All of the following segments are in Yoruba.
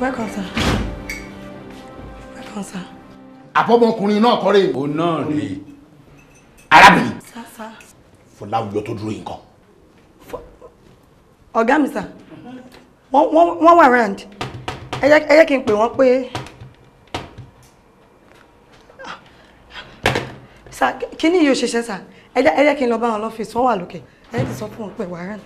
Welcome, sir. Welcome, sir. Àbọ̀mọkùnrin náà kọ́rẹ́. Òun náà rí. Arábìnrin. Sá sá. Fọláwùyọ tó dúró nǹkan. Ọ̀gá mi sà, One, one, one Ẹ jẹ́ kí n pè wọ́n pé. Ah. Sà, kí ni yóò ṣiṣẹ́ sà? Ẹ jẹ́ kí n lọ bá wọn lọ́fíìsì, wọ́n wà lókè. Ẹ ti sọ fún wọn pé wà round.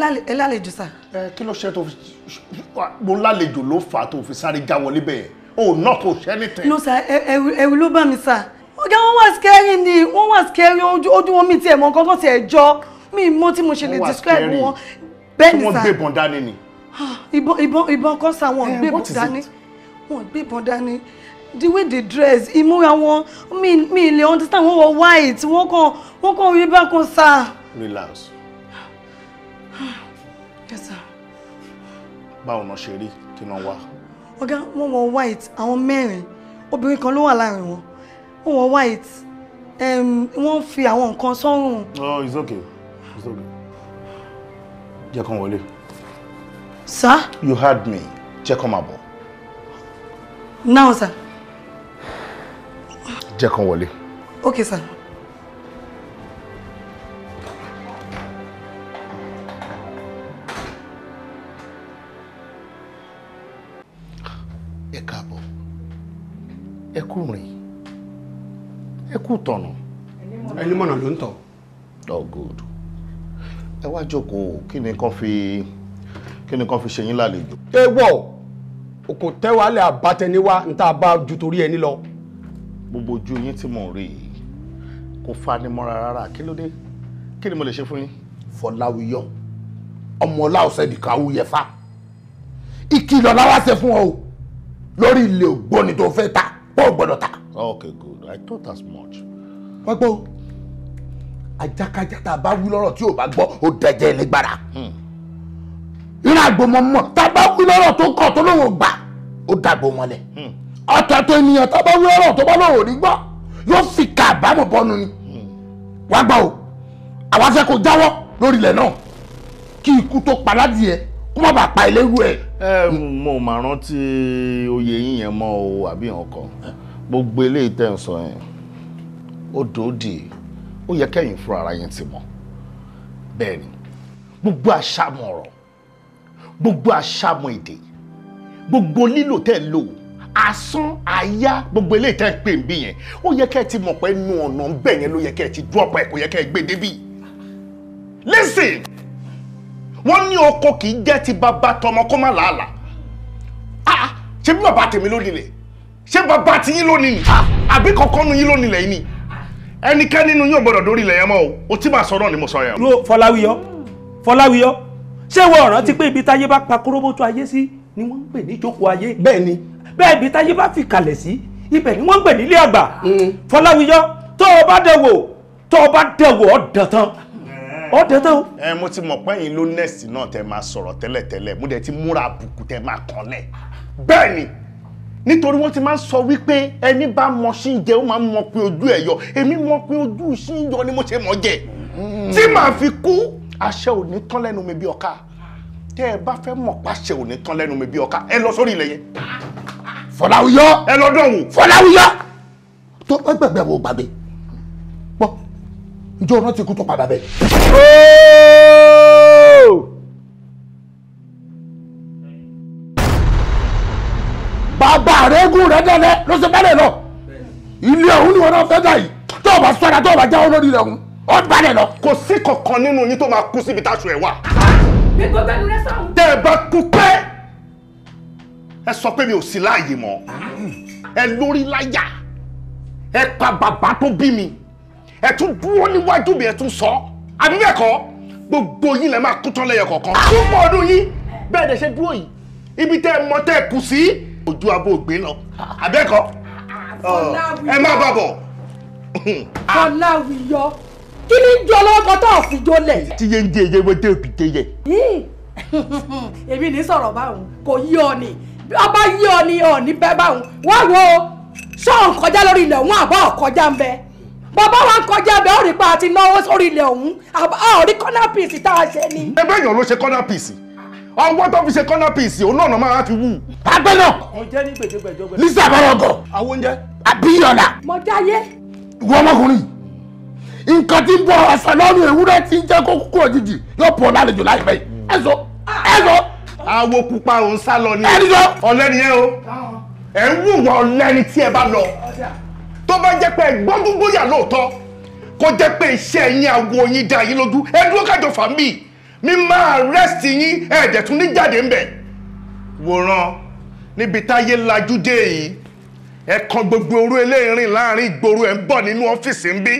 ẹ lálejò sà. ẹ kí ló ṣe tó fi mo lálejò ló fà á tó fi sáré já wọlé bẹ́ẹ̀ o náà kò ṣe anything. no sà ẹ̀rù ló bá mi sà ọ̀gá wọn wà scary ni wọn wà scary ojú wọn mi tiẹ̀ mọ nǹkan kan tiẹ̀ jọ mi mọ tí mo ṣe lè describe wọn bẹ́ẹ̀ ni sà. tí wọ́n gbébọn dání ni. ìbọn ìbọn ìbọn kan sà wọn eh, gbébọn dání wọn gbébọn dání the way they dress ìmúra wọn mi mi lè understand wọn wọ white wọn kàn wọn kàn rí bákan sà. relax yes sir. báwo náà ṣe rí kí náà wá. ọ̀gá wọ́n wọ white àwọn mẹ́rin obìnrin kan ló wà láàrin wọn wọ́n wọ white wọ́n fi àwọn nǹkan sọ́rùn. oh it's okay it's okay jẹ́ kán wọlé. sir. you heard me jẹ́ kán máa bọ̀. now sir. jẹ́ kán wọlé. okay sir. ẹ kú rìn ẹ kú tọ̀nà. ẹni mọ̀nà ló ń tọ̀. oh good ẹ wá jókòó kí ni kan fi kí ni kan fi ṣe yín lálejò. ewọ òkò tẹwàálẹ̀ àbátẹniwá ń tá a bá ju torí ẹni lọ. gbogbo ojú yín tí mò ń rí yìí kò fanimọ́ra rárá kí ló dé kí ni mo lè ṣe fún yín. fọláwíyọ ọmọ ọláọsẹ nìkan awúyẹfà ìkìlọ̀ làwọn ṣe fún ọ lórí ilé ògbóni tó fẹ́ ta ó gbọ́dọ̀ ta. okay good i thought as much. wọ́n gbọ́ ajakajá tá a bá wí lọ́rọ̀ tí ò bá gbọ́ ó dẹjẹ́ nígbàrà. ìrìn hmm. àgbò mọ̀ mọ̀ tá a bá wí lọ́rọ̀ tó kọ̀ tó lóun gbà ó dàgbò mọ́lẹ̀. ọ̀tọ̀ọ̀tọ̀ hmm. ènìyàn tá a bá wí lọ́rọ̀ tó bá lóun ò ní gbọ́ yóò fi ká àbámọ̀ bọ́nu ni. Hmm. wá gbọ́ o àwa fẹ́ kó jáwọ́ lórí ilẹ̀ náà kí ikú tó pa ládìẹ kó má bàa pa ilé rú ẹ̀ ẹ mo mà rántí oyè yín yẹn mọ́ o àbí ọkọ gbogbo eléyìí tẹ̀ ń sọ yẹn ó dòódì ó yẹ kẹ́yìn fún ara yẹn ti mọ̀ bẹ́ẹ̀ ni gbogbo àṣàmọ̀ ọ̀rọ̀ gbogbo àṣàmọ̀ èdè gbogbo lílò tẹ̀ ń lò asán àyá gbogbo eléyìí tẹ̀ ń pè ń bí yẹn ó yẹ kẹ́ ẹ ti mọ̀ pé nu ọ̀nà ń bẹ̀ yẹn ló yẹ kẹ́ ẹ ti dúọ̀pọ̀ ẹ̀ kó yẹ kẹ́ ẹ gbé débì listen wọ́n ní oko kì í jẹ́ ti bàbá tọmọ kó má làálàá ah ṣé bí bàbá tèmi ló nílẹ̀ ṣé bàbá tiyín ló nílẹ̀ àbí kankan nu yín ló nílẹ̀ yìí ni ẹnikẹ́ni nu yín ò gbọ́dọ̀ dórí ilẹ̀ yẹn mọ́ o o ti máa sọ náà ni mo sọ yẹn. ro fọláwíyọ fọláwíyọ ṣé wọ ọ̀rọ̀ ti pé ibi táyé bá pa kóróbótó ayé sí ni wọ́n ń pè ní ìjókòó ayé. bẹ́ẹ̀ ni. bẹ́ẹ̀ ibi táyé bá fi kalẹ̀ sí ibẹ̀ ni wọ́n ń pè nílé àgbà. Mm. fọláwíyọ tó o bá dẹ̀wò tó o bá dẹ̀wò ọ̀dàn tán ọ tẹ o. ẹ mo ti mọ̀ pẹ́yìn ló nẹ́ẹ̀sì náà tẹ máa sọ̀rọ̀ tẹ́lẹ̀tẹ́lẹ̀ mo dẹ̀ ti múra àbùkù tẹ máa kàn lẹ̀ bẹ́ẹ̀ ni nítorí wọ́n ti máa ń sọ wípé ẹni bá mọ sí ń jẹ ó máa ń mọ pé ojú ẹ̀ yọ èmi mọ pé ojú sí ń yọ ni mo ṣe mọ̀ jẹ hmm. tí màá fi kú àṣẹ ò ní tán lẹ́nu mi bí ọ̀ka tẹ́ ẹ bá fẹ́ mọ̀ pàṣẹ ò ní tán lẹ́nu mi bí ọ̀ka ẹ lọ sórí ilẹ̀ yẹn. Fọláwíyọ ẹ lọ dán wò. tó gbàgbẹ́ wo gbàgbé njẹ́ ọ̀nà ti kú tó padà bẹ̀. bàbá rẹ̀ gùn rẹ̀ dẹ́lẹ̀ ló ṣe bẹ́lẹ̀ lọ ilé ọ̀hún ni wọn náà fẹ́ dà yìí tó o bá sọ́ra tó o bá jáwọ́ lórí rẹ̀ ọ̀hún ó balẹ̀ lọ. kò sí kankan nínú yín tó máa kú síbi táṣù ẹ̀ wà. gbogbo ẹnu rẹ sọ. tẹ ẹ bá kú pé ẹ sọ pé mi ò sí láàyè mọ́ ẹ lórí láyà ẹ pa bàbá tó bí mi ẹ tún dúró níwájú mi ẹ tún sọ àbí bẹ́ẹ̀ kọ́ gbogbo yín lẹ máa kú tán lẹ́yọ kọ̀ọ̀kan púpọ̀ ọdún yín bẹ́ẹ̀ dẹ̀ ṣe dúró yìí ibi tẹ́ ẹ mọ tẹ́ ẹ kù sí ojú abó ògbé lọ àbí bẹ́ẹ̀ kọ́ ẹ má bà bọ̀. Fọláwíyọ kí ni jọ lọ́kọ tó ọ̀sìn jọlẹ̀. tí yé ń jẹ èyẹ wọ́n dé òbí dé yẹ. èmi ní sọ̀rọ̀ báwọn kò yí ọ ni ọba yí ọ ni ọ ní bẹ́ẹ̀ báwọn wá wo ṣọ́ọ̀n kọjá lórí ilẹ̀ wọn àbọ̀ kọjá ń bẹ́ẹ̀ bàbá wa ń kọjá bẹ́ẹ̀ ó rí pa àti náwó sórí ilẹ̀ ọ̀hún a ò rí corner piece tá a ṣe ni. ẹgbẹ́ èèyàn ló ṣe corner piece ọwọ́ tó fi ṣe corner piece òun náà máa fi wú. àgbẹ̀ náà. ọjẹ́ ní gbèdégbèdégbè. lisa bọ́lọ́gọ̀. àwọn oúnjẹ. àbíyọ̀nà. mo jáyé. ìwọ ọmọkùnrin nǹkan tí ń bọ ọ̀sán lọ́rùn ewúrẹ́ tí ń jẹ́ kó kúkú òjijì yóò pọ̀ lálejò láìpẹ́ yìí. ẹ sọ ẹ sọ. awo pupa òun sá lọ ni. ẹ ní sọ. ọ̀lẹ́ni yẹn o ẹ̀ ń wùwọ̀ ọ̀lẹ́ni tí ẹ bá tó bá jẹ́ pé ẹ̀gbọ́n gbogbo yà lóòótọ́ kó jẹ́ pé iṣẹ́ yín àgọ́ yín dá yín lójú ẹ dúró kájọ fàmí mi máa rẹ́sì yín ẹ̀ẹ́dẹ̀ tún ní jáde ńbẹ̀ wòran níbi táyé lajú dé yìí ẹ kan gbogbo orú eléyìírín láàrin ìgboro ẹ̀ ń bọ̀ nínú ọ́fíìsì ń bí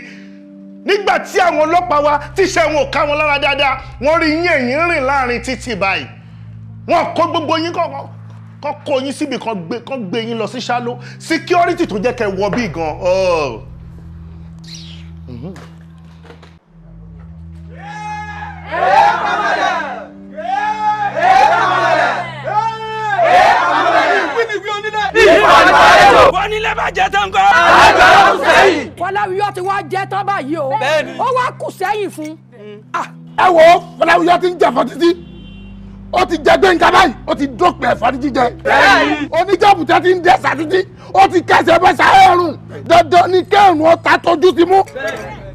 nígbà tí àwọn ọlọ́pàá wa tíṣẹ́ wọn ò ká wọn lára dáadáa wọ́n rí yín ẹ̀yìn rìn láàrin títì báyìí wọ́n kó gbogbo yín kọ̀ọ̀kan kọ́ kó yín síbi kan gbé kan gbé yín lọ sí ṣáló security tó jẹ́ kẹ́ wọ bí gan. wọ́n ní lẹ́bàá tán kọ́. àjọ ló sẹ́yìn. fọláwíyọ́ ti wá jẹ́ tán báyìí o. bẹ́ẹ̀ni. ó wá kù sẹ́yìn fún. Ah, ẹ wo fọláwíyọ́ ti ń jẹ fọ títí ó ti jẹ gbẹ̀ǹkà báyìí ó ti dópin ẹ̀fọ́ ní jíjẹ. oníjọ́bù tó ti ń dẹ̀ sàtúntì ó ti kẹsẹ̀ bá ṣàárùn dandan ní kẹ́hùn ọ̀tá tọ́jú ti mú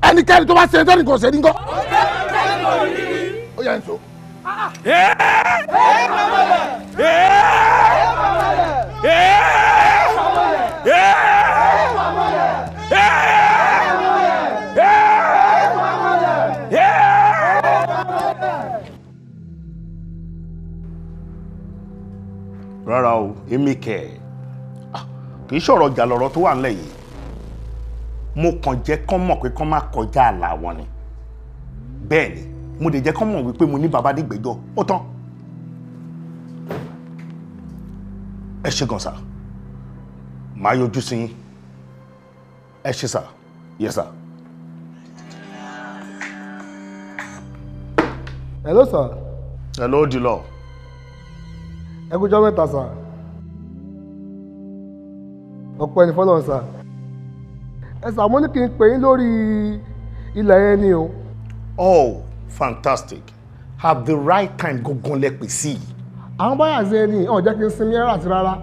ẹnikẹ́ni tó bá ṣe tẹ́ni kò ṣe ní kọ́. ó yẹ n so. ẹ ẹ mọ̀mọ́lẹ̀ ẹ ẹ mọ̀mọ́lẹ̀ ẹ ẹ. rárá o èmi kẹ̀ ah, kì í ṣọ̀rọ̀ ọjà lọ̀rọ̀ tó wà ńlẹ̀ yìí mo kàn jẹ́ kán mọ̀ pé kán má kọjá àlà wọn ni bẹ́ẹ̀ ni mo dẹ̀ jẹ́ kán mọ̀ wípé mo ní baba nígbẹ́jọ́ ó tán ẹ ṣe gan sà màá yọjú sí yín ẹ ṣe sà yẹ sà. hello sir. hello Dilo ẹkújọ́ mẹ́ta sà ọ̀pọ̀ ẹni fọ́lọ́run sà ẹ mo ní kí n pè yín lórí ilẹ̀ yẹn ni o. oh fantastic Have the right time gangan lẹ pè sí i. àwọn báyà ṣe ni ọ̀ jẹ́ kí n sinmi rárá àti rárá.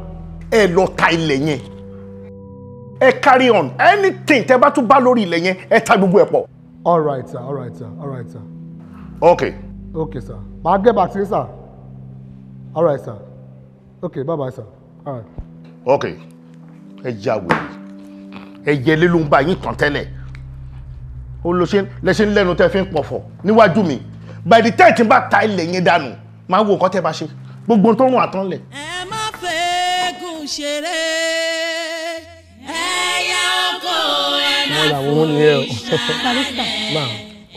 ẹ lọ ta ilẹ̀ yẹn ẹ carry on anything tẹ bá tún bá lórí ilẹ̀ yẹn ẹ ta gbogbo ẹ pọ̀. all right sir all right sir all right sir. okay. okay sir màá get back to you sir all right sir ok bye bye sir. All right. ok ẹ jà wèrè ẹ̀jẹ̀ lé ló ń bá yín tàn tẹ́lẹ̀ ó lọ ṣe lẹ́ṣẹ̀ lẹ́nu tẹ́ fi ń pọ̀fọ̀ níwájú mi by the time tí n bá ta ilẹ̀ yẹn dànù máa wo nǹkan tẹ́ bá ṣe gbogbo tó rùn àtàn lẹ̀. ẹ má fẹ́ẹ́gùn ṣeré ẹ̀yà ọkọ̀ ẹ̀ náà fún ìṣẹ̀lẹ̀.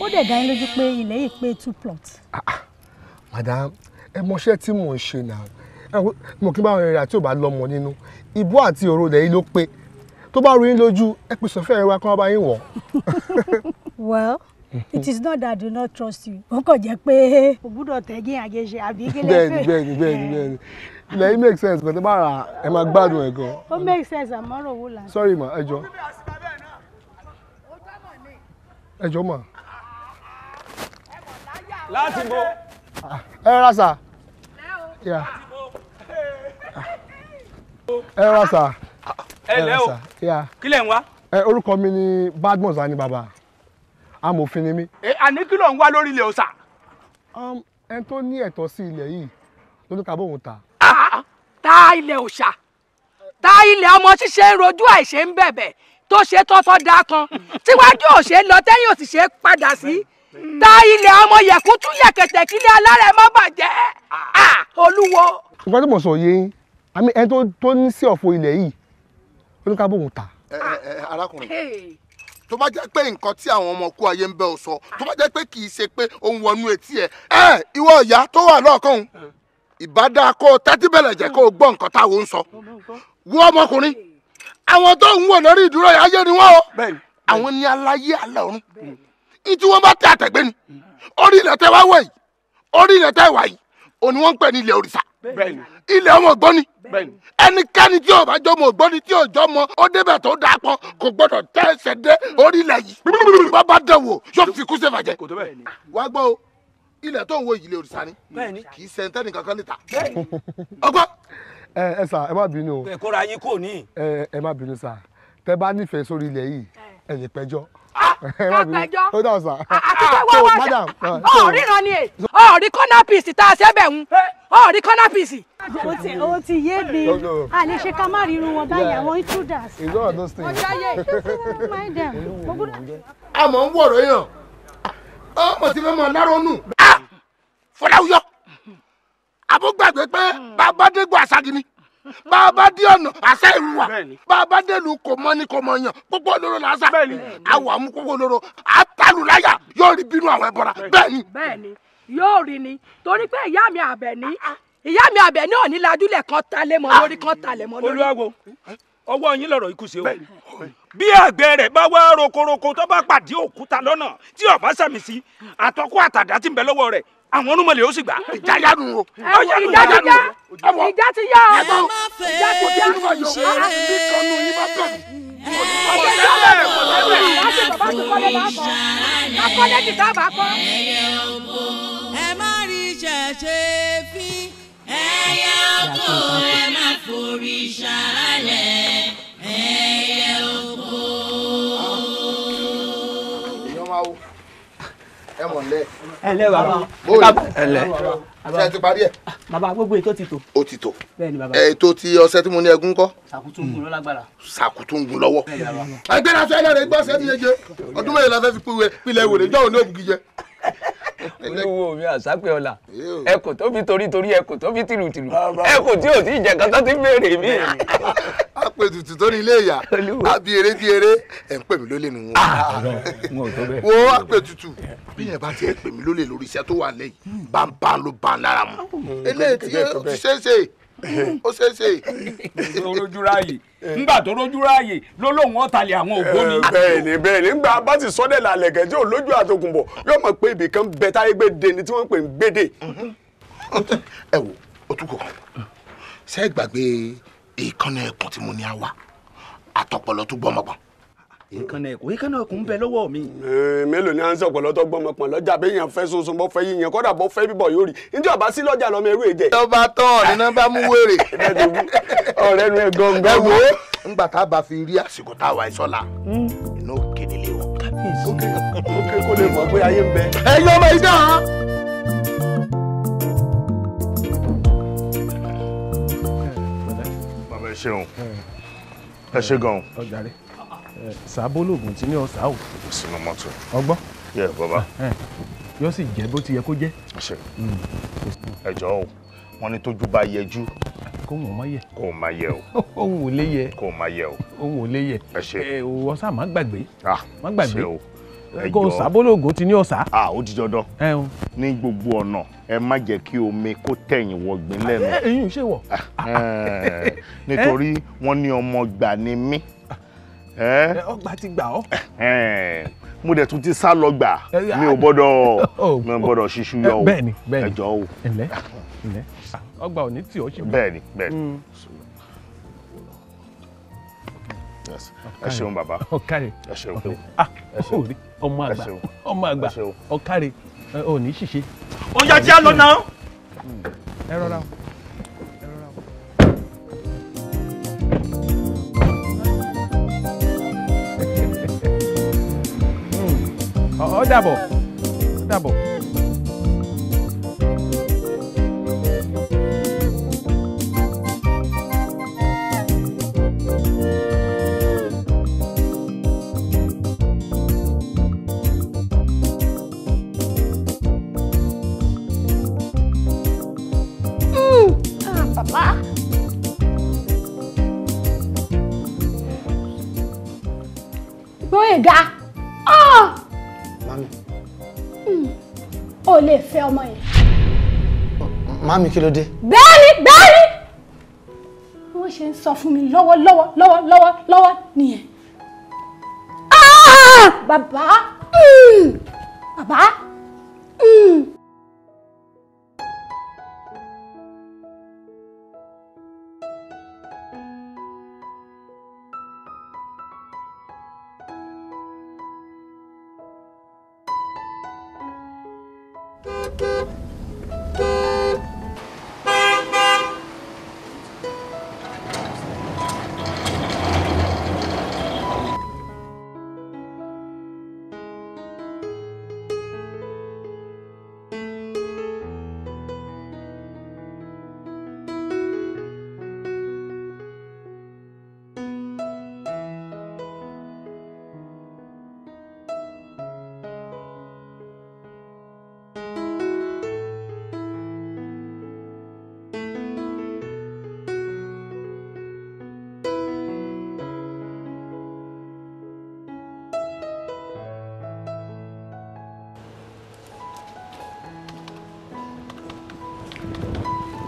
ó dẹ̀ dá yín lójú pé ilẹ̀ yìí pé two plots. Ah, ah. madam ẹ mọṣẹ́ tí mò ń ṣe náà mo kí n bá àti ò bá nínú ìbú àti òru ilẹ̀ yìí ló pé tó bá ruyin lójú ẹ pè sọ fẹ́ẹ́ wá kí wọ́n bá yín wọ̀. well it is not that i do not trust you wọn kàn jẹ́ pé o gbúdọ̀ tẹgí àjẹsẹ àbí kí lè fẹ́. bẹ́ẹ̀ni bẹ́ẹ̀ni bẹ́ẹ̀ni bẹ́ẹ̀ni lẹ́yìn make sense kò tó bá ra ẹ máa gbádùn ẹ gan. ó make sense àmọ́rò wò lánàá. sorry ma ẹ jọ ẹ jọ ma. láti bo. ẹ rà sà ẹ wá sà. ẹ lẹ́ o kí lẹ̀ ń wá. ẹ orúkọ mi ni Badmus ani baba amòfin ni mí. àní kí ló ń wá lórí ilẹ̀ ọ̀sà. Um, ẹni tó ní ẹ̀tọ́ sí ilẹ̀ yìí ló ní ká bóun ta. Ah, ah, ah. ta ilẹ̀ òòṣà ta ilẹ̀ ọmọ ṣíṣe ń rojú àìṣe ń bẹ̀bẹ̀ tó ṣe tọ́tọ́ da kan tíwájú òṣè lọ tẹ́yìn òsì ṣe padà sí mm. ta ilẹ̀ ọmọ yẹ̀kú yẹ̀kẹ̀tẹ̀ kílẹ̀ alárẹ̀ má bàjẹ́ olúwo. ìgbà tí mo sọ yé yín àmì ẹni tó ní sí ọ̀fọ̀ ilẹ̀ yìí oníkàbọ̀hún ta. ẹ ẹ arákùnrin tó bá jẹ́ pé nǹkan tí àwọn ọmọ kú ayé ń bẹ́ ọ sọ tó bá jẹ́ pé kì í ṣe pé òun wọnú etí ẹ ẹ ìwọ ìyá tó wà lọ́ọ̀kan ìbádá kó tẹ́tí bẹ̀lẹ̀ jẹ́ kó gbọ́ nǹkan táwọn ń sọ wo ọmọkùnrin àwọn tó ń wò lórí ìdúró ayé ni wọ́n o àwọn ní aláyé alẹ́ ọ̀run ní tí wọ́n bá tẹ àtẹ̀gbẹ́ ni orí ilẹ̀ tẹ wá wọ̀ yìí orí ilẹ̀ tẹ wà yìí òní wọ́n ń pè ní ilẹ̀ òrìṣà ilẹ̀ ọmọ ògbọ́n ni ẹnikẹ́ni tí ọba jọmọ ògbọ́n ni tí ọjọ́ mọ ó débẹ̀ tó dáa pọ̀ kò gbọ́dọ̀ tẹ́ ẹsẹ̀ dé orílẹ̀ yìí bàbá dẹ̀ yóò fi kú sẹ́fà jẹ. wá gbọ́ o ilẹ̀ tó ń wo ìjìnlẹ̀ òrìṣà ni kì í sẹ́ńtẹ́nì kankan níta ọgbọ́n. ẹ ẹ sà ẹ má bínú o ẹ kóra yín kò ní. ẹ ẹ má bínú sà tẹ bá nífẹ̀ẹ́ sórí ilẹ̀ yìí ẹ lè pẹjọ́. Ah! kápẹjọ́ àti pé wọ́n wá ṣe uh, ọ̀rí ràn ni è ọ̀rí kọ́nà pìsì tá a ṣẹ́bẹ̀ ń ọ̀rí kọ́nà pìsì. o ti o ti yé mi a lè ṣe ká má ríru wọn báyìí àwọn intruders. ìgbọ́ ọ̀dọ́ stage. ọjà yé a mọ̀ ń wọ̀rọ̀ yàn ọmọ ti fẹ́ mọ lárọ́nù. Ah! Fọláwíyọ́ àbúgbàgbé pé bàbá dégbò àṣàgì ni bàbá dé ọ̀nà àṣà ìlú wa bàbá dẹ̀lú kò mọ ni kò mọ yàn pópó olóró la sá àwọn àmú pópó olóró àtàlùláyà yóò rí bínú àwọn ẹbọra bẹ́ẹ̀ni. bẹ́ẹ̀ni yóò rí ni torí pé ìyá mi àbẹ̀ní ìyá mi àbẹ̀ní òní lajúlẹ̀ kan talẹ̀ mọ́ lórí kan talẹ̀ mọ́ lórí. olúwawo ọwọ́ yín lọ̀rọ̀ ikú ṣe o bí àgbẹ̀ rẹ̀ bá wá rokoroko tó bá pàdé òkúta lọ́nà tí ó bá àtàdá tí ń bẹ lọ́wọ́ rẹ̀ àwọn onúmọ̀lẹ̀ yóò sì gbà. ìjà yá nu o. ìjà ti yá ìjà ti yá ọ̀tọ̀ ìjà ti yá ọ̀tọ̀ ìṣeré. ẹ má rí ìṣẹ̀ṣẹ̀ fi ẹyẹ oko ẹ má forí ṣàlẹ̀ ẹyẹ oko. ẹ mọ̀ lẹ́ẹ̀ ẹ ǹlẹ́ bàbá ẹ ǹlẹ́ ṣe ẹ ti parí ẹ. Ah, bàbá gbogbo ètò ti tò. ó ti tò ètò ti ọṣẹ tí mo ní ẹgún kọ. sàkútùngùn ló lágbára. sàkútùngùn lọ́wọ́. ẹgbẹ́ náà sọ ẹlẹ́rìí gbọ́ sẹ́ni yẹn jẹ ọdún mẹ́rin la fẹ́ fi pínlẹ̀ wèrè jọ́wọ́ ní òbí gíjẹ olówó mi àsápẹ́ ọ̀la ẹkùn tó fi torítorí ẹkùn tó fi tìlùtìlù ah, ẹkùn tí ò tí ì jẹ kan tó ti béèrè mi. apètùtù tó ní ilé ìyá àbí eré bí eré ẹ̀ ń pè mí lólè nù wọ́n. Ah, ah. wo apètùtù bí yẹn bá tiẹ̀ pè mí lólè lórí iṣẹ́ tó wà lẹ́yìn bá ń bá ń lo bá ń lára mu hmm. eléyìí tí ó ti ṣeé ṣe ó ṣeé ṣe. rojú ráàyè ńgbà tó rojú ráàyè ló lóun ọ̀tàlẹ̀ àwọn ògbóni. Eh, bẹ́ẹ̀ ni bẹ́ẹ̀ ni ńgbà bá ti sọ́dẹ̀ lálẹ́ kẹ́jọ́ lójú àtòkùnbọ̀ yóò mọ̀ pé ibìkan bẹ táyé gbé de ni tí wọ́n ń pè ń gbédè. ẹ wo otukọ ṣe é gbàgbé ìkànnì ẹkùn tí mo ní a wà àtọpọlọ tó gbọmọgbọn nǹkan náà èkó ìkànnà ọkùnrin bẹ lọ́wọ́ mi. Eh, mélòó ni à ń sọ ọ̀pọ̀lọpọ̀ gbọ́mọpọ̀n lọ́jà béèyàn fẹ́ sunsun bọ́ fẹ́ yíyan kọ́dà bọ́ fẹ́ bíbọ̀ yóò rí njẹ́ ọba sí lọ́jà lọ́mọ eré jẹ. ọba tán ọ̀nìyàn bá mú wèrè. ọ̀rẹ́ nu ẹ̀ gọ̀ǹgọ̀. ẹ wo ńgbà tá a bá fi rí àsìkò tá a wà ìsọ̀la inú kìnìlẹ̀ o. ókè kó lè mọ̀ pé ayé ń bẹ. ẹ sàbólògùn tí ní ọ̀sà ò. kò sínú mọ́tò. ọgbọ́n. yẹ bàbá. yóò sì jẹ́ bó ti yẹ kó jẹ́. ṣe hmm. ẹ jọ̀ọ́ o wọ́n ní tójú bá yẹjú. kó wọn má yẹ. kó wọn má yẹ o. ohun ò lè yẹ. kó wọn má yẹ o. ohun ò lè yẹ. ẹ ṣe. ẹ o ọ̀sà má gbàgbé. ah má gbàgbé. ṣe o ẹ jọ̀ọ́ kó sàbólògùn ti ní ọ̀sà. ah ó di dandan. ẹ o. ní gbogbo ọ̀nà ẹ má jẹ́ kí omi kó tẹ̀yìn wọ̀gbìn lẹ́nu. ẹ̀yin ṣe wọ̀. nítorí wọ́n ní ọmọ gbà ni mí ọgbà ti gbà ọ́. mo dẹ̀ tún ti sá lọ gbà mi ò gbọ́dọ̀ oh. mi ò gbọ́dọ̀ ṣíṣú yọ o bẹ́ẹ̀ni bẹ́ẹ̀ni ẹjọ́ o. ẹ̀lẹ́ ẹ̀lẹ́ ah, ọgbà ò ní tì ọ́ ṣùgbọ́n. bẹ́ẹ̀ni bẹ́ẹ̀ni. Mm. ẹ ṣeun bàbá ọkàrẹ ah, ẹ ṣeun ẹ ṣeun ọmọ àgbà ọmọ àgbà ọkàrẹ ò ní ṣìṣe. ó yá jẹ́ àlọ́ náà. ẹ rọra o. Ó, ó o Dabo. O Dabo. papá. Vou ò lè fẹ́ ọmọ yẹn. Màámi kí ló dé? Bẹ́ẹ̀ni bẹ́ẹ̀ni. Bí wọ́n ṣe ń sọ fún mi lọ́wọ́ lọ́wọ́ lọ́wọ́ lọ́wọ́ lọ́wọ́ nìyẹn. Ah! Bàbá hmm! bàbá. Hmm! Thank you.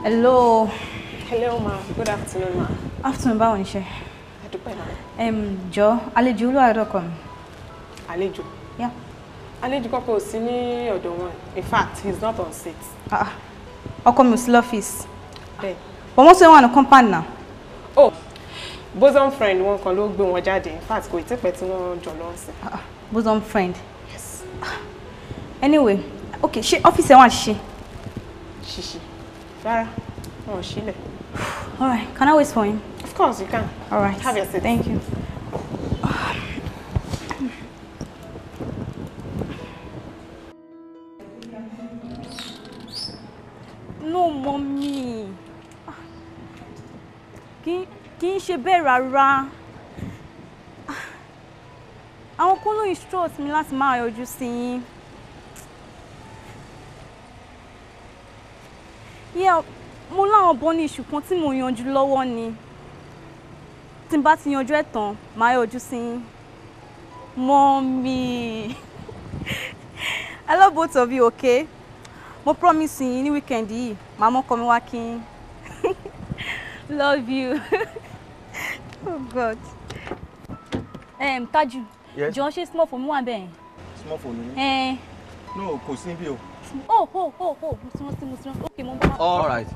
Hello. Hello, ma. Good afternoon, ma. Afternoon, báwo ni ṣe? Adúpẹ́ náà. Um, jọ, àlejò olúwa ẹ̀rọ kan. Àlejò? Yeah. Àlejò kọ́kọ́ ò sí ní ọ̀dọ̀ wọn. In fact, he's not on site. Ah, ah, ọkọ mi ò sí lọ́fíìsì. Bẹ́ẹ̀. But wọ́n sọ wọn ní compound náà. Oh, bosom friend wọn kan ló gbé wọn jáde. In fact, kò ì tí pẹ́ tí wọ́n jọ lọ sí. Ah, ah. Bosom friend? Yes. Anyway, okay, ṣé ọ́fíìsì ẹ̀ wà ṣe? Rárá, wọn ò All right, can I wait for him? Of course you can. All right. Have your seat. Thank you. No, mommy. Kì í ṣe bẹ́ẹ̀ rárá. Àwọn kúló instruct mi láti máa yọjú sí náà bọ́ ní ìṣù kan tí mò ń yanjú lọ́wọ́ ni tí n bá ti yanjú ẹ̀ tán màá yọjú sí yín mọ́mí I love both of you okay mo promise yín ní weekend yìí màá mọ́kọ mi wá kí yín love you oh God um, Yes. jọ ṣe small phone mi wà bẹ́ẹ̀. small phone mi. Eh. no kò sí bí o. oh oh oh oh mo ti rántí mo ti ok mo ń bá. all right.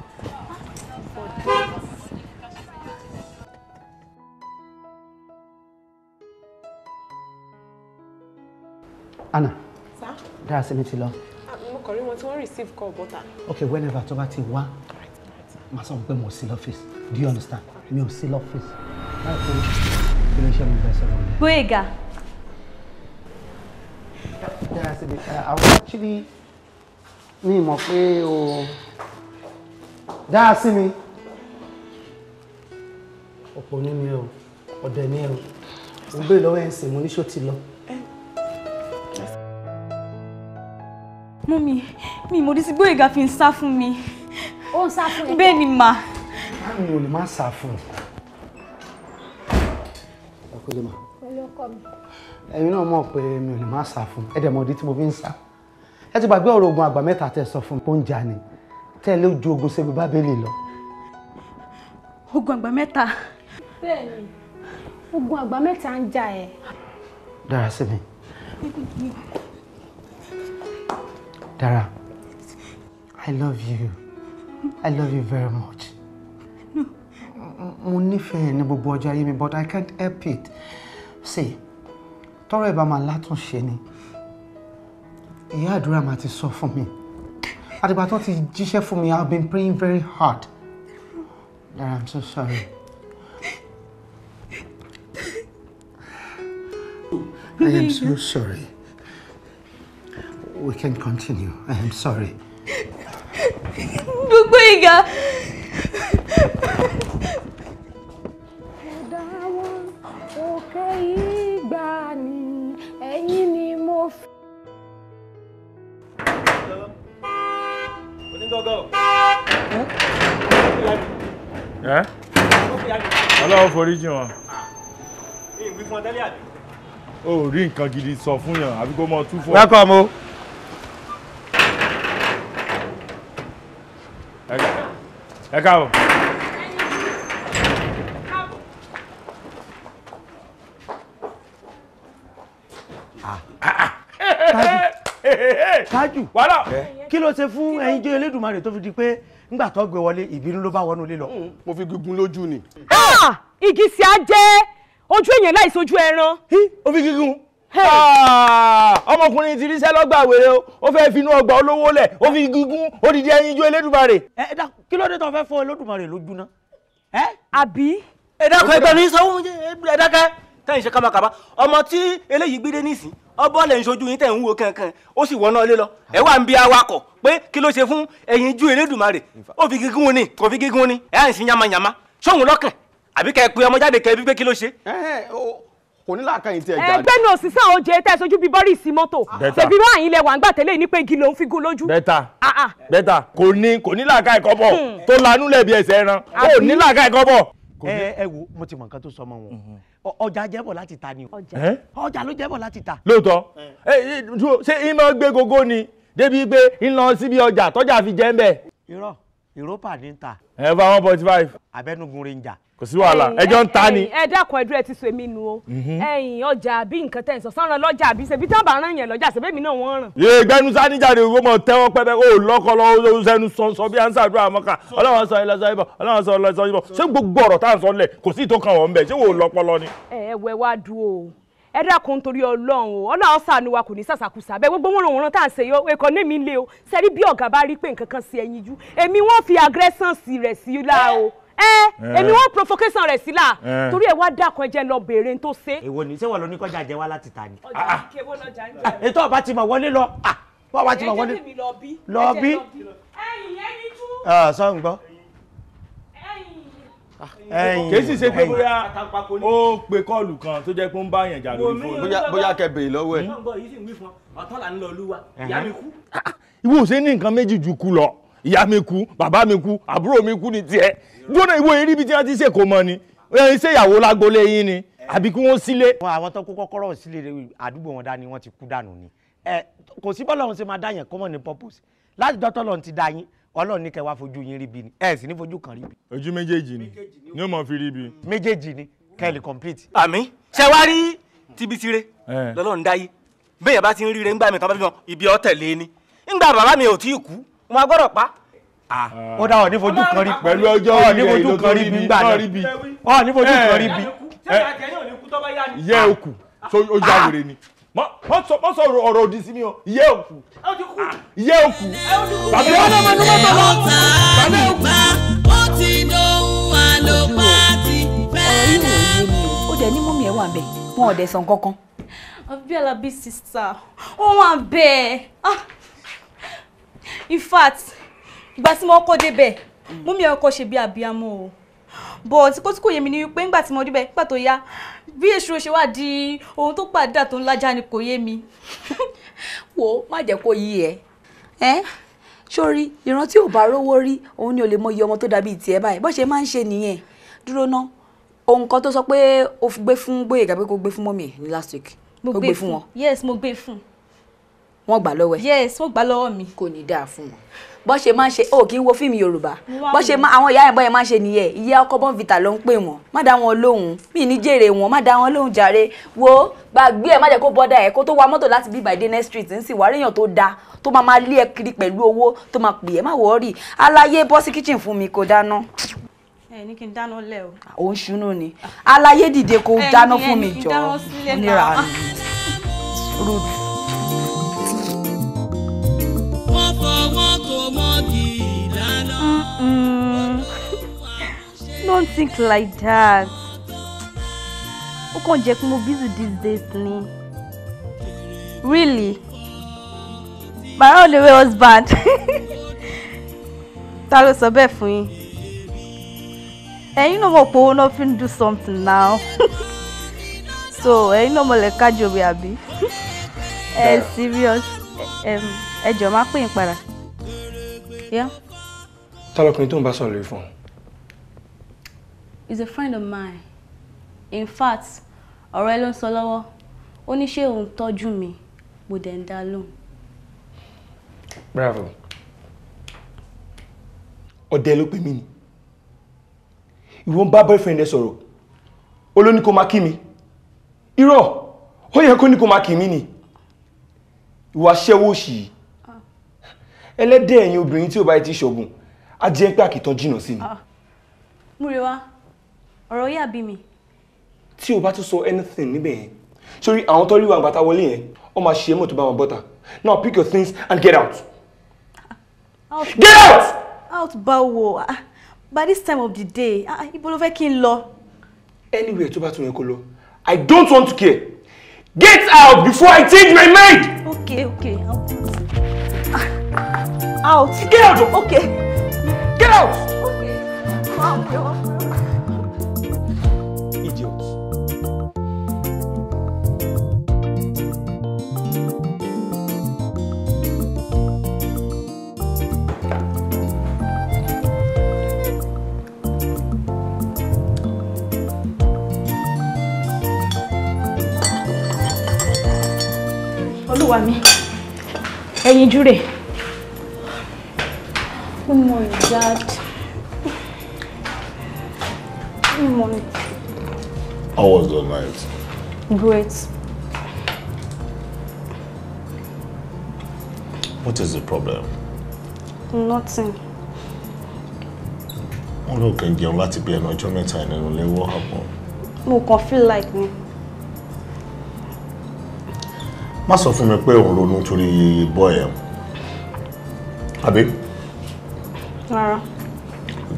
Anna. Sir? Dárasími ti lọ. I'm not calling. wọn tí wọ́n receive call bọ́tà. Ah. Okay, whenever tó bá Right, right, sir. sọ pé mo sí office. Do you understand? Mi ò sí office. Láìpẹ́ kí ló ń ṣe mi bẹ́ẹ̀ sọ̀rọ̀ mi. Bóyèga. Dárasími, àwọn actually mi mọ̀ pé o. Dárasími ọ̀pọ̀ ní mi o ọ̀dẹ̀ ní ẹ̀rù mo ń béèrè lọ́wọ́ ẹ̀ ń sìn mo ní ṣó ti lọ. mummy mi mo ti gbọ́ ìgà fi ń sá fún mi. ó ń sá fún ẹ. bẹ́ẹ̀ ni mà. báwo ni o lè má sá fún un. ẹ kú lè mà. olóko mi. ẹ̀yin náà mọ̀ pé mi ò lè má sá fún un ẹ dẹ̀ mọ̀ ìdí tí mo fi ń sá ẹ ti gbàgbé ọ̀rọ̀ ogun àgbà mẹ́ta tẹ́ sọ fún mi ó ń jà ni tẹ́lẹ̀ ojú ogun ṣebí bábélì lọ. ogun àgbà bẹ́ẹ̀ni ogun àgbà mẹ́ta ń jà ẹ. dára sí mi dára i love you i love you very much mo nífẹ̀ẹ́ ní gbogbo ọjọ́ ayé mi but i can't help it see tọrọ ẹ bá máa látúnṣe ni ìyá àdúrà máa ti sọ fún mi àtìgbà tó ti jíṣẹ́ fún mi i have been praying very hard dára i'm so sorry. I am so sorry. We can continue. I am sorry. Gbogbo ìgà. Ẹ̀dá wọn òkè ìgbà ni ẹ̀yìn ni mo fi. Onígọ́gọ́. Ọlọ́run forí jì wọ́n. Mi ah, ìwí fún ọ tẹ́lẹ̀ àbí? o ò rí nǹkan gidi sọ fún yàn àbí kó mọ tú fọ. welcome o. ẹ káàbọ̀. tájù wàhálà kí ló ṣe fún ẹ̀yin jẹ́ Elédùmarè tó fi di pé ńgbà tó gbé wọlé ìbínú ló bá wọnú ilé mo fi gígùn lójú ni. igi ah! sí á jẹ́ ojú èèyàn láì sojú ẹran. ó fi gígùn ah, ọmọkùnrin ti ríṣẹ́ lọ́gbà wèrè o ó fẹ́ finú ọgbà olówó lẹ̀ ó fi gígùn odidi ẹyin jó elédùmarè. ẹ dá kí ló dé tó fẹ́ fọ elédùmarè lójú ná. àbí. ẹ dákẹ́ ẹgbẹ́ mi sanwó ẹ dákẹ́ tẹ́yìn ṣe kábàkàbà ọmọ tí eléyìí gbé dé nísìn ọbọ̀ lẹ̀ ń ṣojú yín tẹ̀ ń wo kankan ó sì wọná ilé lọ ẹ wà ń bi awakọ̀ pé kí ló ṣe fún ẹ̀yìn ju elédùmarè ó fi gígùn ni kò fi gígùn ni ẹ̀ à ń sin yamayama ṣóhun lọ́kàn àbí kẹ pé ọmọ jáde kẹ bí pé kí ló ṣe. kò ní làákàyè tí ẹ jáde. ẹgbẹ́ náà sísan oúnjẹ tẹ́ ẹ sojú bíi bọ́rì sí mọ́tò ṣèbí wọn àyìn ilẹ̀ wà ń gbà tẹ́lẹ̀ ní pé igi ló ń fi gún lójú. bẹ́tà ah, ah. bẹ́tà kò ní kò ní làákàyè kọ́bọ̀ hmm. tó lanú lẹ̀ bí ẹsẹ̀ ẹran kò ní làákàyè kọ́bọ̀. ẹ ẹ wo mo ti mọ nǹkan tó sọ ọmọ wọn mhm. ọjà jẹ́bọ̀ láti ta ni o ọjà ló jẹ́bọ̀ láti ta. lóòótọ́ ṣé ìmọ̀ gbé gogo ni débi pé ńlọ síbi ọjà tọ́jà fi jẹ́ ń bẹ̀. irọ́ europa ní ta. ẹ bá one point five. abẹnugun ranger. kò sí wàhálà ẹjọ́ ń ta ni. ẹ dákun ẹdúró ẹ ti so èmi nu o. Mhm. ẹ̀yin ọjà àbí nǹkan tẹ̀ ń sọ sọ́nà lọ́jà àbí ṣebí tí wọ́n bá rán yẹn lọ́jà ṣebí èmi náà wọ́n rán. yé gbẹnu sani jáde owó mọ tẹwọn pẹpẹ o lọkọ lọ sẹnu sọ sọ bí ansa àdúrà mọka Ọlọ́run sọ ẹlẹsọ ibọ Ọlọ́run sọ ẹlẹsọ ibọ ṣé gbogbo ọ̀rọ̀ tá à ń sọ lẹ kò sí ìtò kan wọn bẹ ṣé wò ó lọpọlọ ni. ẹ ẹ wẹ wá dúró o ẹ dákun torí ọlọ́run o ọlọ́run ṣàánú wa kò ní sàṣàkùsà bẹ́ẹ̀ gbogbo wọn òun tá à ń ṣe yọ ẹ̀kọ́ ní mi lé o sẹ́rí bí ọ̀gá bá rí pé nǹkan kan sí ẹyin jú èmi wọ́n fi aggression sí rẹ̀ sí la o ẹ èmi wọ́n provocation rẹ̀ sí la torí ẹ wá dákun ẹ jẹ́ lọ béèrè tó ṣe. èwo ni ṣé wọn lọ ní kọjá jẹ wá láti ta ni. ọjà ìkéwọ́ ah, ah. lọ́jà ń jẹ. ètò ọba ti mọ̀ wọlé lọ ah, bọ́ọ̀ bá ti lọ bí. ẹ̀yìn ẹ̀yìn tú. sọ ń gbọ́ kì í sì ṣe pé bóyá ó pe kọ́ọ̀lù kan tó jẹ́ pé ó ń bá yàn jà lórí fóònù. bóyá kẹ bèrè lọ́wọ́ ẹ̀. ọ̀tọ́ là ń lọ olúwa ìyá mi kú. ìwọ ò ṣe ní nǹkan méjì ju kú lọ ìyá mi kú bàbá mi kú àbúrò mi kú ní tiẹ̀ gbọ́dọ̀ ìwọ eré ibi tí wọ́n ti ṣe kò mọ ni ẹ̀yin ṣe ìyàwó lágbolé yín ni àbí kí wọ́n sílé. àwọn tó kó kọ́kọ́rọ́ sílé àdúgbò wọn dání wọ́n ti kú dànù ni kò sí bọ́lá òun ṣe máa dá yẹn kọ́mọ̀ ní purpose láti dọ́tọ́ lọ́n ti dá yín ọlọ́run ní kẹ́ wá fojú yín ríbi ni ẹ sì ní fojú kan ríbi. ojú méjèèjì ni ni ó mọ fi ríbi. Mm. méjèèjì ni kẹ́lì complete. àmín ṣe wá rí tibitire lọ́lọ́run dáyé bẹ́ẹ̀ bá ti ń ríire ńgbà mi kan bá fi hàn ibi ọ̀tẹ̀lé ni ńgbà bàbá mi ò tí ì kú wọn gbọ́dọ̀ pa ó dáwọ̀ ní fojú kan rí pẹ̀lú ọjọ́ ìrẹ̀ ìlú tó rí bí náà rí bí ọ̀ ní fojú kan rí mọ sọ ọ̀rọ̀ òdì sí mi o yẹ òkú yẹ òkú bàbá yẹn ọmọ ẹnu mọ bàbá bàbá òkú. ó ti dohun àlòpàtì fẹ́ẹ́ náà mú. ó jẹ́ ní mọ́mí ẹ̀ wà bẹ́ẹ̀ wọn ò dẹ̀ sàn kankan. abiola bíi sista ó wà bẹ́ẹ̀ ah. in fact ìgbà tí mo kọ́ débẹ̀ mọ́mí ẹ̀ kọ́ ṣe bí abiyamọ o but kó tí kò yé mi ni pé ńgbà tí mo débẹ̀ nígbà tó yá bí èṣù ṣe wá di ohun tó padà tó ń lájà ni kò yé mi. wo má jẹ́ kó yí ẹ sórí ìran tí ò bá rówó rí òun ni ò lè mọ iye ọmọ tó dàbí tiẹ̀ báyìí bó ṣe máa ń ṣe nìyẹn dúró ná ohun kan tó sọ pé o gbé fún Gbóyèga pé kó gbé fún mọ́mì ní last week o gbé fún wọn yes mo gbé fún. wọ́n gbà lọ́wọ́ ẹ yes wọ́n gbà lọ́wọ́ mi. kò ní dáa fún wọn bọ́ ṣe máa ń ṣe ó kì í wo fíìmù yorùbá bọ́ ṣe máa àwọn ìyá yẹn bọ́ yẹn máa ń ṣe nìyẹn ìyá ọkọ bọ́ǹvìtà ló ń pè wọ́n má dá wọn lóhùn mí ní jèrè wọn má dá wọn lóhùn jàre wo gbàgbé ẹ má jẹ́ kó bọ́dà ẹ kó tó wa mọ́tò láti bí ìbàdí next street ń sì wá réèyàn tó da tó máa máa lé ẹ kiri pẹ̀lú owó tó máa pè é má wọ́ọ̀rì aláyé bọ́ sí kitchen fún mi kó dáná ẹ ní kí n dáná lẹ o. ò ń ṣunú ni aláyé dìde kó dáná fún mi jọ ọ Don't think like that. Ó kàn jẹ́ pé busy these days ni. Really? My all the way was bad. That was a bad thing. And you know, pé owó náà do something now. So ẹ̀yin náà mọ̀ lẹ̀ kájọ bí àbí? Eh, ẹ serious. Ẹ jọ̀ọ́ má pè é padà. Yeah? Talọkùnrin to ń bá sọ̀rọ̀ lórí phone. He's a friend of mine. In fact, ọ̀rọ̀ ẹ ló ń sọ lọ́wọ́. Ó ní ṣé òun tọ́jú mi, mo dẹ̀ ń dá lóhùn. Bravo. Ọ̀dẹ̀ ló pè mí ni. Ìwọ ń bá boyfriend ẹ sọ̀rọ̀. Ó ló ní kó máa kí mi. Irọ́, ó yẹ kó ní kó máa kí mi ni. Ìwà aṣẹ́wó òṣì yìí ẹlẹ́dẹ̀ ẹ̀yin obìnrin tí ò bá ti ṣògùn á jẹ́ pé àkìtàn jìnnà sí ni. Ah, múrewa ọ̀rọ̀ yà bí mi. tí o bá tún sọ anything níbẹ̀ yẹn sórí àwọn tó rí wa àgbàtà wọlé yẹn ó máa ṣe é mọ̀ tó bá wọn bọ́ta now pick your things and get out. Ah, get out. out báwo ah, by this time of the day ibo ló fẹ́ kí n lọ. anywhere tó bá tún yẹn kó lọ i don't want to care get out before i change my mind. okay okay i'll do out. Get out! Okay. Get out! Okay. Wow, you're olúwa mi ẹ̀yin Good morning, Dad. Good morning. How was the night? Great. What is the problem? Nothing. Wọ́n ló kẹ́ jẹun láti bí ẹnu ọjọ́ mẹ́ta ìnẹnu léwọ́ àpọ̀. Mo kàn feel like me. Má sọ fún mi pé òun ronú torí rárá.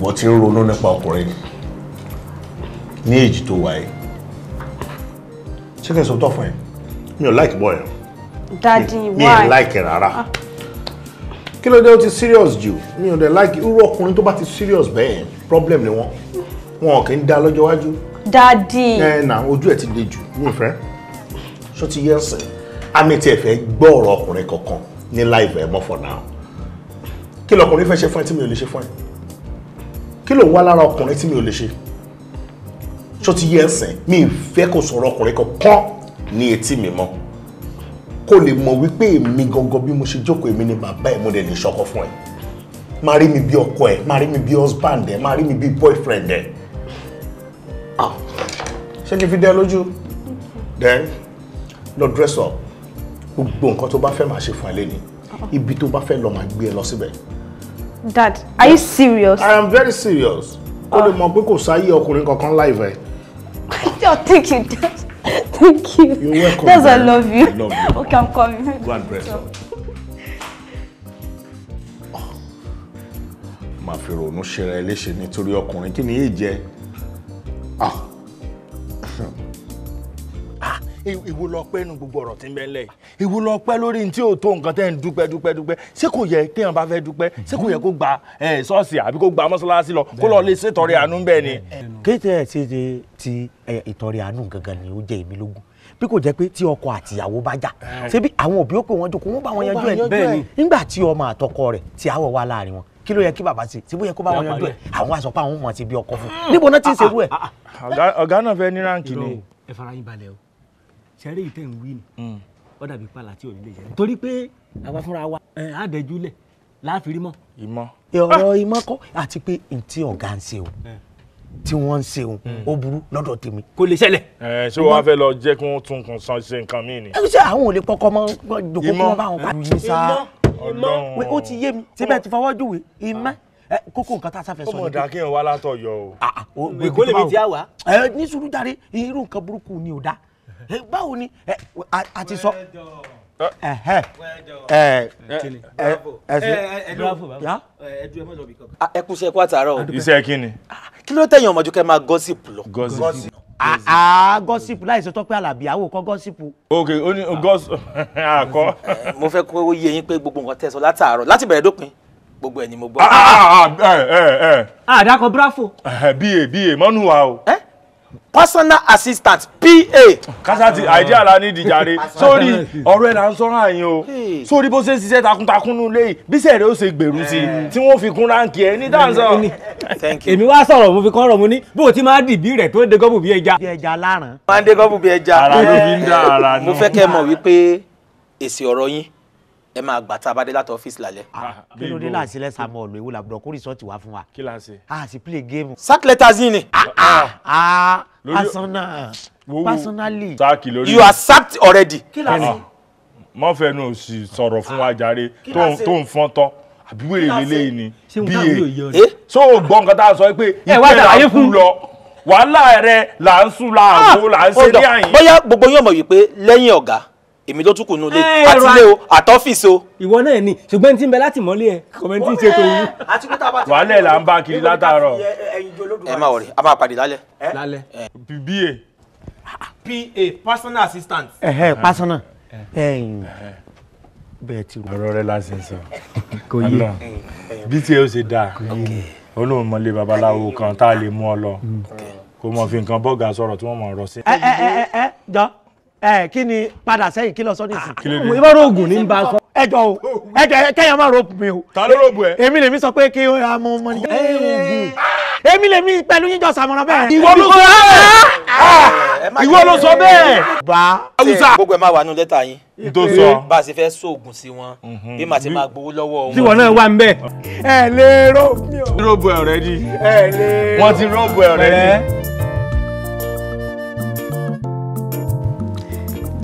ìwọ ti ń ronú nípa ọkùnrin ní èjì tó wáyé ṣé kí tọ́ fún ẹ mi ò like boy ẹ dadi why mi ò like ẹ rárá ah. kí ló dé ó ti serious jù mi ò dẹ̀ like irú ọkùnrin tó bá ti serious bẹ́ẹ̀ problem ni wọ́n wọn kì í da lọ́jọ́ iwájú. dadi ẹ na ojú ẹ ti le jù mi fẹ́ ṣó ti yẹ ẹsẹ̀ àmì tí ẹ fẹ́ gbọ́ ọ̀rọ̀ ọkùnrin kankan ní láìpẹ́ mọ́ for kí lọkùnrin fẹ́ ṣe fún ẹ tí mi ò lè ṣe fún ẹ kí ló wá lára ọkùnrin tí mi ò lè ṣe ṣó ti yẹ ẹsẹ̀ mi ì fẹ́ kó sọ̀rọ̀ ọkùnrin kankan ní etí mi mọ́ kó lè mọ̀ wípé èmi gangan bí mo ṣe jókòó èmi ni bàbá ẹ̀ mo dẹ̀ lè ṣọkọ fún ẹ máa rí mi bí ọkọ ẹ máa rí mi bí husband ẹ máa rí mi bí boyfriend ẹ ah, ṣé kí n fi dẹ́ lójú then lọ dress up gbogbo nǹkan tó bá fẹ́ máa ṣe fún ẹ lẹ́ni ibi tó bá fẹ́ lọ máa gbé ẹ lọ síbẹ̀. Dad, are you serious? I am very serious. Ó lè oh. mọ̀ pé kò sáyé ọkùnrin kankan eh. Yo, thank you, Dad. Thank you. You're welcome. Dad, I love you. I love you. Okay, I'm coming. Go and dress up. Máa fi rònú ṣe ra ẹ léṣe nítorí ọkùnrin Ah èwo lọ pẹ́ nu gbogbo ọ̀rọ̀ tí ń bẹ lẹ̀ yìí èwo lọ pẹ́ lórí ní tí ò tó nǹkan tẹ́ ń dúpẹ́ dúpẹ́ dúpẹ́ ṣé kò yẹ téèyàn bá fẹ́ dúpẹ́ ṣé kò yẹ kó gba ṣọ́ọ̀ṣì àbí kó gba mọ́ṣáláṣí lọ kó lọ lè ṣètọrẹ àánú bẹ́ẹ̀ ni. kéde ẹ ṣe ṣe ti ìtọrẹ àánú gangan ni ó jẹ èmi lógún bí kò jẹ́ pé tí ọkọ àtìyàwó bá jà ṣebí àwọn òbí ó pè wọ́n jókòó wọ́n bá wọn yanjú ẹ̀ bẹ́ẹ̀ ni nígbà tí ọmọ àtọkọ rẹ̀ tí àwọ̀ wà láàrin wọn kí ló yẹ kí bàbá ṣe tí bó yẹ kó bá wọn yanjú ẹ̀ àwọn aṣọ pa àwọn ọmọ ti bí ọkọ fún níbo náà ti ń ṣerú ẹ̀. ọ̀gá náà fẹ́ ní ráǹkì ni. ẹ fara yín balẹ̀ o ṣẹ́rí ìtẹ̀ ń wí ni mm. ó dàbí pàlà tí òní lè yẹ torí pé àwa fúnra wa àdẹ̀júlẹ̀ láàfin rí mọ́. ìmọ̀. ọ̀rọ̀ ah! ìmọ̀ kọ́ àti pé ntí ọ̀gá ń ṣe o eh. tí wọ́n ń ṣe òun mm. ó burú lọ́dọ̀ tèmi. kò lè ṣẹlẹ̀. ẹ eh, ṣé wàá fẹ́ lọ jẹ́ kí wọ́n tún kàn san ṣe nǹkan míì ni. ẹ ṣe àwọn ò lè pọkọ mọ jòkó kí wọ́n bá wọn pa. Eh, ìmọ̀ ìmọ̀ ìmọ̀ ó ti yé mi síbẹ̀ ti fọwọ́ júwe ìmọ̀ ah. kókó nǹkan tá a sáfẹ́ sọ ni. ó mọ̀ dá kí n wá látọ̀ yọ ah, o. kò lè mi ti àwá. ẹ ní sùúrù dáre irú nǹkan burúkú ni ò dá Eh, báwo ni eh, a ti sọ eh, ah, ẹ kú sí ẹkú àtàárọ̀. iṣẹ́ kí ni. Ah, kí ló tẹ̀yìn ọmọ ju kẹ́ máa gọ́sìpù lọ. gọ́sìpù àá gọ́sìpù ah, láì sọ tọ́pẹ́ àlàbí àwọn kọ́ gọ́sìpù. ok ó ní gọ́sìpù àkọ́. mo fẹ́ kó yé yín pé gbogbo nǹkan tẹ̀sán látàárọ̀ láti bẹ̀rẹ̀ dópin gbogbo ẹ̀ ni mo gbọ́. àdàkọ bravo. bíye bíye mọ́nú wa o. ẹ́ personal assistant pa. kásá ti àìdí àlá ní ìdíjàre sórí ọ̀rọ̀ ẹ̀ là ń sọ́rọ̀ àyìn o sórí bó ṣe ń ṣiṣẹ́ takuntakun nù léyìí bí sẹ̀rẹ̀ ó ṣe gbèrú sí i tí wọ́n fi kún ráǹkì ẹ̀ ní dáńsọ̀. èmi wá sọ̀rọ̀ mo fi kọ́ ọ̀rọ̀ mo ní bó o ti máa dìbí rẹ̀ tó ń de gọ́bù bí ẹja. bí ẹja láràn. máa ń de gọ́bù bí ẹja. ara ló fi ń dá ara ní. mo fẹ́ kẹ́ mọ̀ wípé èsì ọ̀rọ̀ yín ẹ máa gbà tá a bá dé láti ọ́fíìsì lálẹ́. Ah, ah, kí ló dé láti ṣẹlẹ̀ sàmú ọ̀lù ewu làbúrò kó rìsọ́ọ̀tì wá fún wa. kí la ṣe. a ah, sì play game. sack letters yìí ni. personal personally you are sacked already. kí la ṣe. mọ fẹnu òsì sọ̀rọ̀ fún wa jàre tó ń fọn tọ àbí wèrè lélẹyìn ni bíi so eh, gbọ́ nǹkan tá a sọ pé eh, ìpẹ́ẹ́rẹ́ àkú lọ wàhálà rẹ là ń sùn là ń kó là ń ṣe ní àyìn. bóyá gbogbo yóò mọ̀ wípé lẹ́yìn ọ̀gá èmi ló tún kù nulẹ̀ àtilé o àtọ́fíìsì o. ìwọ náà ni ṣùgbọ́n tí ń bẹ láti mọ́lé ẹ kọ́mẹ́ntì ṣe kò wú. wàhálẹ̀ là ń bá kiri látàárọ̀. ẹ má wọrí a máa pàdé lálẹ́. lálẹ́. PA. PA personal assistant. ẹhẹ personal bẹ́ẹ̀ ti rú. ọ̀rọ̀ rẹ lásìkò sọ kò yé bí tí o ṣe dáa olóhùn mọ́lé babaláwo kan tá a lè mú ọ lọ mm. kó mọ̀ fi nǹkan bọ́ọ̀gà sọ̀rọ̀ tí wọ́n mọ̀ ọ̀rọ̀ sí. ẹ ẹ ẹ ẹ jọ ẹ kí ni padà sẹ́yìn kí lọ sọ ah, ní ìsìn ìbọn rògùn ní bá sọ ẹjọ o ẹjọ kẹyàn má rope mi o ta ló rope ẹ èmi lèmi sọ pé kí o ya mọ ọmọ níjà èmi lèmi pẹ̀lú yíjọ sàmọ̀ràn bẹ́ẹ̀. ìwọ ló sọ bẹ́ẹ̀ ìwọ ló sọ bẹ́ẹ̀. Ah, bá awusa. gbogbo ẹ máa wà nínú lẹ́tà yín. tó sọ. bá a ṣe fẹ́ sóògùn sí wọn mhm. bí màá ti máa gbowó lọ́wọ́ wọn. tiwọn náà already. ẹ lè rope. wọ́n already.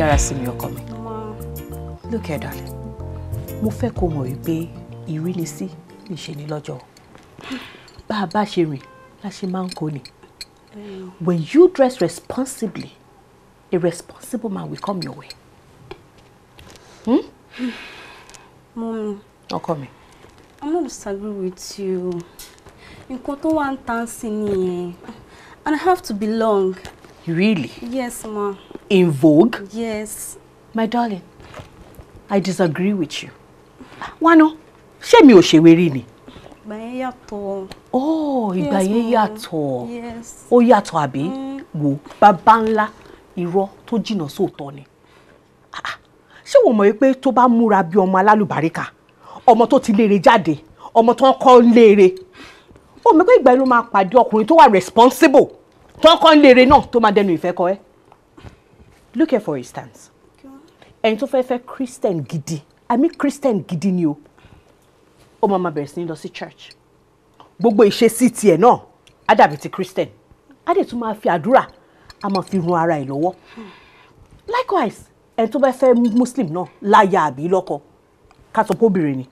dára sí mi ọkọ mi look here darling mo fẹ́ kó mọ̀ wípé ìrínisí níṣe ni lọ́jọ́ bá a bá ṣe rìn la máa ń kó ni when you dress responsibly a responsible man will come your way. Hmm? Mommy. Ọkọ mi. I'm not disagree with you. Nǹkan tó wà ń tán sí nìyẹn. And I have to belong. Really? Yes, ma in vogue? Yes. My darling, I disagree with you. Wano, ná, ṣé mi ò ṣèwérí ni? Ìgbà yẹn yàtọ̀. Oh, ìgbà yẹn yàtọ̀. Yes. Ó yàtọ̀ àbí? Mm. Wò bàbá iro irọ́ tó jìnnà sóòótọ́ ni. Ah, ah. Ṣé wò mọ̀ pé tó bá múra bí ọmọ alálùbáríkà, ọmọ tó ti lere. jáde, ọmọ tó ń kọ́ o Ó mọ̀ pé ìgbà yẹn ló máa pàdé ọkùnrin responsible tó ń kọ́ léèrè náà tó máa dẹnu ìfẹ́ kọ ẹ́ look here for instance ẹni tó fẹ́ẹ́ fẹ́ christian gidi i mean christian gidi ni o ó máa máa bẹ̀rẹ̀ sí ní lọ sí church gbogbo ìṣesí tiẹ̀ náà á dàbí ti christian á dẹ̀ tún máa fi àdúrà á máa fi run ara ẹ̀ lọ́wọ́ likewise ẹni tó bá fẹ́ muslim náà láyà àbí lọ́kọ ká sọ póbìnrin ni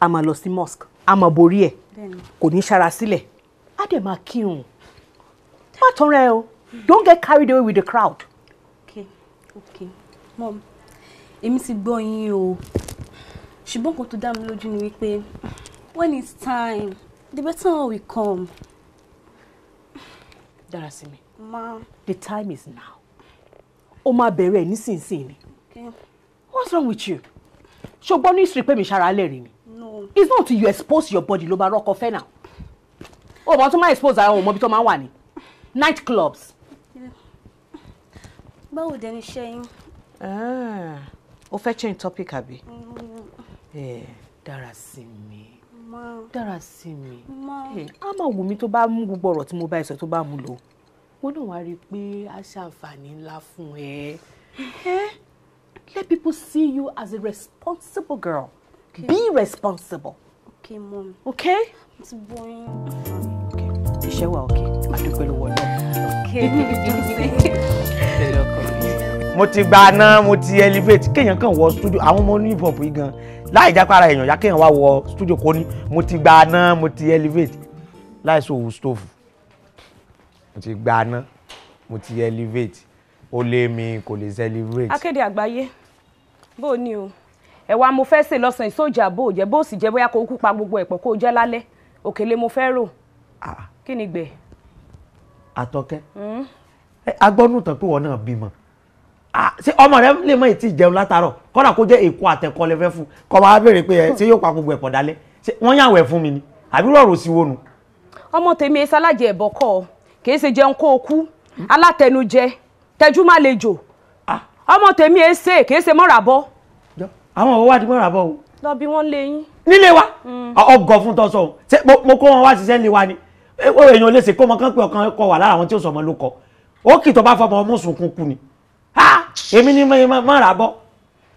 a máa lọ sí mosque a máa borí ẹ̀ kò ní ṣara sílẹ̀ á dẹ̀ máa kírun má tọrọ ẹ o don't get carried away with the crowd okay mom èmi ti gbọ́ yín o ṣùgbọ́n nǹkan tó dá mi lójú ni wípé when it's time the better we come. Darasimi. Ma. The time is now. O máa bẹ̀rẹ̀ ẹ̀ nísinsìnyí Okay. What's wrong with you? Ṣùgbọ́n ní history pé mi ṣara alẹ́ rí ni. No. It's not you expose your body ló bá rọ́kọ fẹ́ náà. O mọ̀ tó máa expose ara wọn mọ̀ bí tó máa wà ní. Night clubs báwo dẹni iṣẹ́ yín. Ah, o fẹ́ change topic àbí. Mm. Eh, dára sí mi dára sí mi á eh, máa wù mí tó bá mú gbogbo ọ̀rọ̀ tí mo bá ẹ sọ tó bá mú lò ó náà wá rí i pé a ṣàǹfààní ńlá fún ẹ. Let people see you as a responsible girl. Okay. Be responsible. Okay, mom. Okay? It's boring. Okay. Iṣẹ́ wa okay. Adúpẹ́ lọ́wọ́ náà. Okay. tẹ̀lé ọkọ mo ti gba aná mo ti elevate kéèyàn kàn wọ studio àwọn ọmọ oníhìpọ̀p yìí gan láì jápára èèyàn yá kéèyàn wá wọ studio kó ní mo ti gba aná mo ti elevate láì sòwò stove mo ti gba aná mo ti elevate ó lé mi kò lè celebrate. akéde àgbáyé bó o ní o ẹ̀wà mo fẹ́ sè lọ́sàn-án ìsọjà bó o jẹ́ bó o sì jẹ́ bóyá kó o kú pa gbogbo ẹ̀pọ̀ kó o jẹ́ lálẹ́ òkèlè mo fẹ́ rò ah. kí ni gbẹ̀. àtọkẹ́ hmm agbọ́nùtàn pé wọn náà bímọ ṣé ọmọ rẹ lè mọ ètí ìjẹun látàárọ̀ kọ́nà kó jẹ́ èkó àtẹ̀kọ́ lẹ́fẹ́ fún kọ́ máa béèrè pé ṣé yóò pa gbogbo ẹ̀pọ̀ dálẹ́ ṣé wọ́n yàn wẹ̀ fún mi ni àbí rọ̀rùn sí wọnù. ọmọ tèmi ẹ ṣalájẹ ẹbọ kọ ọ kì í ṣe jẹun kó o kú alátẹnujẹ tẹjú má le jò ọmọ tèmi ẹ ṣe kì í ṣe mọ́ra bọ́. àwọn òwò wá di mọ́ra bọ́ o. lọ bí wọ́n lé yín. nílé wa mm. ọgọ fún tọ́sọ̀ mo kó wọn wá ṣiṣẹ́ nílé wa ni èèyàn lè ṣe kó ọmọ kan pé ọkàn kọ wà lára àwọn tí ó sọ ló kọ ó kì tó bá fọmọ ọmú sunkún kú ni ha èmi ni má rà bọ́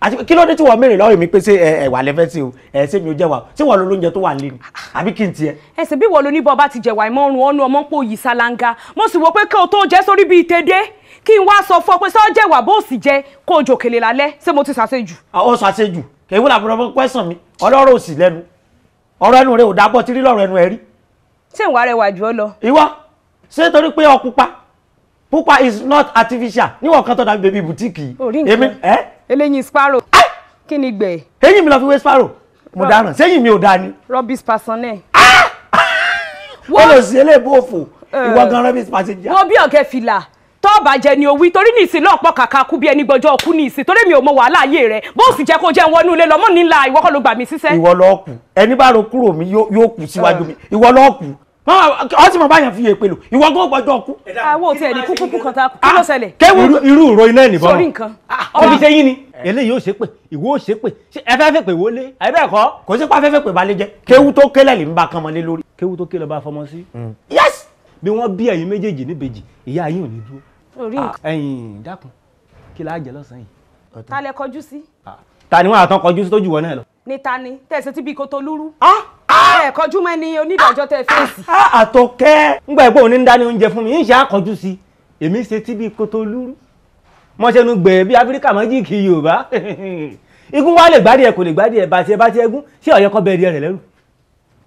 àti kí ló dé tí wọ́n mèrè lọ́rọ̀ mi pé ṣé ẹ wà lẹ́fẹ́ sí o ẹ ṣé mi ò jẹ́ wà tí wọ́n lo lóúnjẹ tó wà nílé ni àbí kí n tiẹ̀. ẹsẹ̀ bí wọ́n lo níbọ̀ bá ti jẹ̀wà ìmọ̀rùn ọ̀nù ọmọ pò yìí ṣáláńgá mo sì wò pé kí o tó jẹ́ sórí bíi tèdè kí n wá sọ fún ọ pé sọ jẹ̀wà bó sì jẹ kó o jòkèlè lálẹ́ ṣé mo ti ṣàṣejù. ọ ṣàṣejù kèwé làbúrò ọmọ pẹ́sàn mi ọlọ́rọ̀ òsì lẹ́nu ọ̀rọ̀ ẹnu rẹ ò dábọ̀ tí rí lọ́rọ̀ ẹnu ẹ rí. ṣé ìwà pupa is not artificial níwọ̀n kan to dàbí bèbí bùtíìkì. orí nǹkan eléyìí sparrow. kí ni gbẹ̀. eyín mi lọ fi we sparrow mo dáràn sẹ́yìn mi ò dá ni. rubbish personnel. Ah! wọ́n lọ sí eléèbó òfò eh. ìwọ gan rubbish passenger. wọ́n bí fila. fìlà tó bàjẹ́ ni òwí ni ní ìsìn lọ́pọ̀ kàkà kú bí ẹni gbọ́jọ́ kú ní ìsìn torí mi ò mọ wàhálà ayé rẹ̀ bó sì jẹ́ kó jẹ́ wọnú ilé lọ́mọ́ nílà ìwọ kọ́ ló gbà mí síṣẹ́. ìwọ ló kù ẹni bá ro kúrò mi yóò kù síwájú eh. mi ìwọ ló kù ọ ti mọ báyàn fi èpè lò ìwọ gbọ́n gbọ́jọ́ kú. àwọn òtí ẹni kúkú kú kan ta kú ah, ló ṣẹlẹ̀. kéwù irú ìró iná ẹ̀ nìbọn. sórí nǹkan. Ah, ọbí ṣe yín ni. eléyìí ò ṣe pé ìwọ ò ṣe pé ẹ fẹ́ fẹ́ pé wọlé àìbẹ́ẹ̀ kọ́ kò sí pa fẹ́fẹ́ pé balẹ̀ jẹ́ kéwù tó kélẹ̀ lè ń ba kan mọ́lé lórí. kéwù tó kélẹ̀ bá fọmọ sí. Mm. yes. bí wọ́n bí ẹ̀yin méjèèjì níbejì ìyá yín ò ní dúró. Ah, ẹ̀yin dákun kí la jẹ lọ́sàn-án yìí. ta lẹ kọjú sí. ta ni wọn àtọkọjú sí tójú wọn náà lọ. ni ta ni tẹ̀sán tí bí kò tó lúrú. ah Ah! ẹ kọjú mọ́ ẹni onídàájọ́ tẹ fèsì. Ah, ah, àtọkẹ́ ngbà ẹ̀gbọ́n òní ń dání oúnjẹ fún mi ń ṣe àkọjú sí èmi ṣe tí bíi kótó lúrú mọ́ṣẹ́nu gbẹ̀ẹ́ bí áfíríkà méjì kì í yorùbá igun wa lè gbádìí ẹ kò lè gbádìí ẹ bàtí ẹ bá ti ẹgún ṣé ọ̀yẹ́ kọ́ bẹ̀rẹ̀ rẹ̀ lẹ́rù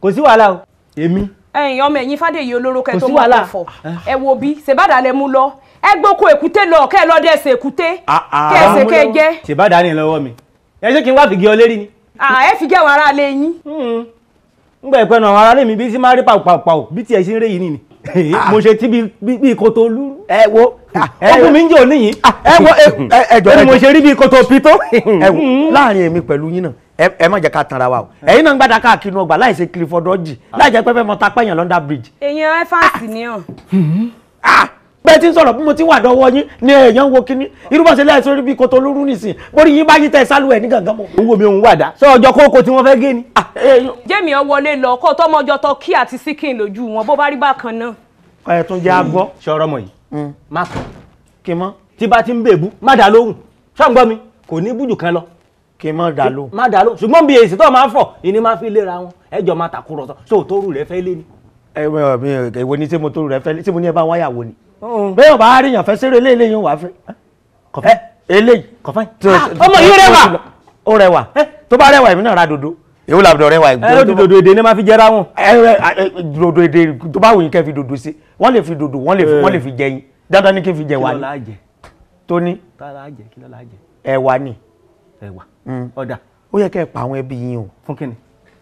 kò sí wàhálà o èmi. ẹ̀yin ọmọ ẹ̀yin fàdéyí olóró kẹ tó mọ kò fọ ẹ wo bí ṣèbádà lẹ mú lọ ẹ gbóko èkúté lọ kẹ lọ dẹ ṣe èkúté kẹ ṣe kẹ jẹ. ṣèbádà ni lọ́wọ́ mi ẹ ṣé kí n wá fìgì ọ lérí ni. ẹ fìgì àwọn ará ilé yín. Hmm ngbà ìpẹnu àwọn aráàlú mi bí sí máa rí pàpàpàò bí tiẹ̀ ṣe ń rí yìí nìyí ah. mo koto lu. ẹ wo ọkùnrin ah, ah, mi ń jò níyìn. ẹ wo ẹjọ koto pito. ẹ wo láàrin èmi pẹ̀lú yín náà ẹ má jẹ́ ká tanra wa o ẹ̀yin náà ń gbàdá káàkiri inú ọgbà London bridge. èèyàn ẹ fáǹsì bẹ́ẹ̀ tí ń sọ̀rọ̀ bí mo ti wà dọ́wọ́ yín ni èèyàn ń wo kínní irúbọ̀sẹ̀ lẹ́sọ̀ rí bí koto olóró nìsín borí yín bá yí tẹ sálù ẹ̀ ní gàngán mọ́. owó mi òun wàdà sọ ọjọ́ kókó tí wọ́n fẹ́ gé ni. Ah, jẹ́mi ọ wọlé lọ kó tọmọjọ tọ kí àti síkìn lójú wọn bó bá rí bákan náà. ẹ tún jẹ́ agbọ́. sọ̀rọ̀ mm. mọ̀ yìí mm. má kàn kí mọ́. tí bá ti ń bèbú má dà lóhùn sọ́ǹgbọ́ mi kò ní bújù kan lọ kí má dà lóhùn. má dà lóhùn ṣùgbọ́n bí èsì tó máa ń fọ̀ ìní máa fi léra wọn ẹjọ́ máa tàkùrọ̀sọ sóòtórù rẹ fẹ́ lé ni. ẹ ẹ ìwọ ni ṣé mo tó rẹ fẹ́ lé ṣé mo ní ẹ bá wáyà wo ni. Uh-uh. bẹ́ẹ̀ bá rí yàn fẹ́ sẹ́rẹ̀ eléyìí eléyìí wà fẹ́ kọ̀fẹ́ eléyìí kọ̀fẹ́. Ah, ọmọ yìí rẹwà. ó rẹwà tó bá rẹwà èmi náà ra dodo. èwo làbùdọ̀ rẹwà ìgbó. ẹ dodo èdè ni ma fi jẹra wọn. dodo èdè tó bá wù yín kẹ́ fi dodo sí wọ́n lè fi dodo eh. wọ́n lè fi jẹ yín dandan ni kí n fi jẹ wà ní. tóní. ẹwà ni. ẹwà hmm. ọ̀dà. ó yẹ kẹ́ ẹ pa àwọn ẹbí yín o. fún kí ni.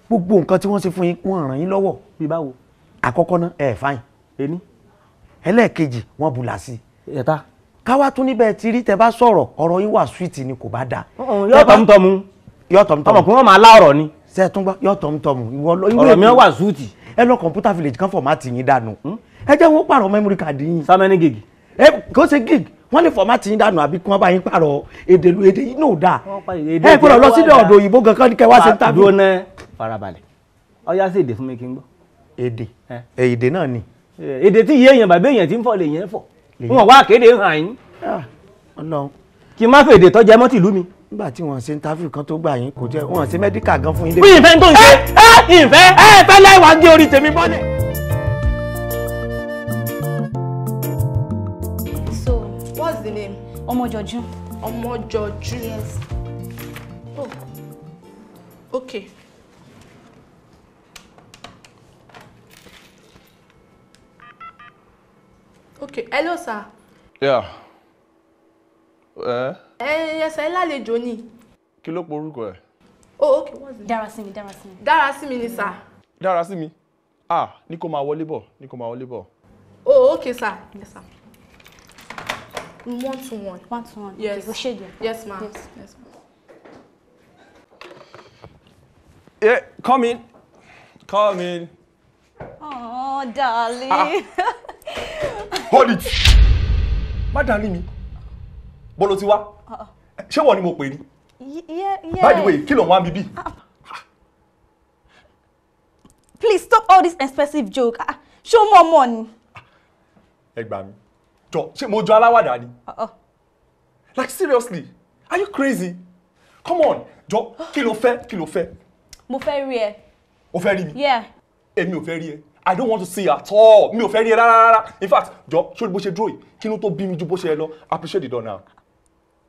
gbogbo nǹkan tí wọ́n ṣe fún yín wọ́n ràn yín lọ́wọ́. bí báwo. àkọ́kọ́ ná ẹ fáyìn. ení ẹlẹ́ẹ̀kejì wọ́n bu làásì. ẹ̀ta. káwá tún níbẹ̀ ti rí tẹ bá sọ̀rọ̀ ọ̀rọ̀ yín wà sweet ni kò bá da. yọ tọmtọmu yọ tọmtọmu ọmọkùnrin máa lá ọ̀rọ̀ ni. ṣe é tún gbọ́ yọ tọmtọmu ọ̀rọ̀ mi wà sweet. ẹ lọ kọ̀ǹpútà village kan fọ̀mátì yín dànù. Hmm? ẹ jẹ́ wọ́n pààrọ̀ memory card yín. samẹ́ni gig. ẹ kò ṣe gig wọ́n lè fọ̀mátì yín dànù àbí kí wọ́n bá yín pààrọ̀ èdè lu èdè yín náà dáa. ẹ gbọ́dọ̀ lọ sílẹ̀ ọ̀dọ̀ òyìnbó gangan ni Eh, èdè tí yé èèyàn bàbá èèyàn ti ń fọ lè yẹn fọ wọn wá kéde hàn yín. Ah, Ọlọ́run kí n má fèdè tọjá mọ́ tìlú mi. nígbà tí wọ́n ṣe ń táfíù kan tó gbà yín kò jẹ́ wọ́n ṣe mẹ́díkà gan fún yín. bí ìfẹ́ tó ń ṣe eh, eh, ìfẹ́ ẹ fẹ́ láìwá gé orí tèmi bọ́lẹ̀. so what's the name. ọmọjọjú. ọmọjọjú. yes. oh okay. Okay, hello sir. Yeah. Eh? Eh, yes, ẹ lálejò ni. Kí ló porúkọ ẹ? Oh, okay, what's it? Dárasími, Dárasími. Dárasími ni sir. Dárasími? Ah, ní kó máa wọlé bọ̀, ní kó máa wọlé bọ̀. Oh, okay sir. Yes sir. One to one. One to one. Yes. Okay, yes ma'am. Yes, yes ma'am. Yeah, come in. Come in. Oh, darling. Ah. hold it má darí mi bó ló ti wá ṣé wọ́n ni mo pè by the way kí ló ń wá please stop all this expensive joke ah, ṣé o mọ̀ ọmọ ni. ẹ gbà mí jọ ṣé Uh jọ uh-uh. like seriously are you crazy come on jọ kí ló fẹ́ kí ló fẹ́. mo fe rí ẹ. o fẹ́ rí mi. èmi ò fẹ́ rí I don't want to see at all. Mi ò fẹ́ rí ẹ rárá In fact, jọ ṣé bó ṣe dúró yìí, kí ló tó bí mi ju bó ṣe lọ? Appreciate the door now.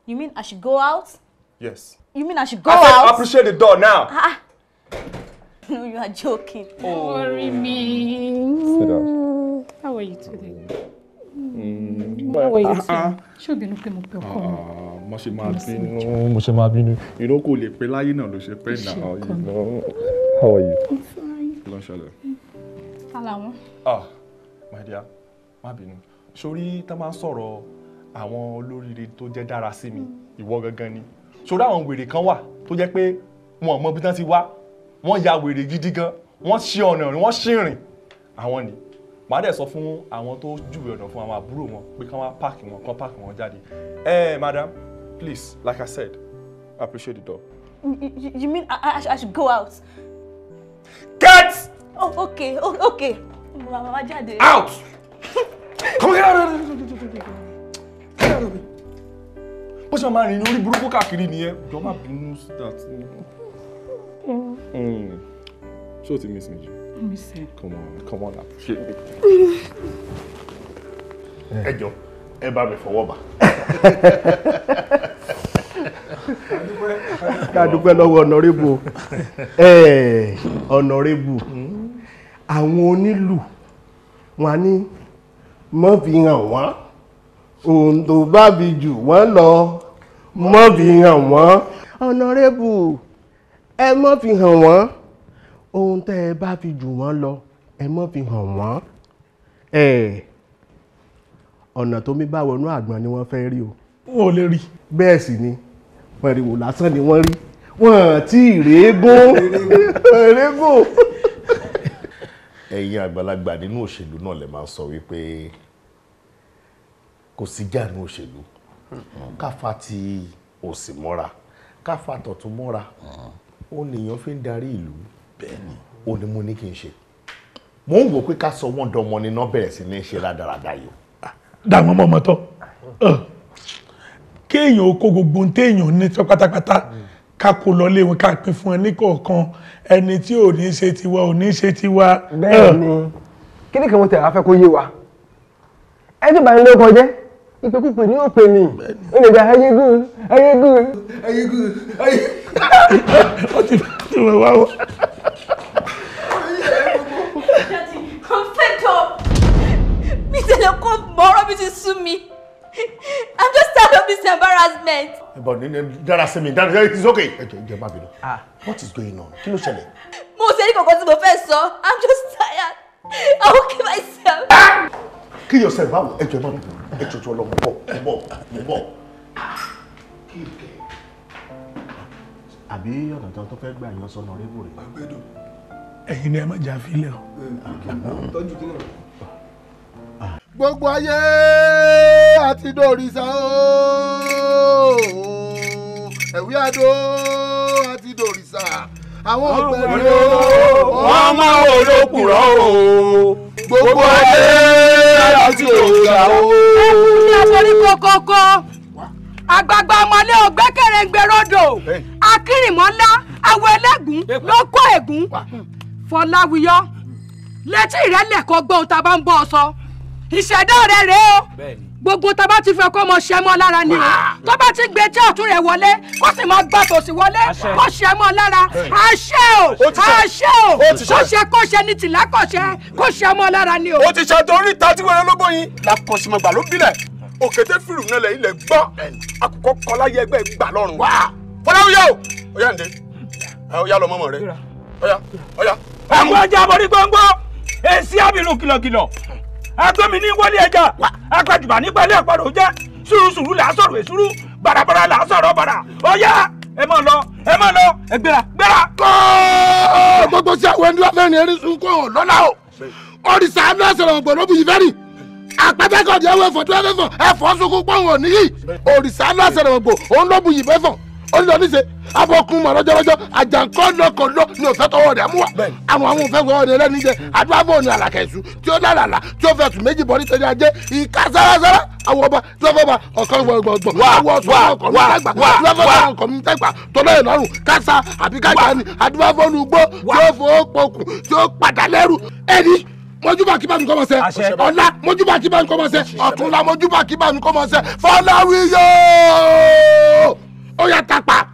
You mean I should go out? Yes. You mean I should go I said, out? Appreciate the door now. Ah. ah. No, you are joking. Oh. Don't worry me. Sit How are you today? Mm. How are you ah, today? Ah. Ṣé obìnrin pé mo pé ọkọ mi? Mo ṣe máa bínú, mo ṣe máa bínú. Irú kò lè pé láyé náà ló ṣe pé náà. How are you? I'm fine ta làwọn. ah my dear má bínú sórí tá máa ń sọ̀rọ̀ àwọn olóríire tó jẹ́ dára sí mi hmm. ìwọ gangan ni sórí àwọn wèrè kan wà tó jẹ́ pé wọn ò mọ ibi tán ti wá wọ́n ya wèrè gidi gan wọ́n ṣe ọ̀nà rìn wọ́n ṣì rìn àwọn ni màá dẹ̀ sọ fún àwọn tó júwèé ọ̀nà fún àwọn àbúrò wọn pé kí wọ́n pààkì wọn kán pààkì wọn jáde ẹ ẹ madam please like i said i appreciate the door. you, you mean I, I, I should go out. get. Oh, okay, oh, okay. Mama jáde. Out! Come get Get out of me! Bó máa rìn lórí burúkú káàkiri nìyẹn, jọ máa bínú sí that. Ṣé mm. o ti miss me jù? Miss me. Come on, come on, appreciate me. Ẹ jọ, ẹ bá mi fọwọ́ bà. Ká dúpẹ́ lọ́wọ́ ọ̀nàrẹ́bù. Ọ̀nàrẹ́bù. Mm àwọn onílù wọn ní mọ́ fi hàn wọ́n ohun tó bá fi jù wọ́n lọ mọ́ fi hàn wọ́n ọ̀nàrẹ́bù ẹ mọ́ fi hàn wọ́n ohun tẹ́ ẹ bá fi jù wọ́n lọ ẹ mọ́ fi hàn wọ́n ẹ ọ̀nà tó mi bá wọnú àgbọn ni wọ́n fẹ́ rí o. wọn ò lè rí. bẹ́ẹ̀ sì ni pẹ̀rìwò lásán ni wọ́n rí wọn àti ìrẹ́gùn ìrẹ́gùn ẹ̀yin àgbàlagbà nínú òṣèlú náà lè máa sọ wípé kò sí jáàánú òṣèlú hmm. káfa ti òsì mọ́ra káfa tọ̀tún mọ́ra hmm. ó nìyàn fi ń darí ìlú bẹ́ẹ̀ni ó ní mo ní kí n ṣe mo ń wò pé ká sọ wọ́n dọmọ níná bẹ̀rẹ̀ sí ní ṣe rádaràda yìí. dàmọ́ mọ́ ọmọ tán kéèyàn ó kó gbogbo téèyàn ní sọ pátápátá. Hmm ká kó lọlé wọn ká pín fún ẹ ní ẹni tí ò ní ṣe tiwa ò ní ṣe tiwa. bẹ́ẹ̀ ni kí ni kí wọ́n tẹ̀ wá fẹ́ yé wa ẹni bá ń lé ọkọ ìpèkúpè ní òpè ni ó lè gba ayégún ayégún ayégún ayégún. ó ti bá ti wọ̀ wá wọ̀. mi tẹ̀lé kó mọ́ mi ti sú mi. I'm just tired of this embarrassment. But dára sí mi, dára it's okay. Ah, What is going on? Kí ló ṣẹlẹ̀? Mo ṣe ní kankan mo fẹ́ sọ. I'm just tired. I will kill myself. Ah! Kill yourself báwo? Ẹ jọ̀ọ́ má bínú. Ẹ jọ̀ọ́ jọ̀ọ́ lọ mo bọ̀ mo bọ̀ mo bọ̀. Kí ìkẹ́. Àbí ọ̀nà tó fẹ́ gbà yan sọ́nà rébùrè. Ẹ̀yin ni ẹ má jà fílẹ̀ o. Ah, Tọ́jú kí náà. gbogbo ayé àti dòrìṣà ooo ẹ̀wí àdó àti dòrìṣà àwọn ọ̀gbẹ̀rẹ̀ ooo wọ́n gbogbo ayé àti dòrìṣà ooo. ẹkùn ní àforí kókókó àgbààgbà ọmọlé ògbẹ́kẹ̀rẹ̀ǹgbẹ̀ ròdò akínrìnmọ́lá ẹlẹ́gùn ló hmm. létí ìṣẹ̀dá rẹ̀ rèé o gbogbo tá a bá ti fẹ́ kó mọ ṣẹ́ mọ́ lára ni o tó bá ti gbé tí ọ̀tún rẹ̀ wọlé kó sì máa gbà tòsí wọlé kó ṣẹ́ mọ́ lára àṣẹ o àṣẹ o kó ṣe kó ṣe ní tìlá kó ṣe kó ṣẹ́ mọ́ lára ni o. o ti ṣe torí ìtajúwèrè lógún yín làkọsìmọ̀gbà ló bílẹ̀ òkété fìrù nílẹ̀ ilẹ̀ gbọ́ àkùkọ kọláyé ẹgbẹ́ gbà lọ́rùn fọláwíyá o ọyá ǹdẹ ọyá lọ mọ́mọ́ rẹ ọyá ọyá. àwọn ọjà àbọ̀rí gbọ́ngbọ́ èsì àbìrún kìlọ̀kìlọ̀ agbẹ́mi ní wọlé ẹja agbájúmọ̀ nípa ilé ẹ̀pọ̀rọ̀ jẹ́ sùúrùsùúrù là á sọ̀rọ̀ èsúrú bàràbàrà bara á sọ̀rọ̀ bàrà ọ̀yá ẹ máa lọ ẹ máa lọ ẹ gbéra gbéra. kọ́ gbogbo sí àwọn ẹni lọ́fẹ́ ni eréṣu kò lọ́la o òrìṣà náà sọ̀rọ̀ ọ̀gbọ̀n ló bu yìí fẹ́rì àpẹtẹkọ̀dì ẹwọ ẹfọ tí wọn fẹ́ fọ ẹfọ sunkún pọ̀wọ̀n níyì òrìṣà náà sọ̀rọ̀ ọ̀gbọ̀n òun ló bu yìí fẹ́ fọ̀ ó lọ níṣe abọ́kùn mọ̀ lọ́jọ́lọ́jọ́ àjàǹkọ́ lọ́kọ̀ọ́lọ́ ni òfẹ́ tọwọ́ rẹ̀ mú wa àwọn àwọn òfẹ́ fọwọ́ rẹ̀ lẹ́nu jẹ àdúrà bò ní àlàkẹ́sù tí ó lálàlà tí ó fẹ́ tù méjì bọ́ nítorí ajé ìka sárasára àwọn ọba tí wọ́n fẹ́ ba ọ̀kan gbọ̀ngbọ̀ngbọ̀ àwọn ọ̀tún ọkọ̀ mi tẹ́gbà tí wọ́n fẹ́ ba ọkọ̀ mi tẹ́gbà tọ́lá ẹ̀ lọ́rùn kásá àbí kájà ni àdúrà fọ́nù gbó tí ó fọ́ pokùn tí ó padà lẹ́rù ẹni mojúbà kí bá mi kọ́mọ sẹ́ ọ̀la mojúbà kí bá mi kọ́mọ sẹ́ ọ̀túnla mojúbà kí bá mi kọ́mọ sẹ́ fọláwíyọ́ ó tapa! tàpá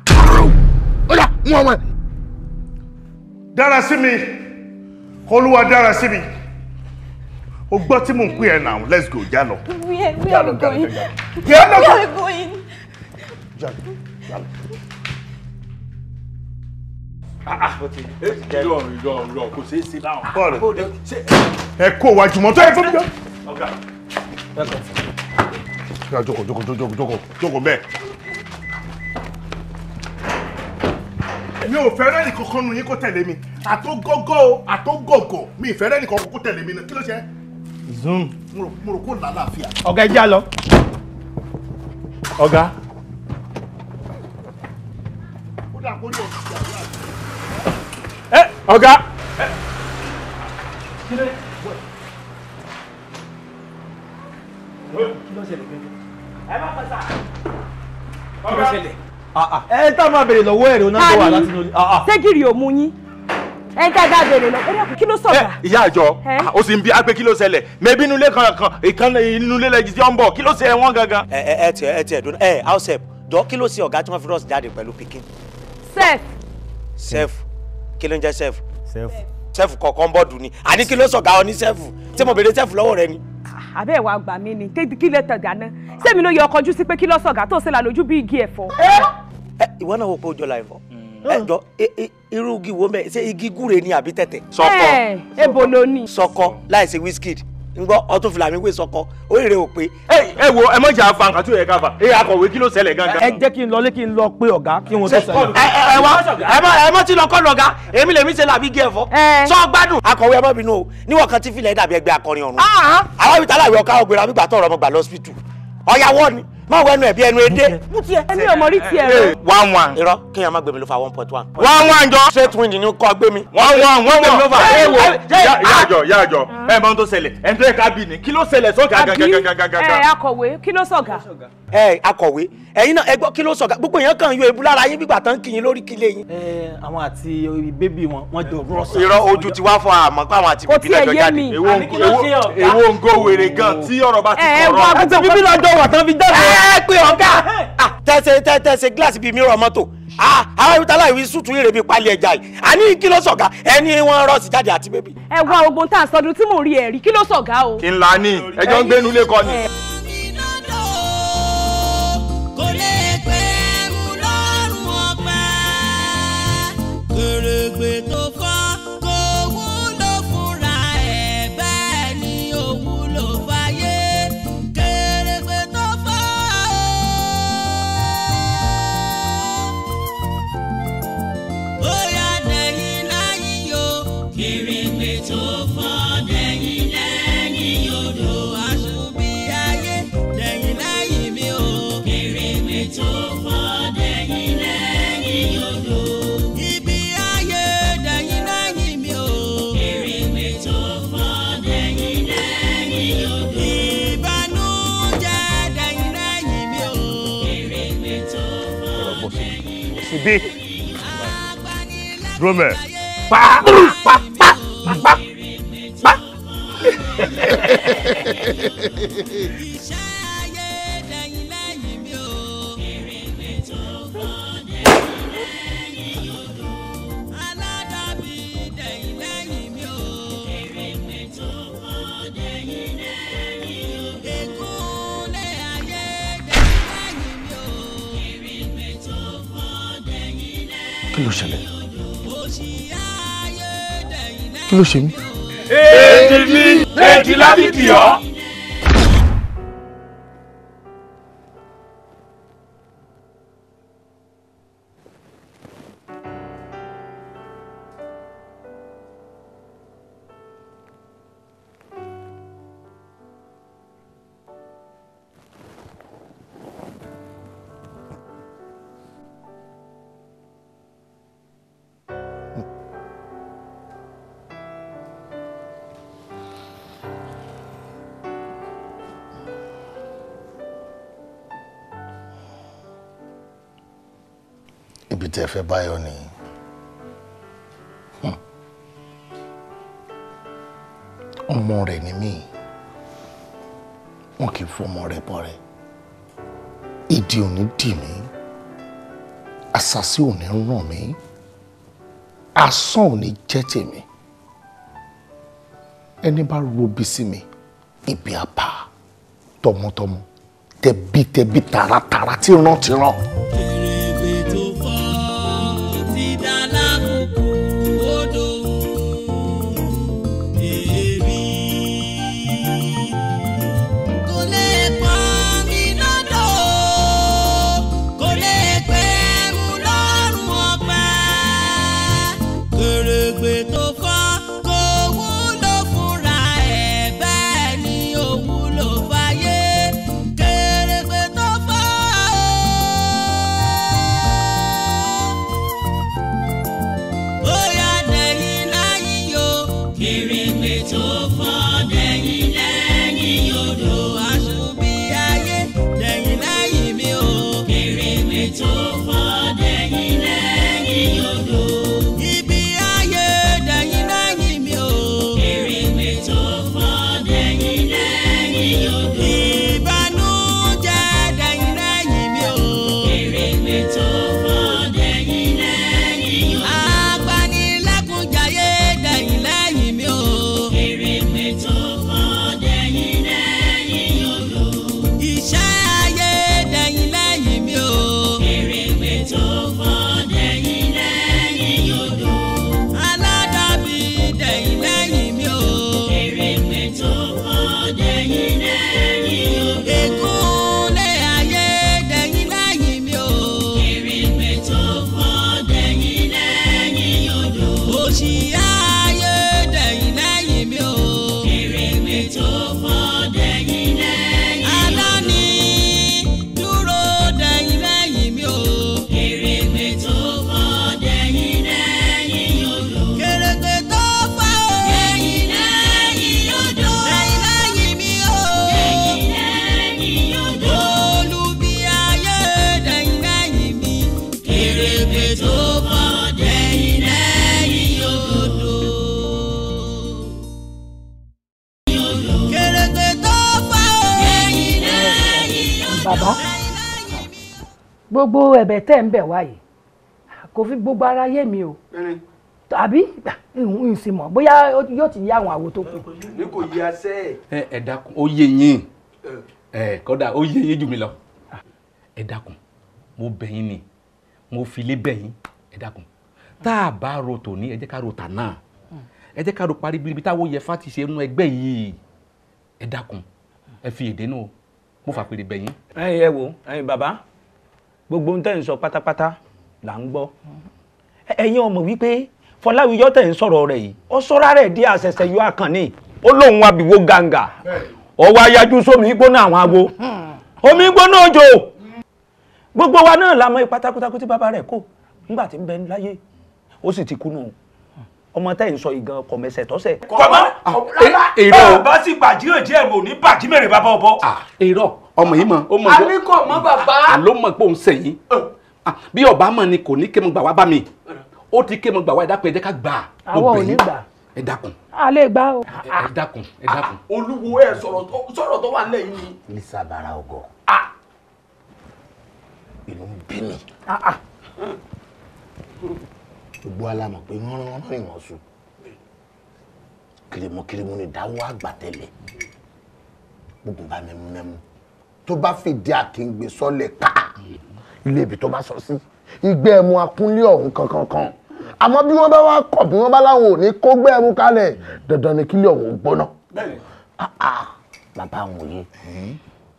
ó yà mú ọmọ ẹ. dára sí mi olúwa dára sí mi o gbọ́ tí mò ń pè ẹ́ now let's go jálọ. where where are we going where are we going. jálọ jálọ. Ah, ah. eh, eh, ẹ kó wa jùmọ̀ tó ẹ fún mi. Ọ̀gá. Jókòó jókòó jókòó jókòó jókòó bẹ́ẹ̀. mi ò fẹ́rẹ́ nìkan kan nu yín kó tẹ̀lé mi àtógógó àtógògò mi ì fẹ́rẹ́ nìkan kó tẹ̀lé mi náà kí ló ṣe. zoom. mo rò kó làlàáfíà. ọ̀gá ẹ já lọ. ọ̀gá. ó dà kó ní ẹ ọ̀gá. ẹ má pẹ́ sá. kí Ah, ah. ẹ tá máa béèrè lọ́wọ́ ẹ̀rọ náà tó wà láti lórí. Ah, ṣégiri ò mú yín ẹ tá bá béèrè lọ ẹ dákun kí ló sọ̀rọ̀. ìyá àjọ o sì ń bi agbe kí ló ṣẹlẹ̀ mẹbi inú ilé kan kan ìkan inú ilé lẹjì tí ó ń bọ̀ kí ló ṣe wọn gangan. ẹ ẹ ẹ tiẹ ẹ tiẹ ẹ house jọ kí ló ṣe ọ̀gá tí wọ́n fi rọ́ọ̀sì jáde pẹ̀lú ni àní kí mo béèrè sef àbẹ́ ìwà àgbà mi ni kí lè tẹ̀ dáná sẹ́mi ló yẹ ọkọjú sí pé kí lọ́sọ̀gá tó ṣe là lójú bí igi ẹ̀fọ́. ẹ ìwọ náà wò pé ó jọ la ẹ̀fọ́ mm. ẹ jọ irú igi wo mẹ ṣé igi gúre ni àbí tẹ̀tẹ̀. sọkọ ẹ ebo ló ní. sọkọ láì ṣe wizkid ngbọ́ ọtún fìlàmì wé sọkọ ó rèé o pé. ẹ ẹ wo ẹ mọ jà fa nǹkan tó yẹ ká fa ẹ akọ̀wé kí ló ṣẹlẹ̀ gangan. ẹ jẹ́ kí n lọlé kí n lọ pé ọ̀gá kí wọ́n tó ṣẹlẹ̀. ẹ ẹ wá ẹ mọ ẹ mọ tí lọkọ lọgá èmi lèmi ṣe làbí gé ẹfọ. sọ gbádùn. akọ̀wé ẹ mọ bínú o níwọ̀n kan tí filẹ̀ dàbí ẹgbẹ́ akọrin ọ̀run. àwọn ibi tá má ẹnu ẹ ẹnu èdè. mú ẹni ọmọ rí tiẹ̀ rẹ. one one irọ́ kéèyàn má gbé ló fa one point one. one one jọ straight wind ni kò gbé One one one one, gbé mi ló fa. yáàjọ ah! yáàjọ ah. ẹ mọ ohun tó ṣẹlẹ̀ ẹ ń tẹ́ ká bí ni kí ló ṣẹlẹ̀ sọ́gà gàgàgàgàgà. àbí ẹ akọ̀wé kí ló sọ̀gà. ẹ akọ̀wé ẹ̀yin náà ẹ gbọ́ kí ló sọ̀gà gbogbo èèyàn kàn yọ ebu lára yín bígbà tán kì í lórí kílé yín. ẹ àwọn àti bébì wọn wọn jọ rọṣọ. irọ́ ojú ti wá fún àmọ́ pé àwọn àti bíbí lọ́jọ́ jáde. èwo ń gó wèrè gan tí ọ̀rọ̀ bá ti kọ̀ ọ̀rọ̀. ẹ ẹ wọ ẹ pé ọ̀gá ah, tẹ̀sẹ̀ tẹ̀sẹ̀ gíláàsì bíi mìíràn mọ́tò ah, àwọn ibi tálà ìwé sùtù ìrèbí pálí ẹja yìí àní kí ló sọ̀gá ẹni wọ́n rọ́ọ̀sì jáde àti bébì. ẹ wá ogun tá a sọdún tí mò ń rí ẹ̀rí kí ló sọ̀gá o. kí n la ní ẹjọ́ ń gbénu lé kọ́ ni. gbé dromẹ pa pa pa pa pa. kí ló ṣẹlẹ̀ kí ló ṣe mí. èdè mi èdè láti dì ibi tẹ́ fẹ́ báyọ̀ nìyí. Hmm. ọmọ rẹ̀ ni mí wọn kì í fọmọ rẹ̀ bọ́ rẹ̀ ìdí ò ní dì mí àṣàṣì ò ní ràn mí asán ò ní jẹ́ tèmi ẹni bá robi sí mi ibi àpá tọmọtọmọ tẹbítẹbí tààràtààrà tí ràn tí ràn. gbogbo ẹ̀bẹ̀ tẹ́ ń bẹ̀ wáyé kò fi gbogbo ara yé mi o àbí n bóyá yóò ti yá àwọn àwo tó kù. ní kò yí asẹ́ ẹ̀. ẹ ó yé yín ẹ kódà ó yé yín jù mí lọ ẹ mo bẹ̀ yín ni mo fi lé bẹ̀ yín ẹ tá a bá ro tòní ẹ jẹ́ ká ro tàná ẹ jẹ́ ká ro parí bíi ibi ẹ ẹ fi fà pèrè bẹ̀ yín. ẹ wo ẹ baba. gbogbo ń tẹ̀ ń sọ pátápátá là ń gbọ́ ẹ̀yin ọmọ wípé Fọláwíyọ tẹ̀ ń sọ̀rọ̀ rẹ̀ yìí ó sọ́ra rẹ̀ dí àṣẹ̀ṣẹ̀ yọ àkànní ó lóun wá bìwó gàǹgà ọwọ́ ayájú sómi gbóná àwọn awo omi gbóná òjò gbogbo wa náà la mọ ipa takuntakun tí bàbá rẹ̀ kó nígbà tí ń bẹ láyé ó sì ti kú ọmọ tẹ́ ń sọ ìgan kọ̀mẹsẹ̀ tọ́sẹ̀. kọ́mọ́ ah, eh, eh, rárá bá a bá sì bàjí ní bàjí mèrè bàbá ọ̀bọ. èrò ah, ọmọ yìí mọ ó mọ àní kò mọ bàbá àló mọ pé òun sẹyìn bí ọba mọ ni kò ní kémọ gbà wá bá mi ó ti kémọ gbà wá ẹ dákun ẹ jẹ ká gbà á àwọn ò ní gbà ẹ dákun. a lè gbà o. ẹ dákun ẹ dákun. Ah, olúwo ẹ sọ̀rọ̀ tó wà lẹ́yìn ni. ní sábàrà ọgọ ah. inú ń bí mi ah, gbogbo alamọ pé rán rán ìwọ̀n sùn kirimu kirimu ni dáwọ́ àgbà gbogbo bá mi mú tó bá fìdí àkíngbè sọlẹ̀ ká ilé ibi tó bá sọ sí ìgbẹ́ ẹ̀mú akúnlé ọ̀hún kankankan àmọ́ bí wọ́n bá wá kọ̀ bí wọ́n bá láwọn ò ní kó gbẹ́ ẹ̀mú kalẹ̀ dandan ni kílẹ̀ ọ̀hún gbóná. bàbá àwọn òye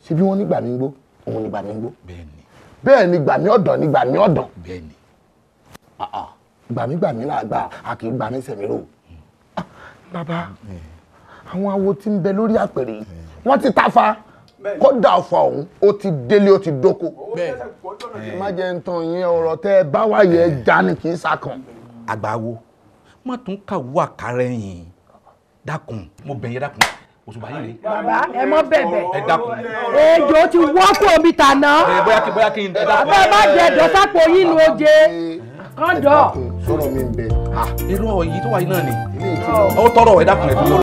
ṣé bí wọ́n nígbà mi gbó òun nígbà mi gbó bẹ́ẹ̀ ni gbàmí ọ̀dàn ni gbàmí ọ̀dàn gbàmí gbàmí làgbà àkì gbàmí sẹ̀mírò bàbá àwọn awo tí ń bẹ lórí àpèrè wọ́n ti tafa kódà ọ̀fà òun ó ti délé ó ti dóko má jẹ́ ń tan ìyẹn ọ̀rọ̀ tẹ́ ẹ bá wáyé ẹ já ni kì í sàkàn. àgbà wo má tún kàwé àkàrẹ yìí dákun mo bẹ̀ yẹn dákun òṣùbà yìí rèé. bàbá ẹ mọ bẹ̀bẹ̀ ẹ dákun. ejò ti wọ́pọ̀ omi tàná. ẹ bóyá kí bóyá kí n dákun. bàbá má jẹ dọ́sápò yín nu oje kán dọ̀. sọ̀rọ̀ mi ń bẹ. irú ọ̀yìn tó wà yìí náà ni ó tọrọ ẹ dákun ẹ̀ tó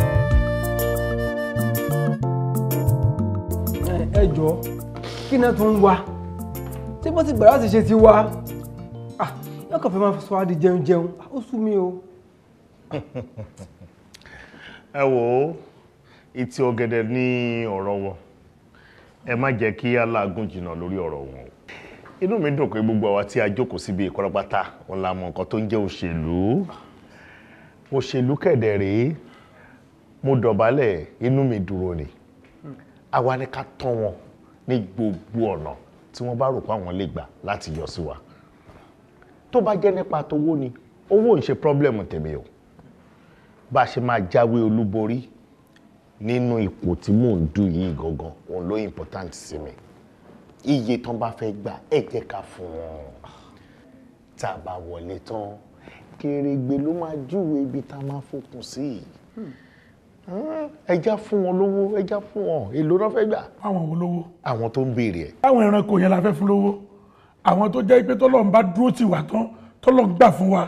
ẹjọ́ kí náà tún ń wa tí wọ́n ti gbàrà ti ṣe ti wa yóò kàn fẹ́ máa sọ adi jẹun jẹun ó sú mi o. ẹ wò ó ìtì ọ̀gẹ̀dẹ̀ ní ọ̀rọ̀ wọn ẹ má jẹ́ kí aláàgùn jìnnà lórí ọ̀rọ̀ wọn o inú mi dùn pé gbogbo àwa tí a jókòó síbi ìkọ́lọ́pátá wọn la mọ nǹkan tó ń jẹ́ òṣèlú òṣèlú kẹ̀dẹ̀ rèé mo dọ̀bálẹ̀ inú mi dúró ni àwa ni ká tọ́ wọn ní gbogbo ọ̀nà tí wọ́n bá rò pé àwọn lè gbà láti yọ sí wa tó bá jẹ́ nípa tówó ni owó ń ṣe pírọ́blẹ̀mù tèmi o bá a ṣe máa jáwé olúborí nínú ipò tí mò ń dù yìí gangan òun ló important sí mi iye tán bá fẹ́ gbà ẹ jẹ́ ká fún wọn tá a bá wọlé tán kèrègbè ló máa júwe ibi tá a máa fòkun sí yìí. Hmm ẹja fún wọn lówó ẹja fún wọn èlò náà fẹ́ gbà. àwọn wo lówó. àwọn tó ń béèrè ẹ. àwọn ẹranko yẹn la fẹ́ fún lówó àwọn tó jẹ́ pé tọ́lọ́run bá dúró tì wá tán tọ́lọ́run gbà fún wa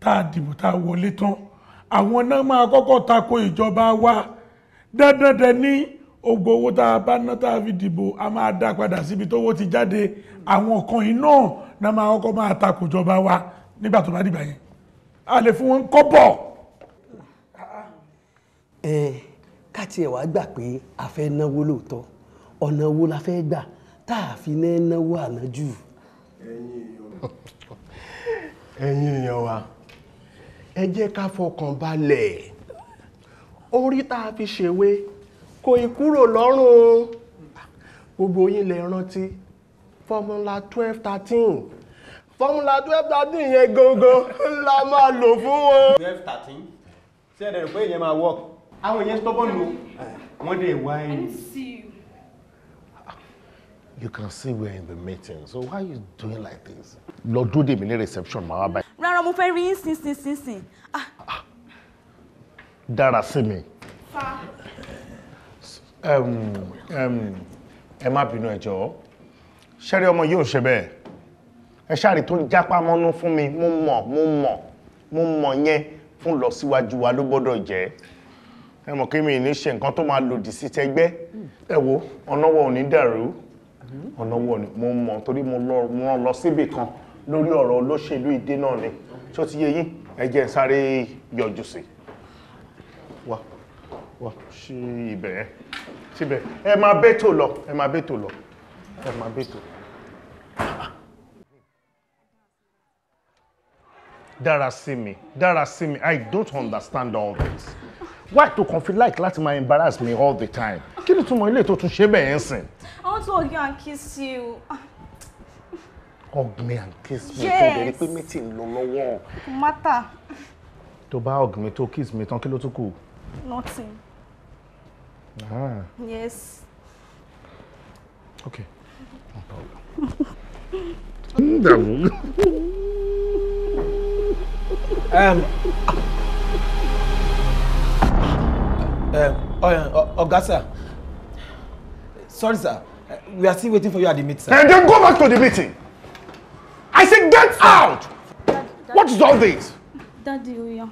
tá a dìbò tá a wọlé tán àwọn náà máa kọ́kọ́ tako ìjọba wa dandan ní ogbó owó tá a bá ná tá a fi dìbò a máa dá padà síbi tówó ti jáde àwọn kan yìí náà náà máa kọ́kọ́ máa tako ìjọba wa nígbà tó bá dìbà yẹn a fún wọn kọ́ bọ̀ ká tiẹ̀ wá gbà pé a fẹ́ náwó lóòótọ́ ọ̀nà wo la fẹ́ gbà tá a fi ní náwó àná jù. ẹ̀yin èèyàn wa ẹ jẹ́ ká fọkàn balẹ̀ orí tá a fi ṣèwé kò ì kúrò lọ́rùn gbogbo yín lè rántí fọ́múlà twelve thirteen fọ́múlà twelve thirteen yẹn gangan la máa lò fún wọn. twelve thirteen ṣé ẹ̀rẹ̀ rò pé ìyẹn máa work àwọn èèyàn stubborn o wọ́n dẹ̀ wá ẹ̀. You can see we're in the meeting, so why are you doing like this? Lọ dúró dèmi ní reception màá wá báyìí. Rárá mo fẹ́ rí yín sin sin sin sin. Ah. Dára sí mi. Fa. Ẹ má bínú ẹ jọ̀ọ́. Ṣẹ́rí ọmọ yóò ṣe bẹ́ẹ̀. Ẹ ṣáàrí tó ń jápá mọ́nú fún mi, mo mọ̀, mo mọ̀, mo mọ̀ yẹn fún lọ síwájú wa ló gbọ́dọ̀ jẹ́ ẹ mọ̀ kí mi ní ṣe nǹkan tó máa lòdì sí tẹgbẹ́ ẹ wo ọ̀nàwọ̀ ò ní dàrú ọ̀nàwọ̀ ni mo mọ̀ torí mo rán lọ síbì kan lórí ọ̀rọ̀ olóṣèlú ìdè náà ni tó ti yé yín ẹ jẹ́ n sáré yọjú sí wa wa ṣí ibẹ̀ yẹn síbẹ̀ ẹ máa bẹ́tò lọ ẹ máa bẹ́tò lọ ẹ máa bẹ́tò dára sí mi dára sí mi I don't understand all this why to kàn like láti máa embarrass me all the time kí ni túmọ̀ ilé tó tún ṣe bẹ́ẹ̀ ń sìn. I want to hug you and kiss you. hug me and kiss me tó bẹ̀rẹ̀ pé meeting lọ lọ́wọ́. mata. tó bá hug me tó kiss me tán kí ló tún kù. nothing. Ah. yes. okay no problem. ń um, ọ̀gá um, oh, oh, oh, sir sorry sir we are still waiting for you at the meeting. and then go back to the meeting i say get out what is all this. daddy oya.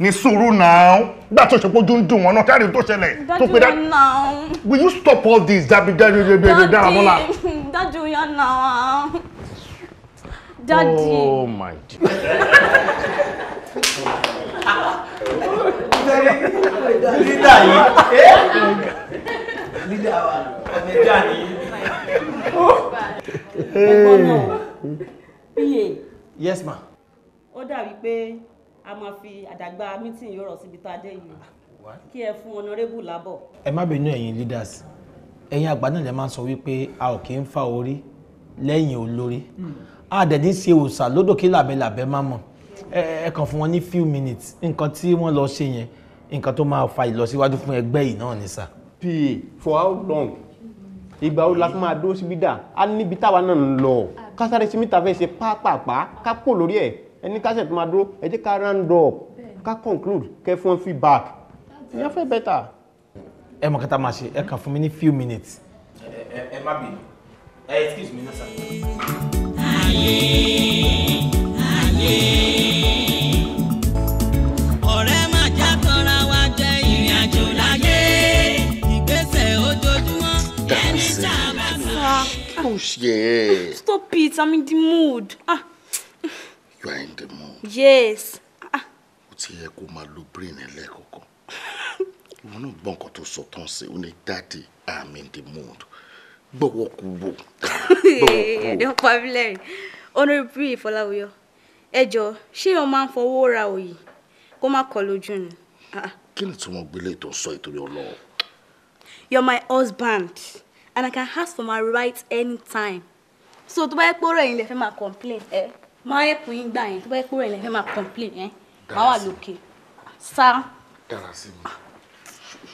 ní sùúrù náà gbà tó ṣe pójú ń dùn wọn náà káàdì tó ṣẹlẹ̀ tó pe now. will you stop all this dabi dabi dabi dabi dabi bola. daddy oya náà. daddy. oh my dear. lídà yìí eh? lídà wa ọ̀nẹ́jà ni. ẹ̀gbọ́n yes ma. ó dàbí pé a máa fi àdàgbà mítìn yóò rọ̀ síbi tá a dé yìí kí ẹ fún honorable lábọ̀. ẹ má bínú ẹ̀yin leaders ẹ̀yin àgbà náà lè máa sọ wípé a ò kì í fa orí lẹ́yìn olórí hmm. a dẹ̀ ní ṣe òòṣà lódò kí làbẹ́làbẹ́ má mọ̀ ẹ kàn fún wọn ní few minutes nǹkan tí wọ́n lọ ṣe yẹn nǹkan tó máa fa ìlọsíwájú fún ẹgbẹ́ yìí náà ni sà. pa for how long ìgbà wo la fún máa dúró síbí dà á níbi táwa náà ń lọ kásáré sí mítà fẹ́ ṣe pápápá ká kó lórí ẹ̀ ẹni kásẹ̀ tó máa dúró ẹ jẹ́ ká round up ká conclude kẹ́ fún feedback ìyẹn fẹ́ better. ẹ mọ̀ kátà máa ṣe ẹ kàn fún mi ní few minutes. ẹ ẹ má bì ẹ excuse me náà sà. ayé dancing. Bullshit. Stop it. I'm in the mood. Ah. You are in the mood. Yes. O ah. ti yẹ kó máa lo brain ẹ lẹ́ẹ̀kọ̀ọ̀kan. Ìwọ náà gbọ́ nǹkan tó sọ I'm in the mood. Gbọ́wọ́ kú wò. Ẹ ń pa mí lẹ́rìn. Honorable Ìfọláwíyọ, ẹ jọ ṣé o máa ń fọwọ́ ra òyì kó má kọ lójú ni? Ah. Kí ni tí wọ́n gbélé you're my husband and I can ask for my rights anytime. So tó bá yẹ pé ọ̀rọ̀ yín lè fẹ́ máa complain ẹ eh? máa help yín gbà yín tó bá yẹ pé ọ̀rọ̀ yín lè fẹ́ máa complain ẹ eh? máa wà lókè. Sá. Dára sí mi.